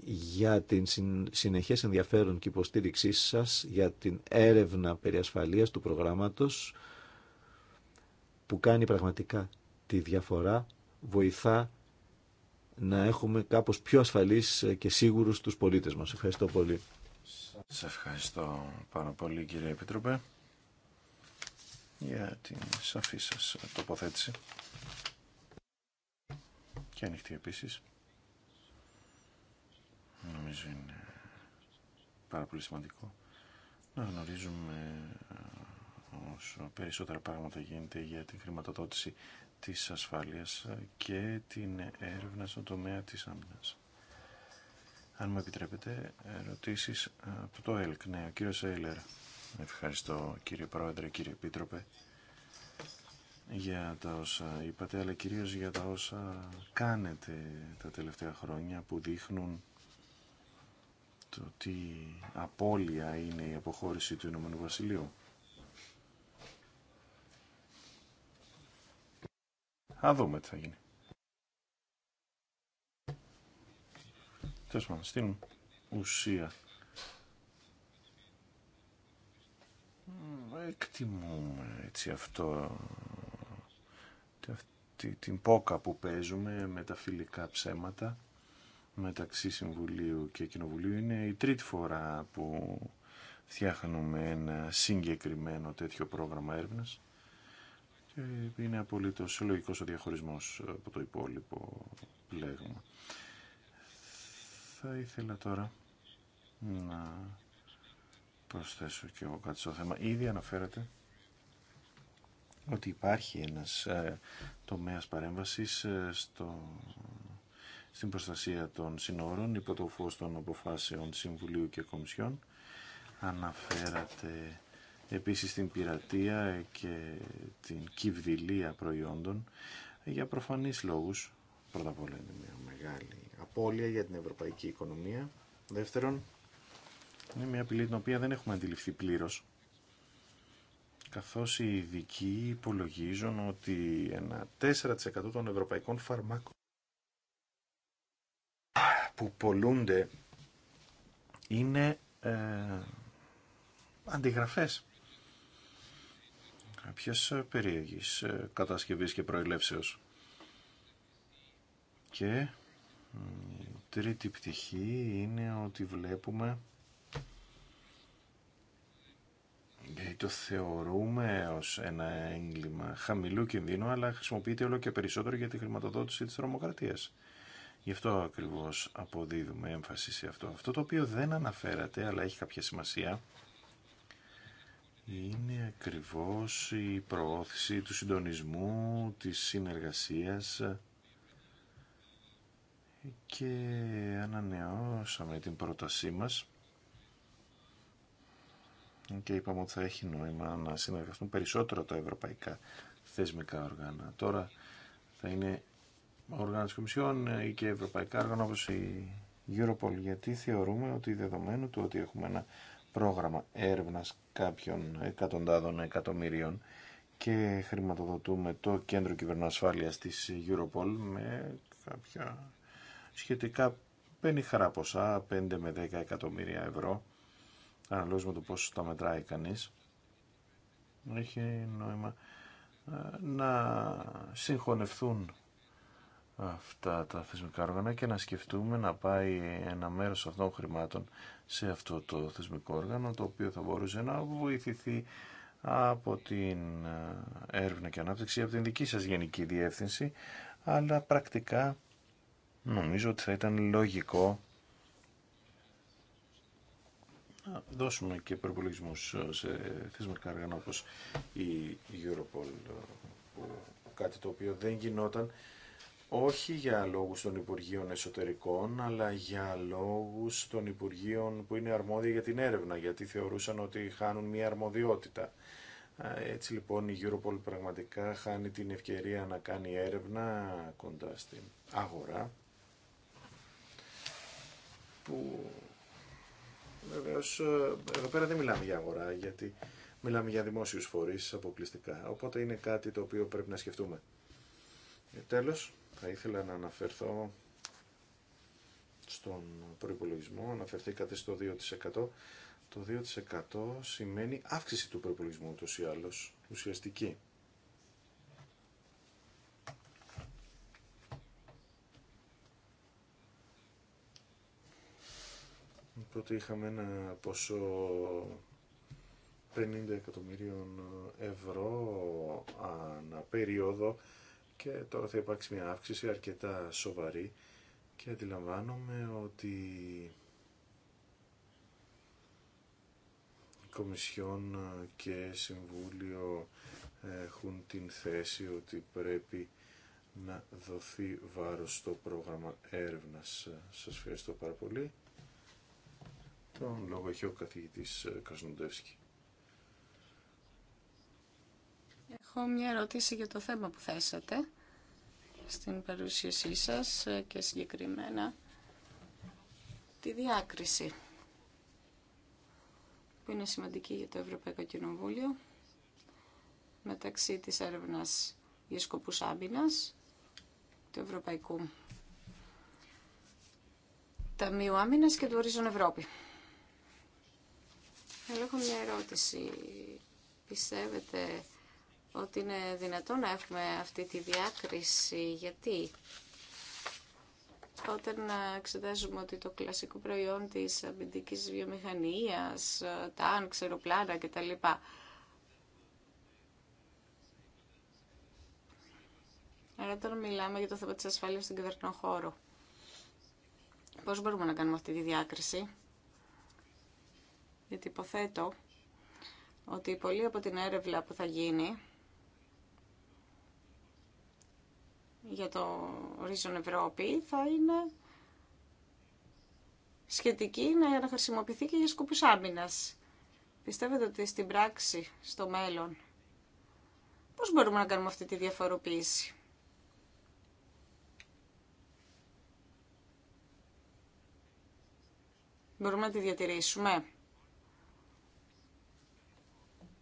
S1: για την συνεχές ενδιαφέρον και υποστήριξή σας, για την έρευνα περί ασφαλείας του προγράμματος που κάνει πραγματικά τη η διαφορά βοηθά να έχουμε κάπως πιο ασφαλείς και σίγουρους τους πολίτες μας. Ευχαριστώ πολύ. Σας ευχαριστώ πάρα πολύ κύριε
S3: Επίτροπε για την σαφή σας τοποθέτηση και ανοιχτή επίσης. Νομίζω είναι πάρα πολύ σημαντικό να γνωρίζουμε όσο περισσότερα πράγματα γίνεται για την χρηματοδότηση της ασφάλειας και την έρευνα στον τομέα της άμυνας. Αν μου επιτρέπετε, ερωτήσεις από το ΕΛΚ. Ναι, ο κύριος Έιλερ. Ευχαριστώ κύριε Πρόεδρε, κύριε Επίτροπε για τα όσα είπατε, αλλά κυρίως για τα όσα κάνετε τα τελευταία χρόνια που δείχνουν το τι απώλεια είναι η αποχώρηση του Ηνωμένου Βασιλείου. Θα δούμε τι θα γίνει. πάντων, στην ουσία. Εκτιμούμε έτσι αυτό, την πόκα που παίζουμε με τα φιλικά ψέματα μεταξύ Συμβουλίου και Κοινοβουλίου. Είναι η τρίτη φορά που φτιάχνουμε ένα συγκεκριμένο τέτοιο πρόγραμμα έρευνας. Και είναι απολύτω λογικό ο διαχωρισμός από το υπόλοιπο πλέγμα. Θα ήθελα τώρα να προσθέσω και εγώ κάτι στο θέμα. Ήδη αναφέρατε ότι υπάρχει ένας ε, τομέας παρέμβασης ε, στο, στην προστασία των συνόρων υπό το φως των αποφάσεων Συμβουλίου και Κομισιών. Αναφέρατε επίσης την πειρατεία και την κυβδηλία προϊόντων για προφανείς λόγους. Πρώτα απ' όλα είναι μια μεγάλη απώλεια για την ευρωπαϊκή οικονομία. Δεύτερον, είναι μια απειλή την οποία δεν έχουμε αντιληφθεί πλήρως καθώς οι ειδικοί υπολογίζουν ότι ένα 4% των ευρωπαϊκών φαρμάκων που πολλούνται είναι ε, κάποια ε, περίεργης ε, κατασκευή και προελεύσεως. Και η τρίτη πτυχή είναι ότι βλέπουμε γιατί το θεωρούμε ως ένα έγκλημα χαμηλού κινδύνου αλλά χρησιμοποιείται όλο και περισσότερο για τη χρηματοδότηση τη τρομοκρατίας. Γι' αυτό ακριβώς αποδίδουμε έμφαση σε αυτό. Αυτό το οποίο δεν αναφέρατε αλλά έχει κάποια σημασία είναι ακριβώς η προώθηση του συντονισμού, της συνεργασίας και ανανεώσαμε την πρότασή μας και είπαμε ότι θα έχει νόημα να συνεργαστούν περισσότερο τα ευρωπαϊκά θεσμικά όργανα. Τώρα θα είναι όργανα της Κομισιόν και ευρωπαϊκά όργανα όπως η Europol γιατί θεωρούμε ότι δεδομένου του ότι έχουμε ένα πρόγραμμα έρευνας κάποιων εκατοντάδων εκατομμυρίων και χρηματοδοτούμε το Κέντρο Κυβερνοασφάλειας της Europol με κάποια σχετικά πενιχρά ποσά, 5 με 10 εκατομμύρια ευρώ, αναλόγως με το πόσο τα μετράει κανείς. Έχει νόημα ε, να συγχωνευτούν αυτά τα θεσμικά όργανα και να σκεφτούμε να πάει ένα μέρος αυτών χρημάτων σε αυτό το θεσμικό όργανο το οποίο θα μπορούσε να βοηθηθεί από την ε, έρευνα και ανάπτυξη από την δική σας γενική διεύθυνση αλλά πρακτικά νομίζω ότι θα ήταν λογικό να δώσουμε και προπολογισμού σε θεσμικά όργανα όπως η Europol κάτι το οποίο δεν γινόταν όχι για λόγους των Υπουργείων Εσωτερικών, αλλά για λόγους των Υπουργείων που είναι αρμόδια για την έρευνα, γιατί θεωρούσαν ότι χάνουν μια αρμοδιότητα. Έτσι λοιπόν η Europol πραγματικά χάνει την ευκαιρία να κάνει έρευνα κοντά στην αγορά, που βεβαίως ε, εδώ πέρα δεν μιλάμε για αγορά, γιατί μιλάμε για δημόσιους φορείς αποκλειστικά, οπότε είναι κάτι το οποίο πρέπει να σκεφτούμε. Και ε, τέλος, θα ήθελα να αναφερθώ στον προϋπολογισμό. Αναφερθήκατε στο 2%. Το 2% σημαίνει αύξηση του προϋπολογισμού ούτως ή άλλως, ουσιαστική. Οπότε είχαμε ένα ποσό 50 εκατομμυρίων ευρώ ανά περίοδο και τώρα θα υπάρξει μια αύξηση αρκετά σοβαρή και αντιλαμβάνομαι ότι η Κομισιόν και Συμβούλιο έχουν την θέση ότι πρέπει να δοθεί βάρος στο πρόγραμμα έρευνας. Σας ευχαριστώ πάρα πολύ. Τον λόγο έχει ο καθηγητής Κασνοντεύσκη.
S2: Έχω μια ερώτηση για το θέμα που θέσατε στην παρουσίασή σας και συγκεκριμένα τη διάκριση που είναι σημαντική για το Ευρωπαϊκό Κοινοβούλιο μεταξύ της έρευνας για σκοπούς άμυνας του Ευρωπαϊκού Ταμείου Άμυνας και του Ορίζον Ευρώπη. έχω μια ερώτηση. Πιστεύετε ότι είναι δυνατό να έχουμε αυτή τη διάκριση. Γιατί όταν εξετάζουμε ότι το κλασικό προϊόν της αμυντικής βιομηχανίας, τα αν ξεροπλάνα κτλ. Άρα τώρα μιλάμε για το θέμα της ασφάλειας στον κυβερνό χώρο. Πώς μπορούμε να κάνουμε αυτή τη διάκριση. Γιατί υποθέτω ότι πολύ από την έρευνα που θα γίνει για το Horizon Ευρώπη θα είναι σχετική να χρησιμοποιηθεί και για σκοπούς άμυνας. Πιστεύετε ότι στην πράξη, στο μέλλον, πώς μπορούμε να κάνουμε αυτή τη διαφοροποίηση. Μπορούμε να τη διατηρήσουμε.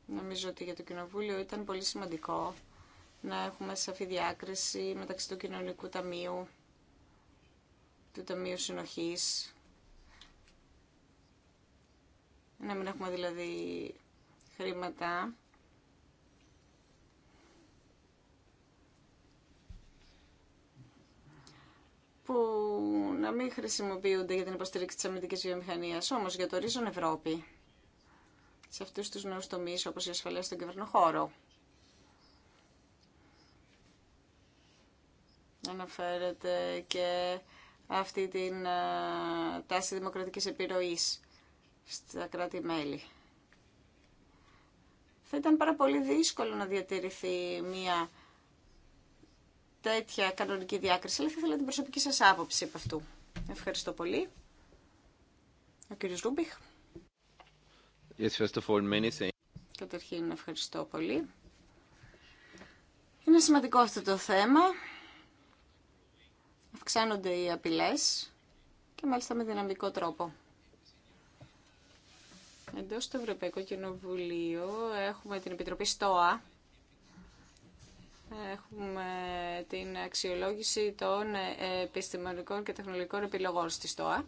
S2: Νομίζω ότι για το Κοινοβούλιο ήταν πολύ σημαντικό να έχουμε σαφή διάκριση μεταξύ του κοινωνικού ταμείου, του ταμείου συνοχής, να μην έχουμε δηλαδή χρήματα που να μην χρησιμοποιούνται για την υποστήριξη της αμυντικής βιομηχανίας, όμως για το ρίζον Ευρώπη, σε αυτούς τους νέους τομείς όπως η ασφαλεία στον κυβερνοχώρο. χώρο. αναφέρεται και αυτή την ε, τάση δημοκρατικής επιρροής στα κράτη-μέλη. Θα ήταν πάρα πολύ δύσκολο να διατηρηθεί μια τέτοια κανονική διάκριση, αλλά θα ήθελα την προσωπική σας άποψη από αυτού. Ευχαριστώ πολύ. Ο κύριος Ρούμπιχ. Καταρχήν, ευχαριστώ πολύ. Είναι σημαντικό αυτό το θέμα. Αυξάνονται οι απειλές και μάλιστα με δυναμικό τρόπο. Εντό του Ευρωπαϊκού Κοινοβουλίου έχουμε την Επιτροπή ΣΤΟΑ. Έχουμε την αξιολόγηση των επιστημονικών και τεχνολογικών επιλογών στη ΣΤΟΑ.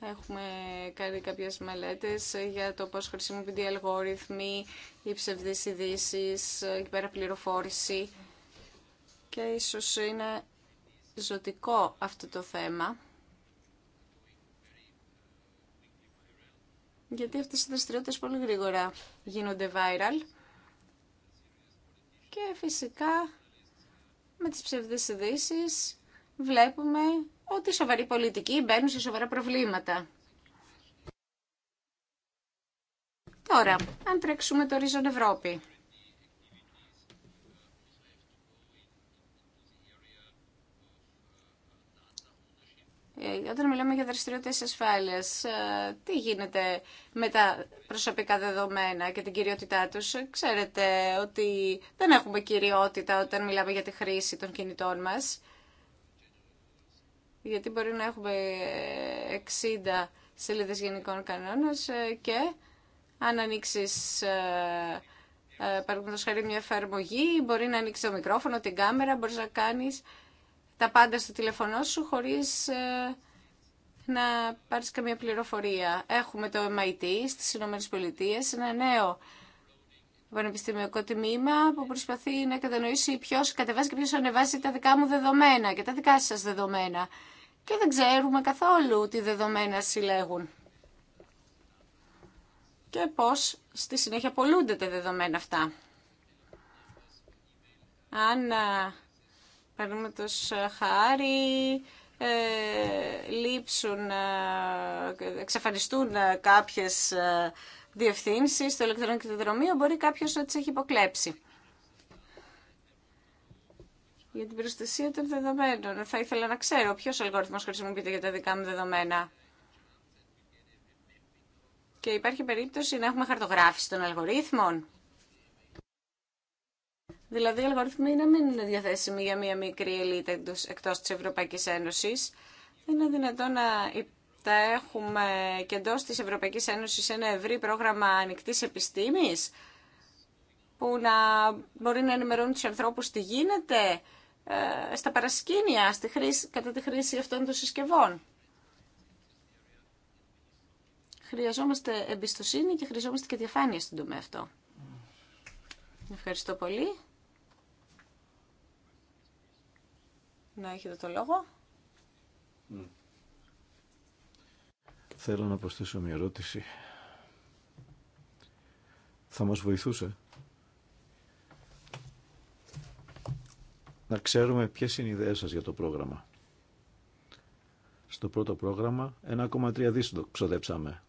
S2: Έχουμε κάνει κάποιες μελέτες για το πώς χρησιμοποιούνται οι αλγόριθμοι, οι ψευδείς ειδήσει, η πληροφόρηση και ίσως είναι ζωτικό αυτό το θέμα. Γιατί αυτές οι δραστηριότητες πολύ γρήγορα γίνονται viral και φυσικά με τις ψευδείς ειδήσει βλέπουμε ότι σοβαροί πολιτικοί μπαίνουν σε σοβαρά προβλήματα. Τώρα, αν τρέξουμε το Ρίζον Ευρώπη, Ε, όταν μιλάμε για δραστηριότητε ασφάλεια, ε, τι γίνεται με τα προσωπικά δεδομένα και την κυριότητά του. Ξέρετε ότι δεν έχουμε κυριότητα όταν μιλάμε για τη χρήση των κινητών μα. Γιατί μπορεί να έχουμε 60 σελίδε γενικών κανόνων ε, και αν ανοίξει. Παραδείγματο χάρη μια εφαρμογή, μπορεί να ανοίξει το μικρόφωνο, την κάμερα, μπορεί να κάνει τα πάντα στο τηλεφωνό σου χωρίς ε, να πάρεις καμία πληροφορία. Έχουμε το MIT στις Ηνωμένες Πολιτείες, ένα νέο πανεπιστημιακό τμήμα που προσπαθεί να κατανοήσει ποιο κατεβάζει και ποιο ανεβάζει τα δικά μου δεδομένα και τα δικά σας δεδομένα. Και δεν ξέρουμε καθόλου τι δεδομένα συλλέγουν. Και πώς στη συνέχεια πολλούνται τα δεδομένα αυτά. Αν παραδείγματο το ε, χάρη, ε, λείψουν, ε, εξαφανιστούν ε, κάποιες ε, διευθύνσεις στο ηλεκτρονικό δρομείο, μπορεί κάποιος να τις έχει υποκλέψει. Για την προστασία των δεδομένων, θα ήθελα να ξέρω ποιος αλγόριθμος χρησιμοποιείται για τα δικά μου δεδομένα. Και υπάρχει περίπτωση να έχουμε χαρτογράφηση των αλγορίθμων. Δηλαδή, οι αλγορίθμοι να μην είναι διαθέσιμοι για μία μικρή ελίτ εκτό τη Ευρωπαϊκή Ένωση. Είναι δυνατόν να τα έχουμε και εντό της Ευρωπαϊκής Ένωσης ένα ευρύ πρόγραμμα ανοιχτή επιστήμη, που να μπορεί να ενημερώνει του ανθρώπου τι γίνεται ε, στα παρασκήνια στη χρήση, κατά τη χρήση αυτών των συσκευών. Χρειαζόμαστε εμπιστοσύνη και χρειαζόμαστε και διαφάνεια στον τομέα αυτό. Ευχαριστώ πολύ. να έχετε το λόγο.
S1: Ναι. Θέλω να προσθέσω μια ερώτηση. Θα μας βοηθούσε να ξέρουμε ποιες είναι οι ιδέες σας για το πρόγραμμα. Στο πρώτο πρόγραμμα 1,3 δις ξοδέψαμε.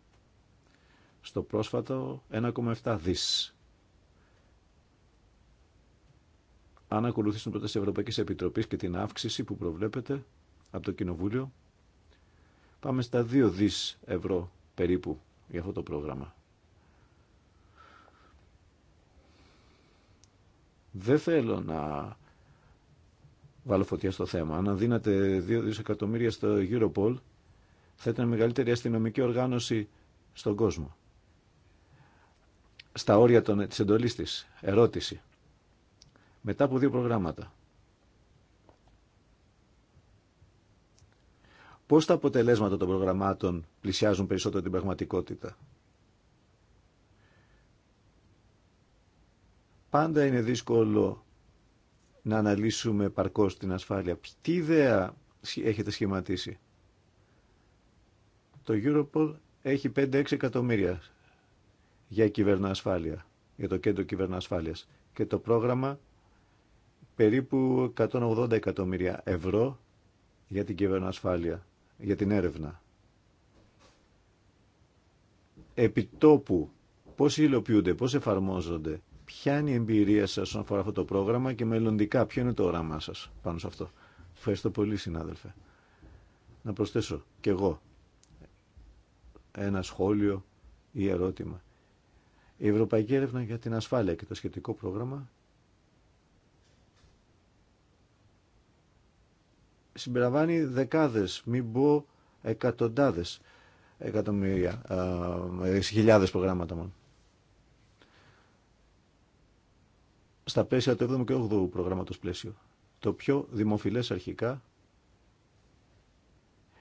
S1: Στο πρόσφατο 1,7 δις. αν ακολουθήσουν πρώτα τη Ευρωπαϊκή Επιτροπή και την αύξηση που προβλέπεται από το Κοινοβούλιο, πάμε στα 2 δι ευρώ περίπου για αυτό το πρόγραμμα. Δεν θέλω να βάλω φωτιά στο θέμα. Αν δίνατε 2 δισεκατομμύρια στο Europol, θα ήταν μεγαλύτερη αστυνομική οργάνωση στον κόσμο. Στα όρια των, της εντολής της. Ερώτηση μετά από δύο προγράμματα. Πώς τα αποτελέσματα των προγραμμάτων πλησιάζουν περισσότερο την πραγματικότητα. Πάντα είναι δύσκολο να αναλύσουμε παρκώς την ασφάλεια. Τι ιδέα έχετε σχηματίσει. Το Europol έχει 5-6 εκατομμύρια για ασφάλεια, για το κέντρο ασφάλειας Και το πρόγραμμα περίπου 180 εκατομμύρια ευρώ για την κυβερνοασφάλεια, για την έρευνα. Επιτόπου, πώς υλοποιούνται, πώς εφαρμόζονται, ποια είναι η εμπειρία σας όσον αφορά αυτό το πρόγραμμα και μελλοντικά ποιο είναι το όραμά σας πάνω σε αυτό. Ευχαριστώ πολύ συνάδελφε. Να προσθέσω κι εγώ ένα σχόλιο ή ερώτημα. Η Ευρωπαϊκή Έρευνα για την Ασφάλεια και το σχετικό πρόγραμμα συμπεριλαμβάνει δεκάδες, μην πω εκατοντάδες εκατομμύρια, χιλιάδε χιλιάδες προγράμματα μόνο. Στα πλαίσια του 7ου και 8ου προγράμματος πλαίσιο. Το πιο δημοφιλές αρχικά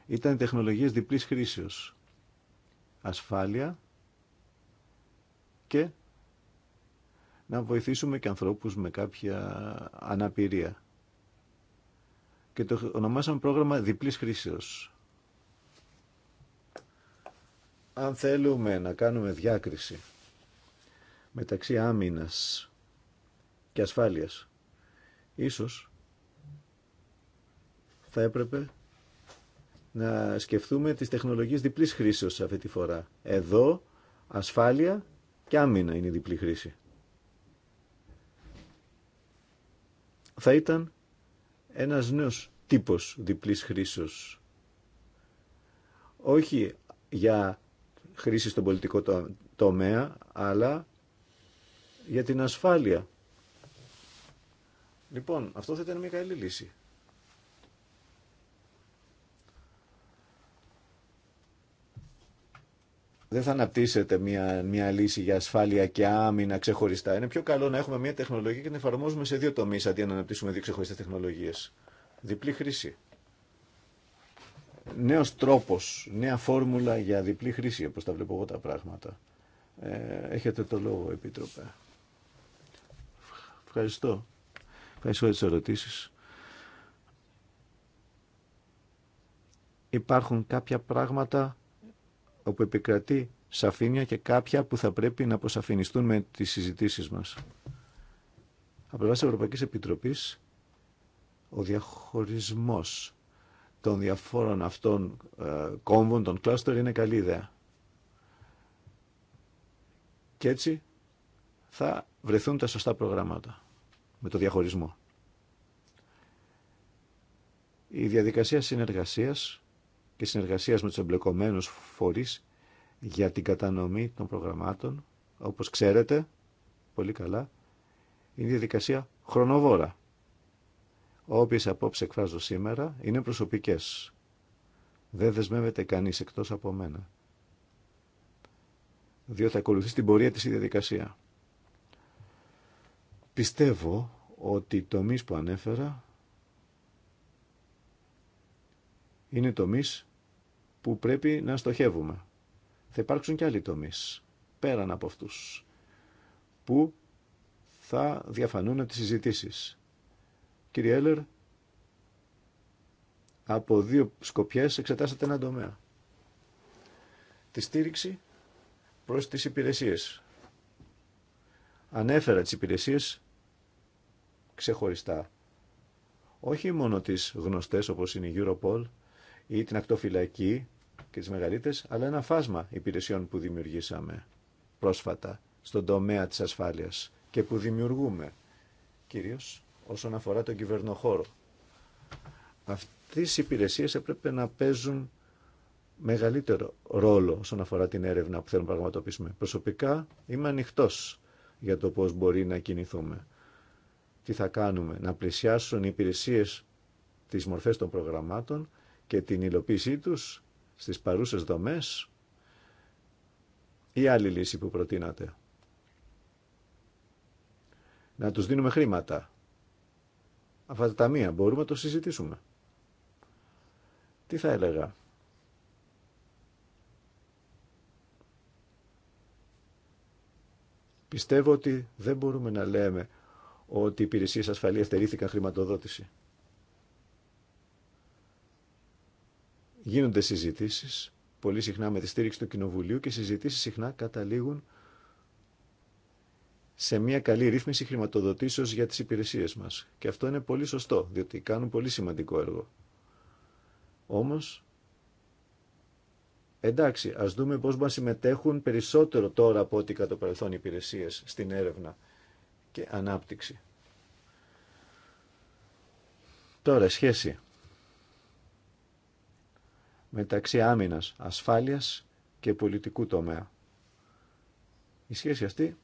S1: ήταν οι τεχνολογίες διπλής χρήσεως. Ασφάλεια και να βοηθήσουμε και ανθρώπους με κάποια αναπηρία και το ονομάσαμε πρόγραμμα διπλής χρήσεως. Αν θέλουμε να κάνουμε διάκριση μεταξύ άμυνας και ασφάλειας, ίσως θα έπρεπε να σκεφτούμε τις τεχνολογίες διπλής χρήσεως αυτή τη φορά. Εδώ ασφάλεια και άμυνα είναι η διπλή χρήση. Θα ήταν ένας νέος τύπος διπλής χρήσεως. Όχι για χρήση στον πολιτικό τομέα, αλλά για την ασφάλεια. Λοιπόν, αυτό θα ήταν μια καλή λύση. δεν θα αναπτύσσετε μια, μια λύση για ασφάλεια και άμυνα ξεχωριστά. Είναι πιο καλό να έχουμε μια τεχνολογία και να εφαρμόζουμε σε δύο τομεί αντί να αναπτύσσουμε δύο ξεχωριστέ τεχνολογίε. Διπλή χρήση. Νέο τρόπο, νέα φόρμουλα για διπλή χρήση, όπω τα βλέπω εγώ τα πράγματα. Ε, έχετε το λόγο, Επίτροπε. Ευχαριστώ. Ευχαριστώ για τι ερωτήσει. Υπάρχουν κάποια πράγματα όπου επικρατεί σαφήνεια και κάποια που θα πρέπει να αποσαφινιστούν με τις συζητήσεις μας. Από πλευρά Ευρωπαϊκή Επιτροπής, ο διαχωρισμός των διαφόρων αυτών ε, κόμβων, των κλάστερ, είναι καλή ιδέα. Και έτσι θα βρεθούν τα σωστά προγράμματα με το διαχωρισμό. Η διαδικασία συνεργασίας και συνεργασίας με τους εμπλεκομένους φορείς για την κατανομή των προγραμμάτων. Όπως ξέρετε, πολύ καλά, είναι η διαδικασία χρονοβόρα. Όποιες απόψε εκφράζω σήμερα είναι προσωπικές. Δεν δεσμεύεται κανείς εκτός από μένα. Διότι θα ακολουθεί την πορεία της η διαδικασία. Πιστεύω ότι οι τομείς που ανέφερα είναι τομείς που πρέπει να στοχεύουμε. Θα υπάρξουν και άλλοι τομείς, πέραν από αυτούς, που θα διαφανούν τι τις συζητήσεις. Κύριε Έλερ, από δύο σκοπιές εξετάσατε ένα τομέα. Τη στήριξη προς τις υπηρεσίες. Ανέφερα τις υπηρεσίες ξεχωριστά. Όχι μόνο τις γνωστές όπως είναι η Europol ή την ακτοφυλακή και τις μεγαλύτερες, αλλά ένα φάσμα υπηρεσιών που δημιουργήσαμε πρόσφατα στον τομέα της ασφάλειας και που δημιουργούμε, κυρίως όσον αφορά τον κυβερνοχώρο. Αυτές οι υπηρεσίες έπρεπε να παίζουν μεγαλύτερο ρόλο όσον αφορά την έρευνα που θέλουμε να πραγματοποιήσουμε. Προσωπικά είμαι ανοιχτό για το πώς μπορεί να κινηθούμε. Τι θα κάνουμε, να πλησιάσουν οι υπηρεσίες τις μορφές των προγραμμάτων και την υλοποίησή τους στις παρούσες δομές ή άλλη λύση που προτείνατε. Να τους δίνουμε χρήματα. Αυτά τα ταμεία μπορούμε να το συζητήσουμε. Τι θα έλεγα. Πιστεύω ότι δεν μπορούμε να λέμε ότι οι υπηρεσίες ασφαλεία στερήθηκαν χρηματοδότηση. γίνονται συζητήσεις, πολύ συχνά με τη στήριξη του Κοινοβουλίου και συζητήσεις συχνά καταλήγουν σε μια καλή ρύθμιση χρηματοδοτήσεως για τις υπηρεσίες μας. Και αυτό είναι πολύ σωστό, διότι κάνουν πολύ σημαντικό έργο. Όμω, εντάξει, ας δούμε πώς μας συμμετέχουν περισσότερο τώρα από ό,τι κατά το παρελθόν υπηρεσίες στην έρευνα και ανάπτυξη. Τώρα, σχέση μεταξύ άμυνας, ασφάλειας και πολιτικού τομέα. Η σχέση αυτή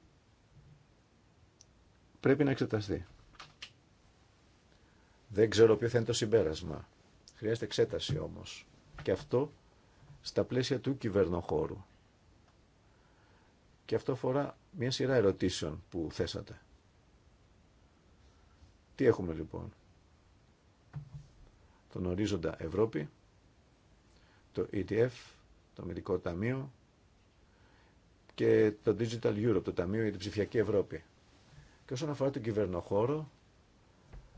S1: πρέπει να εξεταστεί. Δεν ξέρω ποιο θα είναι το συμπέρασμα. Χρειάζεται εξέταση όμως. Και αυτό στα πλαίσια του κυβερνοχώρου. Και αυτό αφορά μια σειρά ερωτήσεων που θέσατε. Τι έχουμε λοιπόν. Τον ορίζοντα Ευρώπη, το ETF, το Αμερικό Ταμείο και το Digital Europe, το Ταμείο για την Ψηφιακή Ευρώπη. Και όσον αφορά τον κυβερνοχώρο,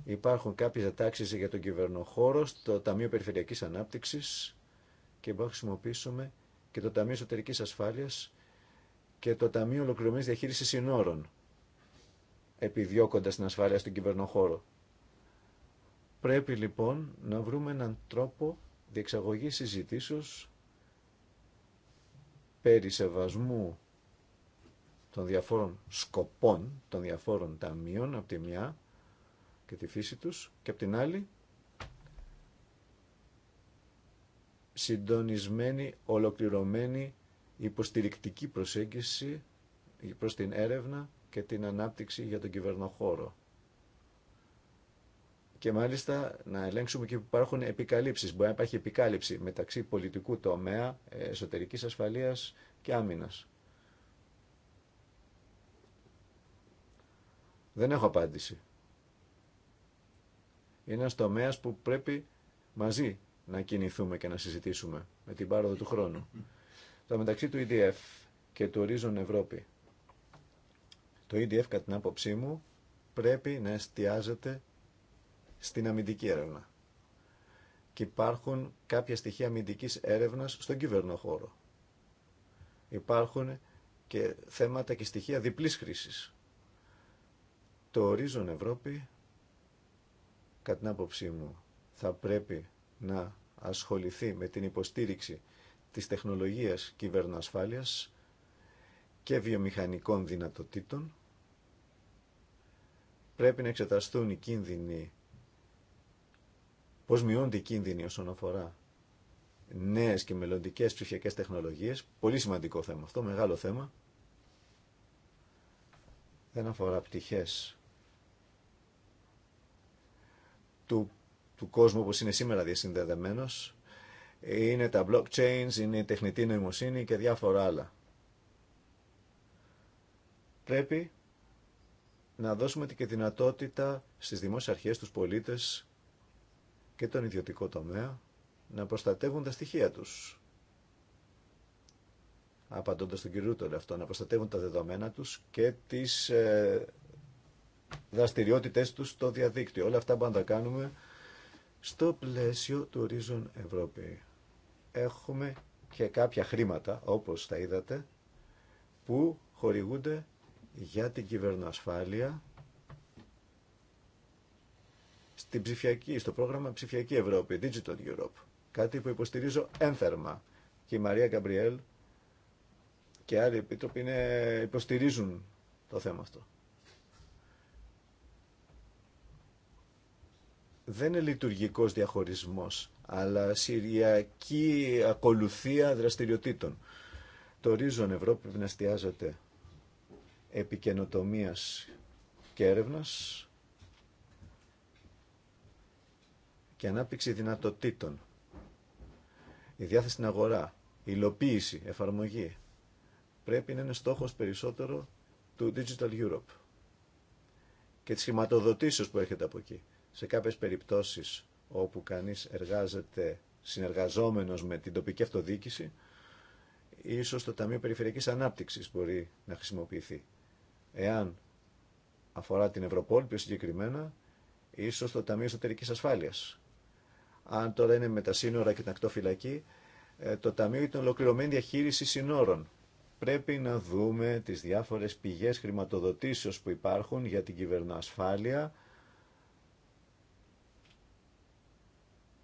S1: υπάρχουν κάποιες ατάξεις για τον κυβερνοχώρο στο Ταμείο Περιφερειακής Ανάπτυξης και μπορούμε να χρησιμοποιήσουμε και το Ταμείο Εσωτερικής Ασφάλειας και το Ταμείο ολοκληρωμένη Διαχείρισης Συνόρων, επιδιώκοντα την ασφάλεια στον κυβερνοχώρο. Πρέπει λοιπόν να βρούμε έναν τρόπο διεξαγωγή συζητήσεως περί σεβασμού των διαφόρων σκοπών, των διαφόρων ταμείων από τη μια και τη φύση τους και από την άλλη συντονισμένη, ολοκληρωμένη υποστηρικτική προσέγγιση προς την έρευνα και την ανάπτυξη για τον κυβερνοχώρο και μάλιστα να ελέγξουμε και που υπάρχουν επικαλύψεις. Μπορεί να υπάρχει επικάλυψη μεταξύ πολιτικού τομέα, ε, εσωτερικής ασφαλείας και άμυνας. Δεν έχω απάντηση. Είναι ένας τομέας που πρέπει μαζί να κινηθούμε και να συζητήσουμε με την πάροδο του χρόνου. Το μεταξύ του EDF και του Horizon Ευρώπη. Το EDF κατά την άποψή μου πρέπει να εστιάζεται στην αμυντική έρευνα. Και υπάρχουν κάποια στοιχεία αμυντικής έρευνας στον κυβερνοχώρο. Υπάρχουν και θέματα και στοιχεία διπλής χρήσης. Το ορίζον Ευρώπη, κατά την άποψή μου, θα πρέπει να ασχοληθεί με την υποστήριξη της τεχνολογίας κυβερνοασφάλειας και βιομηχανικών δυνατοτήτων. Πρέπει να εξεταστούν οι κίνδυνοι πώς μειώνται οι κίνδυνοι όσον αφορά νέες και μελλοντικές ψηφιακές τεχνολογίες. Πολύ σημαντικό θέμα αυτό, μεγάλο θέμα. Δεν αφορά πτυχές του, του κόσμου όπως είναι σήμερα διασυνδεδεμένος. Είναι τα blockchains, είναι η τεχνητή νοημοσύνη και διάφορα άλλα. Πρέπει να δώσουμε και δυνατότητα στις δημόσιες αρχές, τους πολίτες, και τον ιδιωτικό τομέα να προστατεύουν τα στοιχεία τους. Απαντώντας τον κύριο Ρούτολ αυτό, να προστατεύουν τα δεδομένα τους και τις ε, δραστηριότητες τους στο διαδίκτυο. Όλα αυτά πάντα κάνουμε στο πλαίσιο του Horizon Ευρώπη. Έχουμε και κάποια χρήματα, όπως τα είδατε, που χορηγούνται για την κυβερνοασφάλεια στην ψηφιακή, στο πρόγραμμα Ψηφιακή Ευρώπη, Digital Europe. Κάτι που υποστηρίζω ένθερμα. Και η Μαρία Καμπριέλ και άλλοι επίτροποι είναι, υποστηρίζουν το θέμα αυτό. Δεν είναι λειτουργικός διαχωρισμός, αλλά συριακή ακολουθία δραστηριοτήτων. Το ρίζον Ευρώπη να επί και έρευνας, και ανάπτυξη δυνατοτήτων. Η διάθεση στην αγορά, η υλοποίηση, εφαρμογή πρέπει να είναι στόχος περισσότερο του Digital Europe και της χρηματοδοτήσεως που έρχεται από εκεί. Σε κάποιες περιπτώσεις όπου κανείς εργάζεται συνεργαζόμενος με την τοπική αυτοδιοίκηση, ίσως το Ταμείο Περιφερειακής Ανάπτυξης μπορεί να χρησιμοποιηθεί. Εάν αφορά την Ευρωπόλπη συγκεκριμένα, ίσως το Ταμείο Εσωτερικής Ασφάλειας αν τώρα είναι με τα σύνορα και την ακτοφυλακή, ε, το Ταμείο για την Ολοκληρωμένη Διαχείριση Συνόρων. Πρέπει να δούμε τις διάφορες πηγές χρηματοδοτήσεως που υπάρχουν για την κυβερνοασφάλεια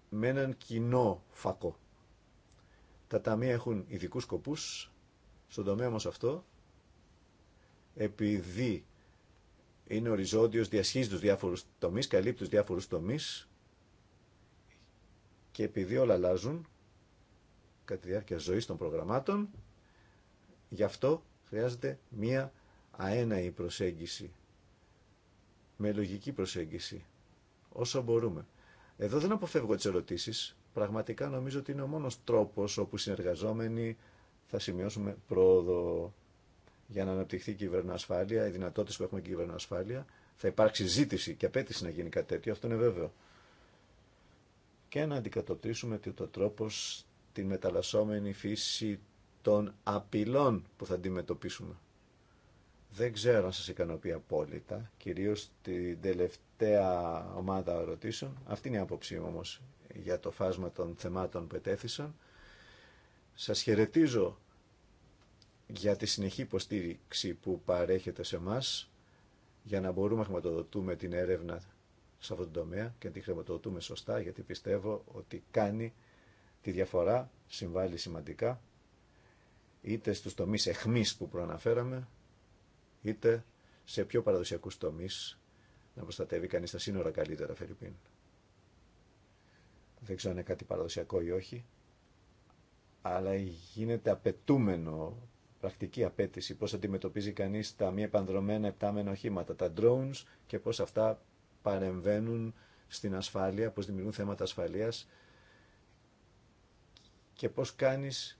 S1: με έναν κοινό φακό. Τα ταμεία έχουν ειδικού σκοπούς στον τομέα μας αυτό, επειδή είναι οριζόντιος, διασχίζει τους διάφορους τομείς, καλύπτει του διάφορους τομείς, και επειδή όλα αλλάζουν κατά τη διάρκεια ζωής των προγραμμάτων, γι' αυτό χρειάζεται μία αέναη προσέγγιση, με λογική προσέγγιση, όσο μπορούμε. Εδώ δεν αποφεύγω τις ερωτήσεις, πραγματικά νομίζω ότι είναι ο μόνος τρόπος όπου συνεργαζόμενοι θα σημειώσουμε πρόοδο για να αναπτυχθεί η κυβερνοασφάλεια, οι δυνατότητες που έχουμε κυβερνοασφάλεια, θα υπάρξει ζήτηση και απέτηση να γίνει κάτι τέτοιο, αυτό είναι βέβαιο και να αντικατοπτρίσουμε το τρόπος την μεταλλασσόμενη φύση των απειλών που θα αντιμετωπίσουμε. Δεν ξέρω αν σας ικανοποιεί απόλυτα, κυρίως την τελευταία ομάδα ερωτήσεων. Αυτή είναι η άποψή μου όμως για το φάσμα των θεμάτων που ετέθησαν. Σας χαιρετίζω για τη συνεχή υποστήριξη που παρέχεται σε μας για να μπορούμε να χρηματοδοτούμε την έρευνα σε αυτόν τον τομέα και να τη χρηματοδοτούμε σωστά, γιατί πιστεύω ότι κάνει τη διαφορά, συμβάλλει σημαντικά, είτε στους τομείς εχμής που προαναφέραμε, είτε σε πιο παραδοσιακούς τομείς, να προστατεύει κανείς τα σύνορα καλύτερα, Φερρυπίν. Δεν ξέρω αν είναι κάτι παραδοσιακό ή όχι, αλλά γίνεται απαιτούμενο, πρακτική απέτηση, πώς αντιμετωπίζει κανείς τα μη επανδρομένα επτάμενα οχήματα, τα drones και πώς αυτά παρεμβαίνουν στην ασφάλεια, πώς δημιουργούν θέματα ασφαλείας και πώς κάνεις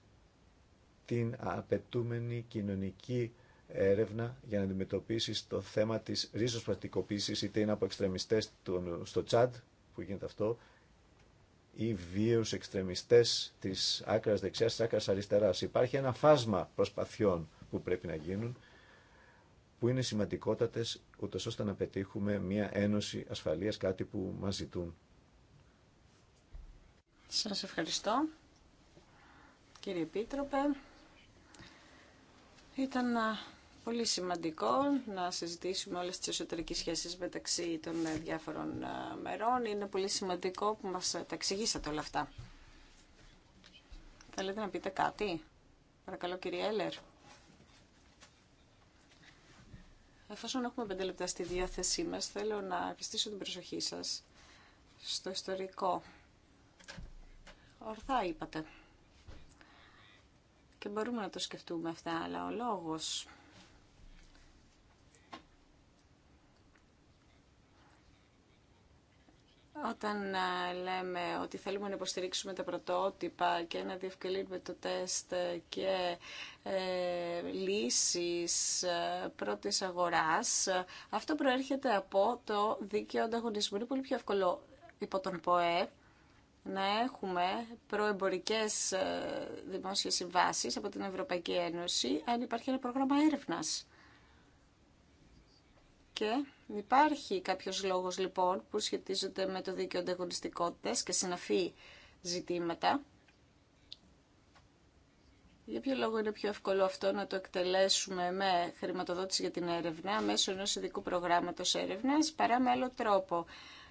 S1: την απαιτούμενη κοινωνική έρευνα για να αντιμετωπίσεις το θέμα της ρίζος πρακτικοποίησης είτε είναι από εξτρεμιστές στο Τσάντ που γίνεται αυτό ή βίαιους εξτρεμιστές της άκρας δεξιάς, της άκρας αριστεράς. Υπάρχει ένα φάσμα προσπαθειών που πρέπει να γίνουν που είναι σημαντικότατες ούτω ώστε να πετύχουμε μια ένωση ασφαλείας, κάτι που μας ζητούν.
S2: Σας ευχαριστώ. Κύριε Επίτροπε, ήταν πολύ σημαντικό να συζητήσουμε όλες τις εσωτερικές σχέσεις μεταξύ των ε, διάφορων μερών. Είναι πολύ σημαντικό που μας ε, τα εξηγήσατε όλα αυτά. Θέλετε να πείτε κάτι. Παρακαλώ κύριε Έλερ. Εφόσον έχουμε πέντε λεπτά στη διάθεσή μας, θέλω να επιστήσω την προσοχή σας στο ιστορικό. Ορθά είπατε. Και μπορούμε να το σκεφτούμε αυτά, αλλά ο λόγος Όταν ε, λέμε ότι θέλουμε να υποστηρίξουμε τα πρωτότυπα και να διευκολύνουμε το τεστ και ε, λύσεις ε, πρώτης αγοράς, ε, αυτό προέρχεται από το δίκαιο ανταγωνισμού. Είναι πολύ πιο εύκολο υπό τον ΠΟΕ να έχουμε προεμπορικές δημόσιες συμβάσεις από την Ευρωπαϊκή Ένωση αν υπάρχει ένα πρόγραμμα έρευνας. Και Υπάρχει κάποιος λόγος λοιπόν που σχετίζεται με το δίκαιο ανταγωνιστικότητας και συναφή ζητήματα. Για ποιο λόγο είναι πιο εύκολο αυτό να το εκτελέσουμε με χρηματοδότηση για την έρευνα μέσω ενό ειδικού προγράμματο έρευνα παρά με άλλο τρόπο.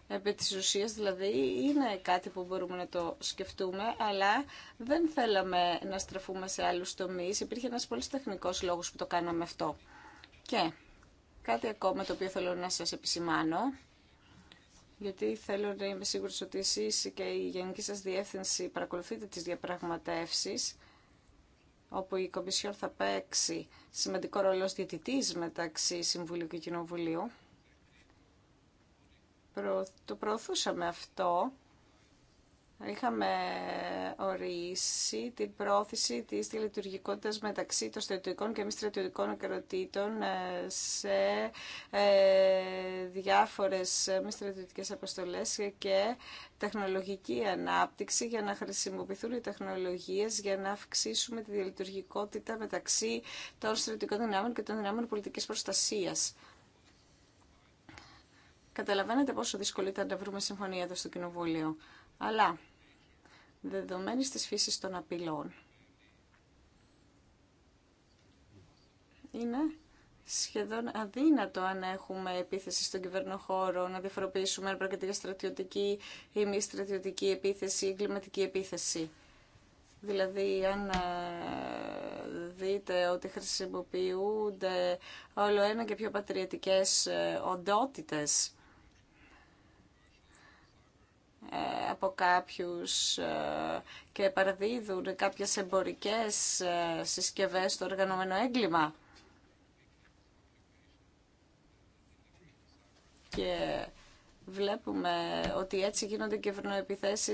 S2: Επί τη ουσία, δηλαδή είναι κάτι που μπορούμε να το σκεφτούμε, αλλά δεν θέλαμε να στραφούμε σε άλλου τομεί. Υπήρχε ένα πολύ τεχνικό λόγο που το κάναμε αυτό. Και Κάτι ακόμα το οποίο θέλω να σας επισημάνω, γιατί θέλω να είμαι σίγουρη ότι εσείς και η Γενική σας Διεύθυνση παρακολουθείτε τις διαπραγματεύσεις, όπου η Κομισιόν θα παίξει σημαντικό ρόλο ως διαιτητής μεταξύ Συμβουλίου και Κοινοβουλίου. Το προωθούσαμε αυτό είχαμε ορίσει την πρόθεση της διαλειτουργικότητας μεταξύ των στρατιωτικών και μη στρατιωτικών ακροτήτων ε, σε ε, διάφορες μη στρατιωτικές αποστολές και τεχνολογική ανάπτυξη για να χρησιμοποιηθούν οι τεχνολογίες για να αυξήσουμε τη διαλειτουργικότητα μεταξύ των στρατιωτικών δυνάμεων και των δυνάμεων πολιτικής προστασίας. Καταλαβαίνετε πόσο δύσκολο ήταν να βρούμε συμφωνία εδώ στο Κοινοβούλιο. Αλλά δεδομένης της φύσης των απειλών. Είναι σχεδόν αδύνατο αν έχουμε επίθεση στον κυβερνοχώρο να διαφοροποιήσουμε αν πρόκειται για στρατιωτική ή μη στρατιωτική επίθεση ή εγκληματική επίθεση. Δηλαδή, αν ε, δείτε ότι χρησιμοποιούνται όλο ένα και πιο πατριωτικές ε, οντότητες ε, από κάποιους ε, και παραδίδουν κάποιες εμπορικές ε, συσκευές στο οργανωμένο έγκλημα. Και Βλέπουμε ότι έτσι γίνονται και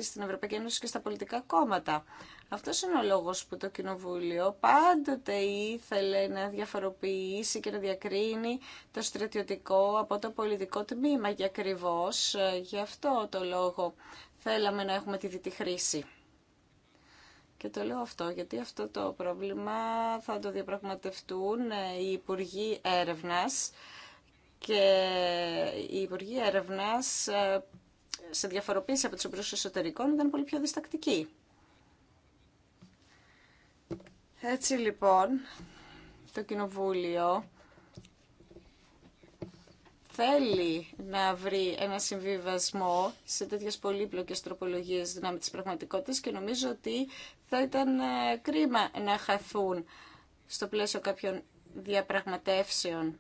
S2: στην Ευρωπαϊκή Ένωση και στα πολιτικά κόμματα. Αυτό είναι ο λόγος που το Κοινοβούλιο πάντοτε ήθελε να διαφοροποιήσει και να διακρίνει το στρατιωτικό από το πολιτικό τμήμα και ακριβώ ε, γι' αυτό το λόγο θέλαμε να έχουμε τη δυτή χρήση. Και το λέω αυτό, γιατί αυτό το πρόβλημα θα το διαπραγματευτούν ε, οι Υπουργοί Έρευνας και η Υπουργή Έρευνα ε, σε διαφοροποίηση από του Υπουργούς Εσωτερικών ήταν πολύ πιο διστακτική. Έτσι λοιπόν, το Κοινοβούλιο θέλει να βρει ένα συμβιβασμό σε τέτοιες πολύπλοκες τροπολογίες δυνάμει της πραγματικότητας και νομίζω ότι θα ήταν ε, κρίμα να χαθούν στο πλαίσιο κάποιων διαπραγματεύσεων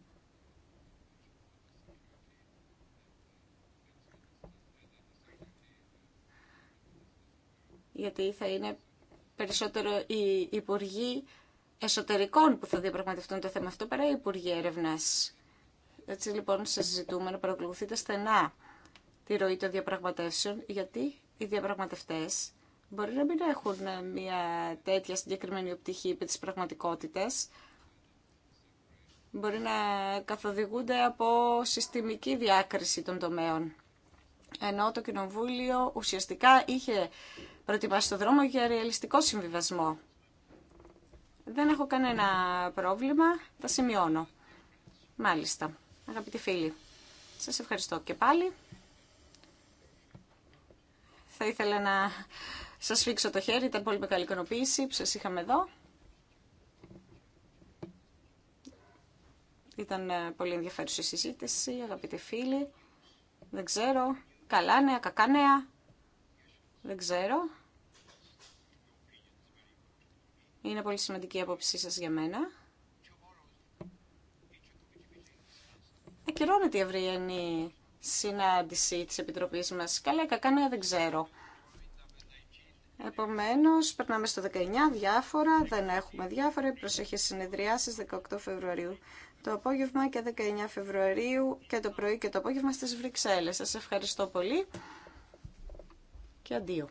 S2: γιατί θα είναι περισσότερο οι υπουργοί εσωτερικών που θα διαπραγματευτούν το θέμα αυτό παρά οι υπουργοί έρευνα. Έτσι λοιπόν σα ζητούμε να παρακολουθείτε στενά τη ροή των διαπραγματεύσεων, γιατί οι διαπραγματεύτε μπορεί να μην έχουν μια τέτοια συγκεκριμένη οπτική επί της πραγματικότητα μπορεί να καθοδηγούνται από συστημική διάκριση των τομέων ενώ το Κοινοβούλιο ουσιαστικά είχε προετοιμάσει το δρόμο για ρεαλιστικό συμβιβασμό. Δεν έχω κανένα πρόβλημα, τα σημειώνω. Μάλιστα, αγαπητοί φίλοι, σας ευχαριστώ και πάλι. Θα ήθελα να σας φίξω το χέρι, ήταν πολύ μεγάλη ικανοποίηση που σας είχαμε εδώ. Ήταν ε, πολύ ενδιαφέρουσα η συζήτηση, αγαπητοί φίλοι. Δεν ξέρω Καλά νέα, κακά νέα. Δεν ξέρω. Είναι πολύ σημαντική η απόψη σας για μένα. Ακυρώνεται η αυριανή συνάντηση της Επιτροπής μας. Καλά ή κακά νέα δεν ξέρω. Επομένως, περνάμε στο 19, διάφορα, δεν έχουμε διάφορα, συνεδριά συνεδριάσεις 18 Φεβρουαρίου το απόγευμα και 19 Φεβρουαρίου και το πρωί και το απόγευμα στις Βρυξέλλες. Σας ευχαριστώ πολύ και αντίο.